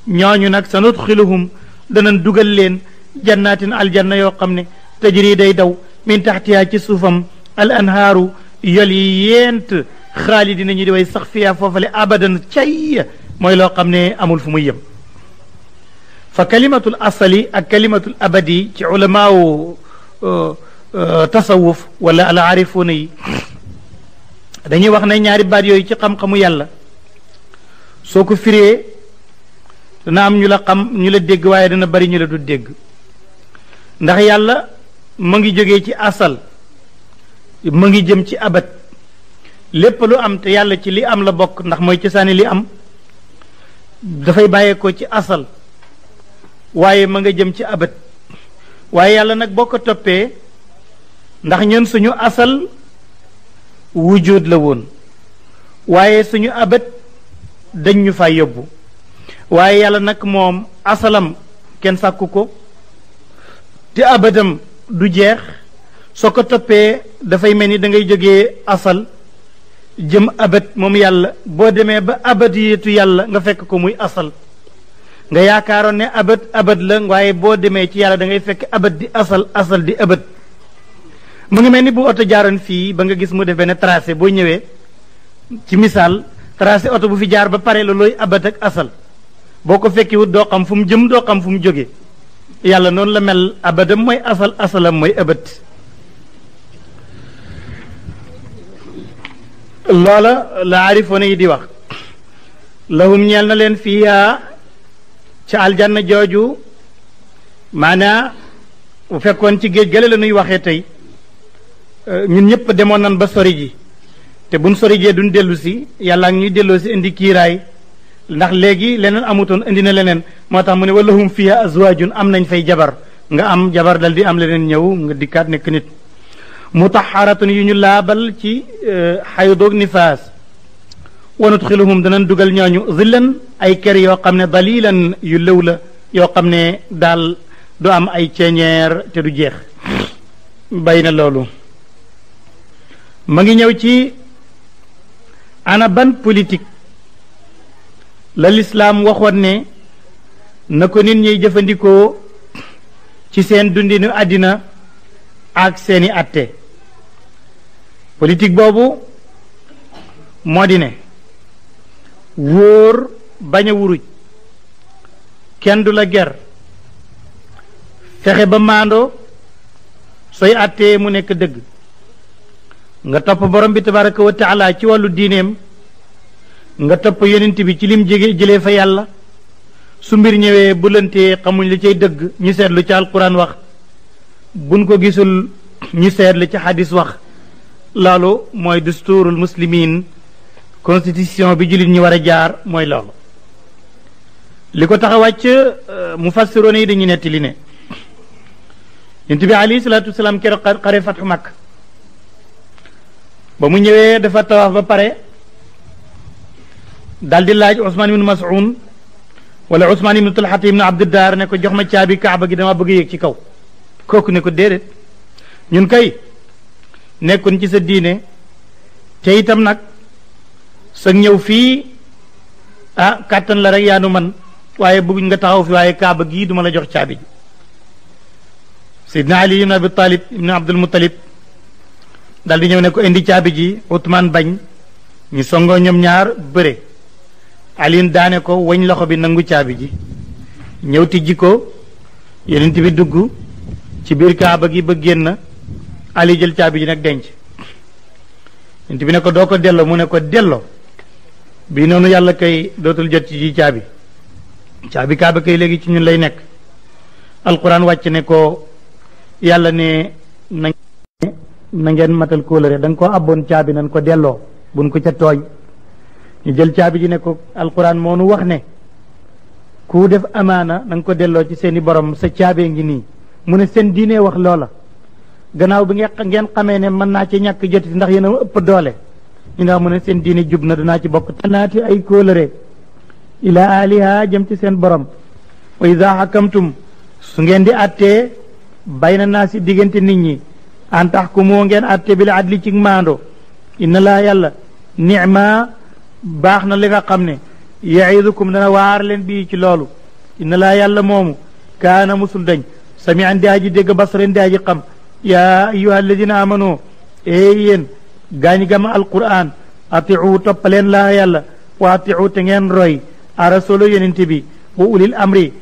ñooñu nag sa nudxiluhum danan dugal leen jannatin aljanna yoo xam ne tajri day daw min taxtiha ci suufam al anhaaru yol yi yent xaalidina ñu di way sax fiya foofale abadan cay mooy loo xam ne amul fu muy yem fa kalimatul asali ak kalimatul abadi ci ulamaawu tasawuf wala al aarifuuna yi dañuy wax ne ñaari baat yooyu ci xam-xamu yàlla soo ko firee dana am ñu la xam ñu la dégg waaye dana bari ñu la du dégg ndax yàlla mu ngi jógee ci asal mu ngi jëm ci abat lépp lu am te yàlla ci li am la bokk ndax mooy cosaani li am dafay bàyyeekoo ci asal waaye ma nga jëm ci abat waaye yàlla nag boo ko toppee ndax ñun suñu asal wujud la woon waaye suñu abat dañ ñu fay yóbbu waaye yàlla nag moom asalam kenn sàkku ko te abadam du jeex soo ko toppee dafay mel ni dangay jóge asal jëm abat moom yàlla boo demee ba abat yeetu yàlla nga fekk ko muy asal nga yaakaaroon ne abat abat la waaye boo demee ci yàlla da ngay fekk abat di asal asal di abat mu ngi melni bu auto jaaron fi ba nga gis mu def ben tracé bo ñëwee ci misal tracé auto bu fi jaar ba pare la loy abat ak asal boko fekki wu do xam fu mu jëm do xam fu mu la mel abadam moy asal asalam moy abat loola la arifoona yi di wax lahum ñal na leen fiiha ci aljanna jooju mana bu ci geej gele la nuy waxe tay Euh, ñun ñëpp demoon nan ba sori ji te buñ sori jee duñ dellu si yàlla ngi ñuy delloo si indi kiiraay ndax léegi leneen amutoon indi na leneen moo tax mu ne walahum fiha azwaajun am nañ fay jabar nga am jabar dal di am leneen ñëw nga dikkaat nekk nit mutaxaratun yu ñu laabal ci euh, xaydoog nifaas wa nudxiluhum dana dugal ñooñu zillan ay ker yoo xam ne dalilan yu lëw la yoo xam ne daal du am ay ceñeer te du jeex bay na loolu ma ngi ñëw ci ana ban politique la lislaam waxoon ne na ko nit ñuy jëfandikoo ci seen dundinu àddina ak seeni atte politik boobu moo di ne wóor bañ a wuruj kenn du la ger fexe ba maandoo sooy attee mu nekk dëgg nga topp borom bi tabaraka wa taala ci wàllu diineem nga topp yonent bi ci lim jege jëlee fa yàlla su mbir ñëwee bu lëntee xamuñ li cay dëgg ñu seetlu ci alquran wax buñ ko gisul ñu seetlu ci xadis wax loolu mooy dustuurul muslimin constitution bi jullit ñi war a jaar mooy loolu li ko tax a wàcc euh, mu fassiroon yi dañuy netti li ne yonent bi alayhi salaatu wasalaam keroog xare fatxu Makka ba mu ñëwee dafa tawaf ba pare daal di laaj usman ibn Mas'un wala usman Ousmane ibnu Talhat ibnu dar ne ko jox ma ciabi kaaba gi dama bëgg yek ci kaw koku ne ko déedéet ñun kay nekkun ci sa diine te itam nak sa ñëw fi ah katan la rek yaanu man waye bëgg nga taxaw fi waye kaaba gi duma la jox ciabi ji Seydina Ali ibnu Abi Talib ibnu Abdul Muttalib dal di ñëw ne ko indi caabi ji Ousmane bañ ñu songo ñoom ñaar bëre Alioune daane ko weñ loxo bi nangu caabi ji ñëw tijji ko yonent bi dugg ci biir kaaba gi ba génn Ali jël caabi ji nag denc yonent bi ne ko doo ko delloo mu ne ko delloo bi noonu yàlla kay dootul jot ci ji caabi caabi kaaba kay léegi ci ñu lay nekk alquran wàcc ne ko yàlla ne nañ na ngeen matal kóolare da nga ko abboon caabi nan ko delloo buñ ko ca tooñ ñu jël caabi ji ne ko alquran moo nu wax ne ku def amaana na nga ko delloo ci seeni borom sa caabee ngi nii mu ne seen diine wax loola gannaaw bi ngeen xamee ne mën naa ci ñàkk jotiti ndax yéen a ëpp doole ñu ah, mu ne seen diine jub na danaa ci bokk tanaati ay kóolare ila aliha jëm ci seen borom wa ida xakamtum su ngeen di attee bay na naa si diggante nit ñi an ku moo ngeen atte bil adli ci inna laa yàlla nicma baax na li nga xam ne yaidukum dana waar leen bii ci loolu inna laa yàlla moomu kaana musul dañ samian di aji dégg basaran di aji xam yaa ayuha alladina amano ey yéen gaañi gama alquran atiu toppaleen laa yàlla wa atiu te ngeen roy arasolo yonente bi wa ulil amri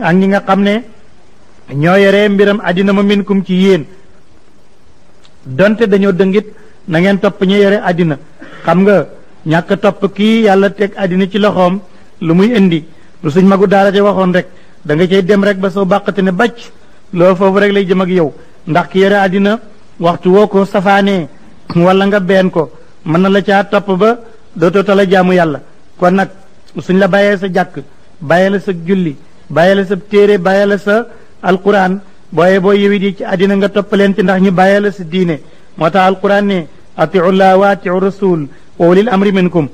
ak ñi nga xam ne ñoo yore mbiram addina ma minkum ci yéen donte dañoo dëngit na ngeen topp ñu yore àddina xam nga ñàkk topp kii yàlla teg àddina ci loxoom lu muy indi lu suñ magu daara waxoon rek danga nga dem rek ba soo bàqate ne bàcc loolu foofu rek lay jëm ak yow ndax ki yore àddina waxtu woo ko safaanee walla nga been ko mën na la caa topp ba dootoo tala jaamu yàlla kon nag suñ la bàyyee sa jàkk bàyyee la sa julli bàyyee la sa téere bàyyee la sa alquran booye boo yewit di ci àddina nga toppalenti ndax ñu bàyyi la si diine moo tax alquran ne atiu llah wa atiu rasul wa ulil amri minkum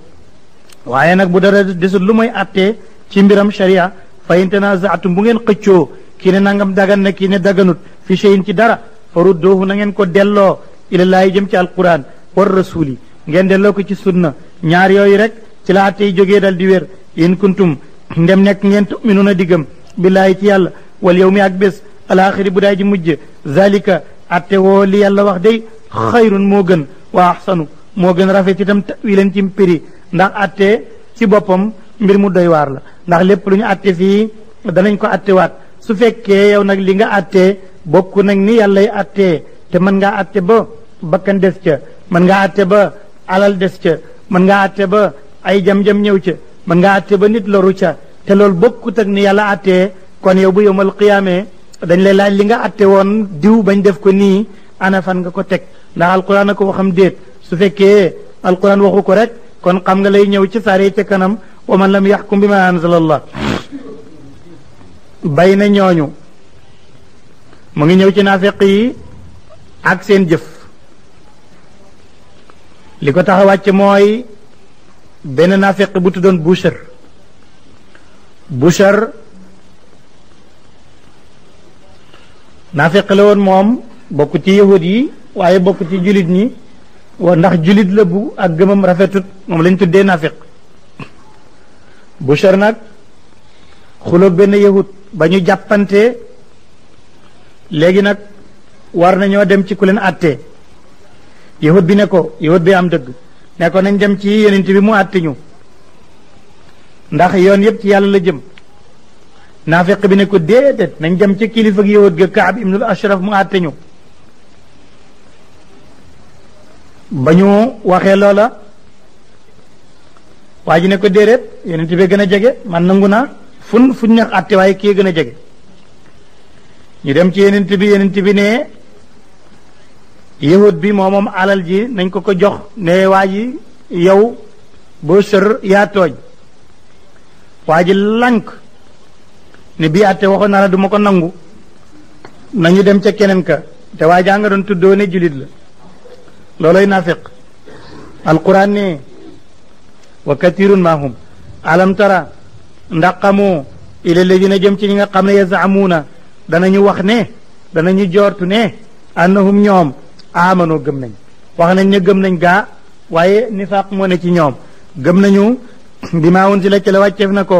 waaye nag bu dara desul lu mooy attee ci mbiram sharia fa in tanazaatum bu ngeen xëccoo kii ne nangam dagan na kii ne daganut fi cheyin ci dara fa rudduhu na ngeen ko delloo ilallaahi jëm ci alquran war rasuli ngeen delloo ko ci sunna ñaar yooyu rek ci la attey jógee dal di wér in kuntum ndem nekk ngeen tuminuna diggam billaahi ci yàlla wal yow mi ak bés alaaxiri bu daay ji mujj zalika atte woo li yàlla wax day xayrun moo gën waa axsanu moo gën rafet itam tawilan ci mpiri ndax atte ci boppam mbir mu doy waar la ndax lépp lu ñu atte fii danañ ko attewaat su fekkee yow nag li nga attee bokk nag ni yàllay attee te mën nga atte ba bakkan des ca mën ngaa atte ba alal des ca mën nga atte ba ay jam-jam ñëw ca mën nga atte ba nit loru ca te loolu bokkut ak ni yàlla attee kon yow bu yowmal qiyaamee dañ lay laaj li nga atte woon diw bañ def ko nii ana nga ko teg ndax alquran a ko waxam déet su fekkee alquran waxu ko rek kon xam nga lay ñëw ci saare ca kanam wa man lam yaxkum bi ma anzalallah bay na ñooñu mu ngi ñëw ci naafeq yi ak seen jëf li ko tax a wàcc mooy benn naafeq bu tuddoon Bushar Bushar naafiq la woon moom bokk ci yëwut yi waaye bokk ci julit ñi wa ndax julit la bu ak gëmam rafetut moom lañ tuddee bu Bushar nag xuloog benn yahud ba ñu jàppante léegi nag war nañoo dem ci ku leen àtte yahud bi ne ko yahud bi am dëgg ne ko nañ dem ci yonent bi mu àtte ñu ndax yoon yëpp ci yàlla la jëm naa naafiq bi ne ko déedéet nañ dem ca kilifa gi yowat ga kaab ibnul ashraf mu àtte ñu ba ñu waxee loola waa ji ne ko déedéet yeneen ti bee gën a jege man nangu naa fun fuñ neex àtte waaye kii gën a jege ñu dem ci yeneen bi yeneen bi ne yahut bi moo moom alal ji nañ ko ko jox ne waa ji yow boo sër yaa tooñ waa ji ne bii atte waxoon na la du ko nangu nañu dem ca keneen ka te waa jaa nga doon tuddoo ne julit la looloy naafiq alquran ne wa katirun mahum alam ndax xamoo léegi ladina jëm ci ñi nga xam ne yazaamuuna danañu wax ne dana ñu joortu ne annahum ñoom aamanoo gëm nañ wax nañ ne gëm nañ gaa waaye nifaaq moo ne ci ñoom gëm nañu bi maa woon la ci la wàcceef na ko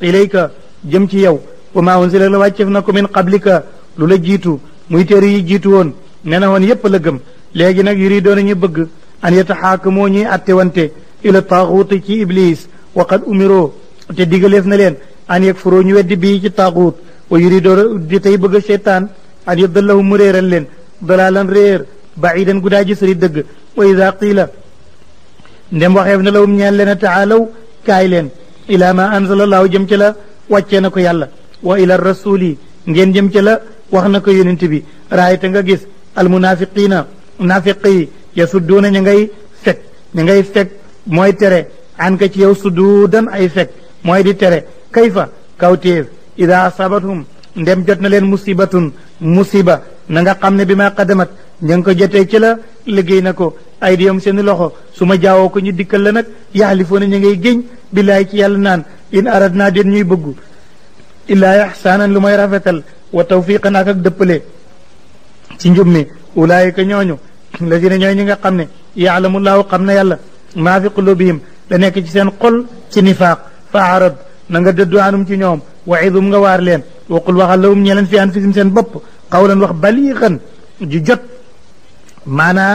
ilayka jëm ci yow wa maa unzila la wàcceef na ko min qablika lu la jiitu muy téere yi jiitu woon ne na woon yépp la gëm léegi nag yuri doona ñu bëgg an yataxaakamoo ñuy atte wante ila taaxuuti ci iblis wa qad umiroo te digaleef na leen an yakfuroo ñu weddi bii ci taaxuut wa yuri doona di tey bëgg seytaan an yadallahum mu réeral leen dalaalan réer baidan gudaa ji sëri dëgg wa ida qiila ndem waxeef na lawum ñaan leen a taalaw kaay leen ilaa ma anzala allahu jëm ci la wàccee na ko yàlla wa ila rasuli ngeen jëm ci la wax na ko yonent bi raayta nga gis almunafiqina nafiq yi yasudduuna ña ngay fekk ña ngay fekk mooy tere an ci yow suduudan ay fekk mooy di tere kayfa kawtéef ida asabathum ndem jot na leen musibatun musiba na nga xam ne bi ma qadamat ña ngi ko jotee cëla la liggéey na ko ay di diyam seeni loxo su ma jaawoo ko ñu dikkal la nag yaxalifoona ñu ngay géñ billaay ci yàlla naan in arad naa den ñuy bëggu إلا إحسانا لما يرفتل وتوفيقنا كك دبلي تنجمي أولئك نيونيو الذين نيونيو قمني يعلم الله قمنا يلا ما في قلوبهم لأنك جسين قل تنفاق فأعرض نغا ددو انوم تي نيوم وعيدوم وقل وخال لهم نيلن في انفسهم سن بوب قولا وخ بليغا جي جوت مانا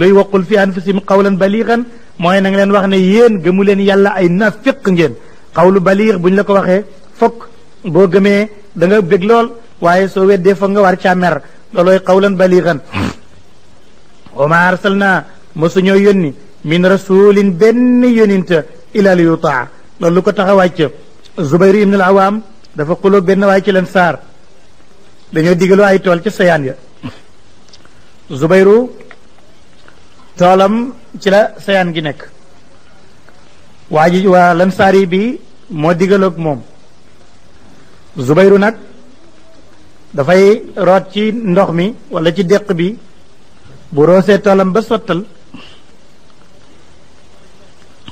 لوي في انفسهم قولا بليغا موي نغ لن وخ ني يين اي نافق نين قول بليغ بون لاكو فك boo gëmee danga nga lool waaye soo weddee foog nga war caa mer loolooy xawlan baliixan wa ma arsalna mosuñoo yónni min rasulin benn yóninta ila li loolu lu ko tax a wàcc zubayr ibn al dafa xuloo benn waay ci leen saar dañoo digaloo ay tool ca sayaan ya zubayru toolam ci la sayaan gi nekk waa ji waa lan saar bi moo digaloog moom زبير نك دا فاي روت سي نوخمي ولا سي ديك بي بو روسي تولم با سوتال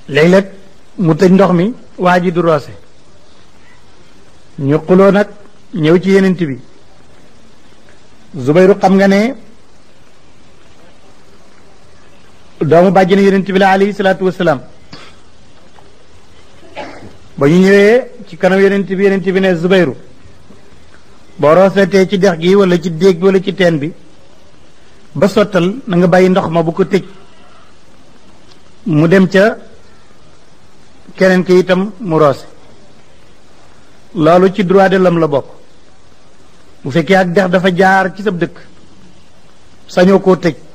ليلك مو تي نوخمي واجي دو روسي ني نك نيو سي يننتي بي زبير خم nga ne doomu bàjjina yonent bi la alayhi salaatu ba ñu ñëwee ci kanam yenent bi yenent bi ne Zubayru boo te ci dex gi walla ci déeg bi wala ci teen bi ba sottal na nga bàyyi ndox ma bu ko tëj mu dem ca keneen ki itam mu roose loolu ci droit de l'homme la bokk bu fekkee ak dex dafa jaar ci sab dëkk sañoo koo tëj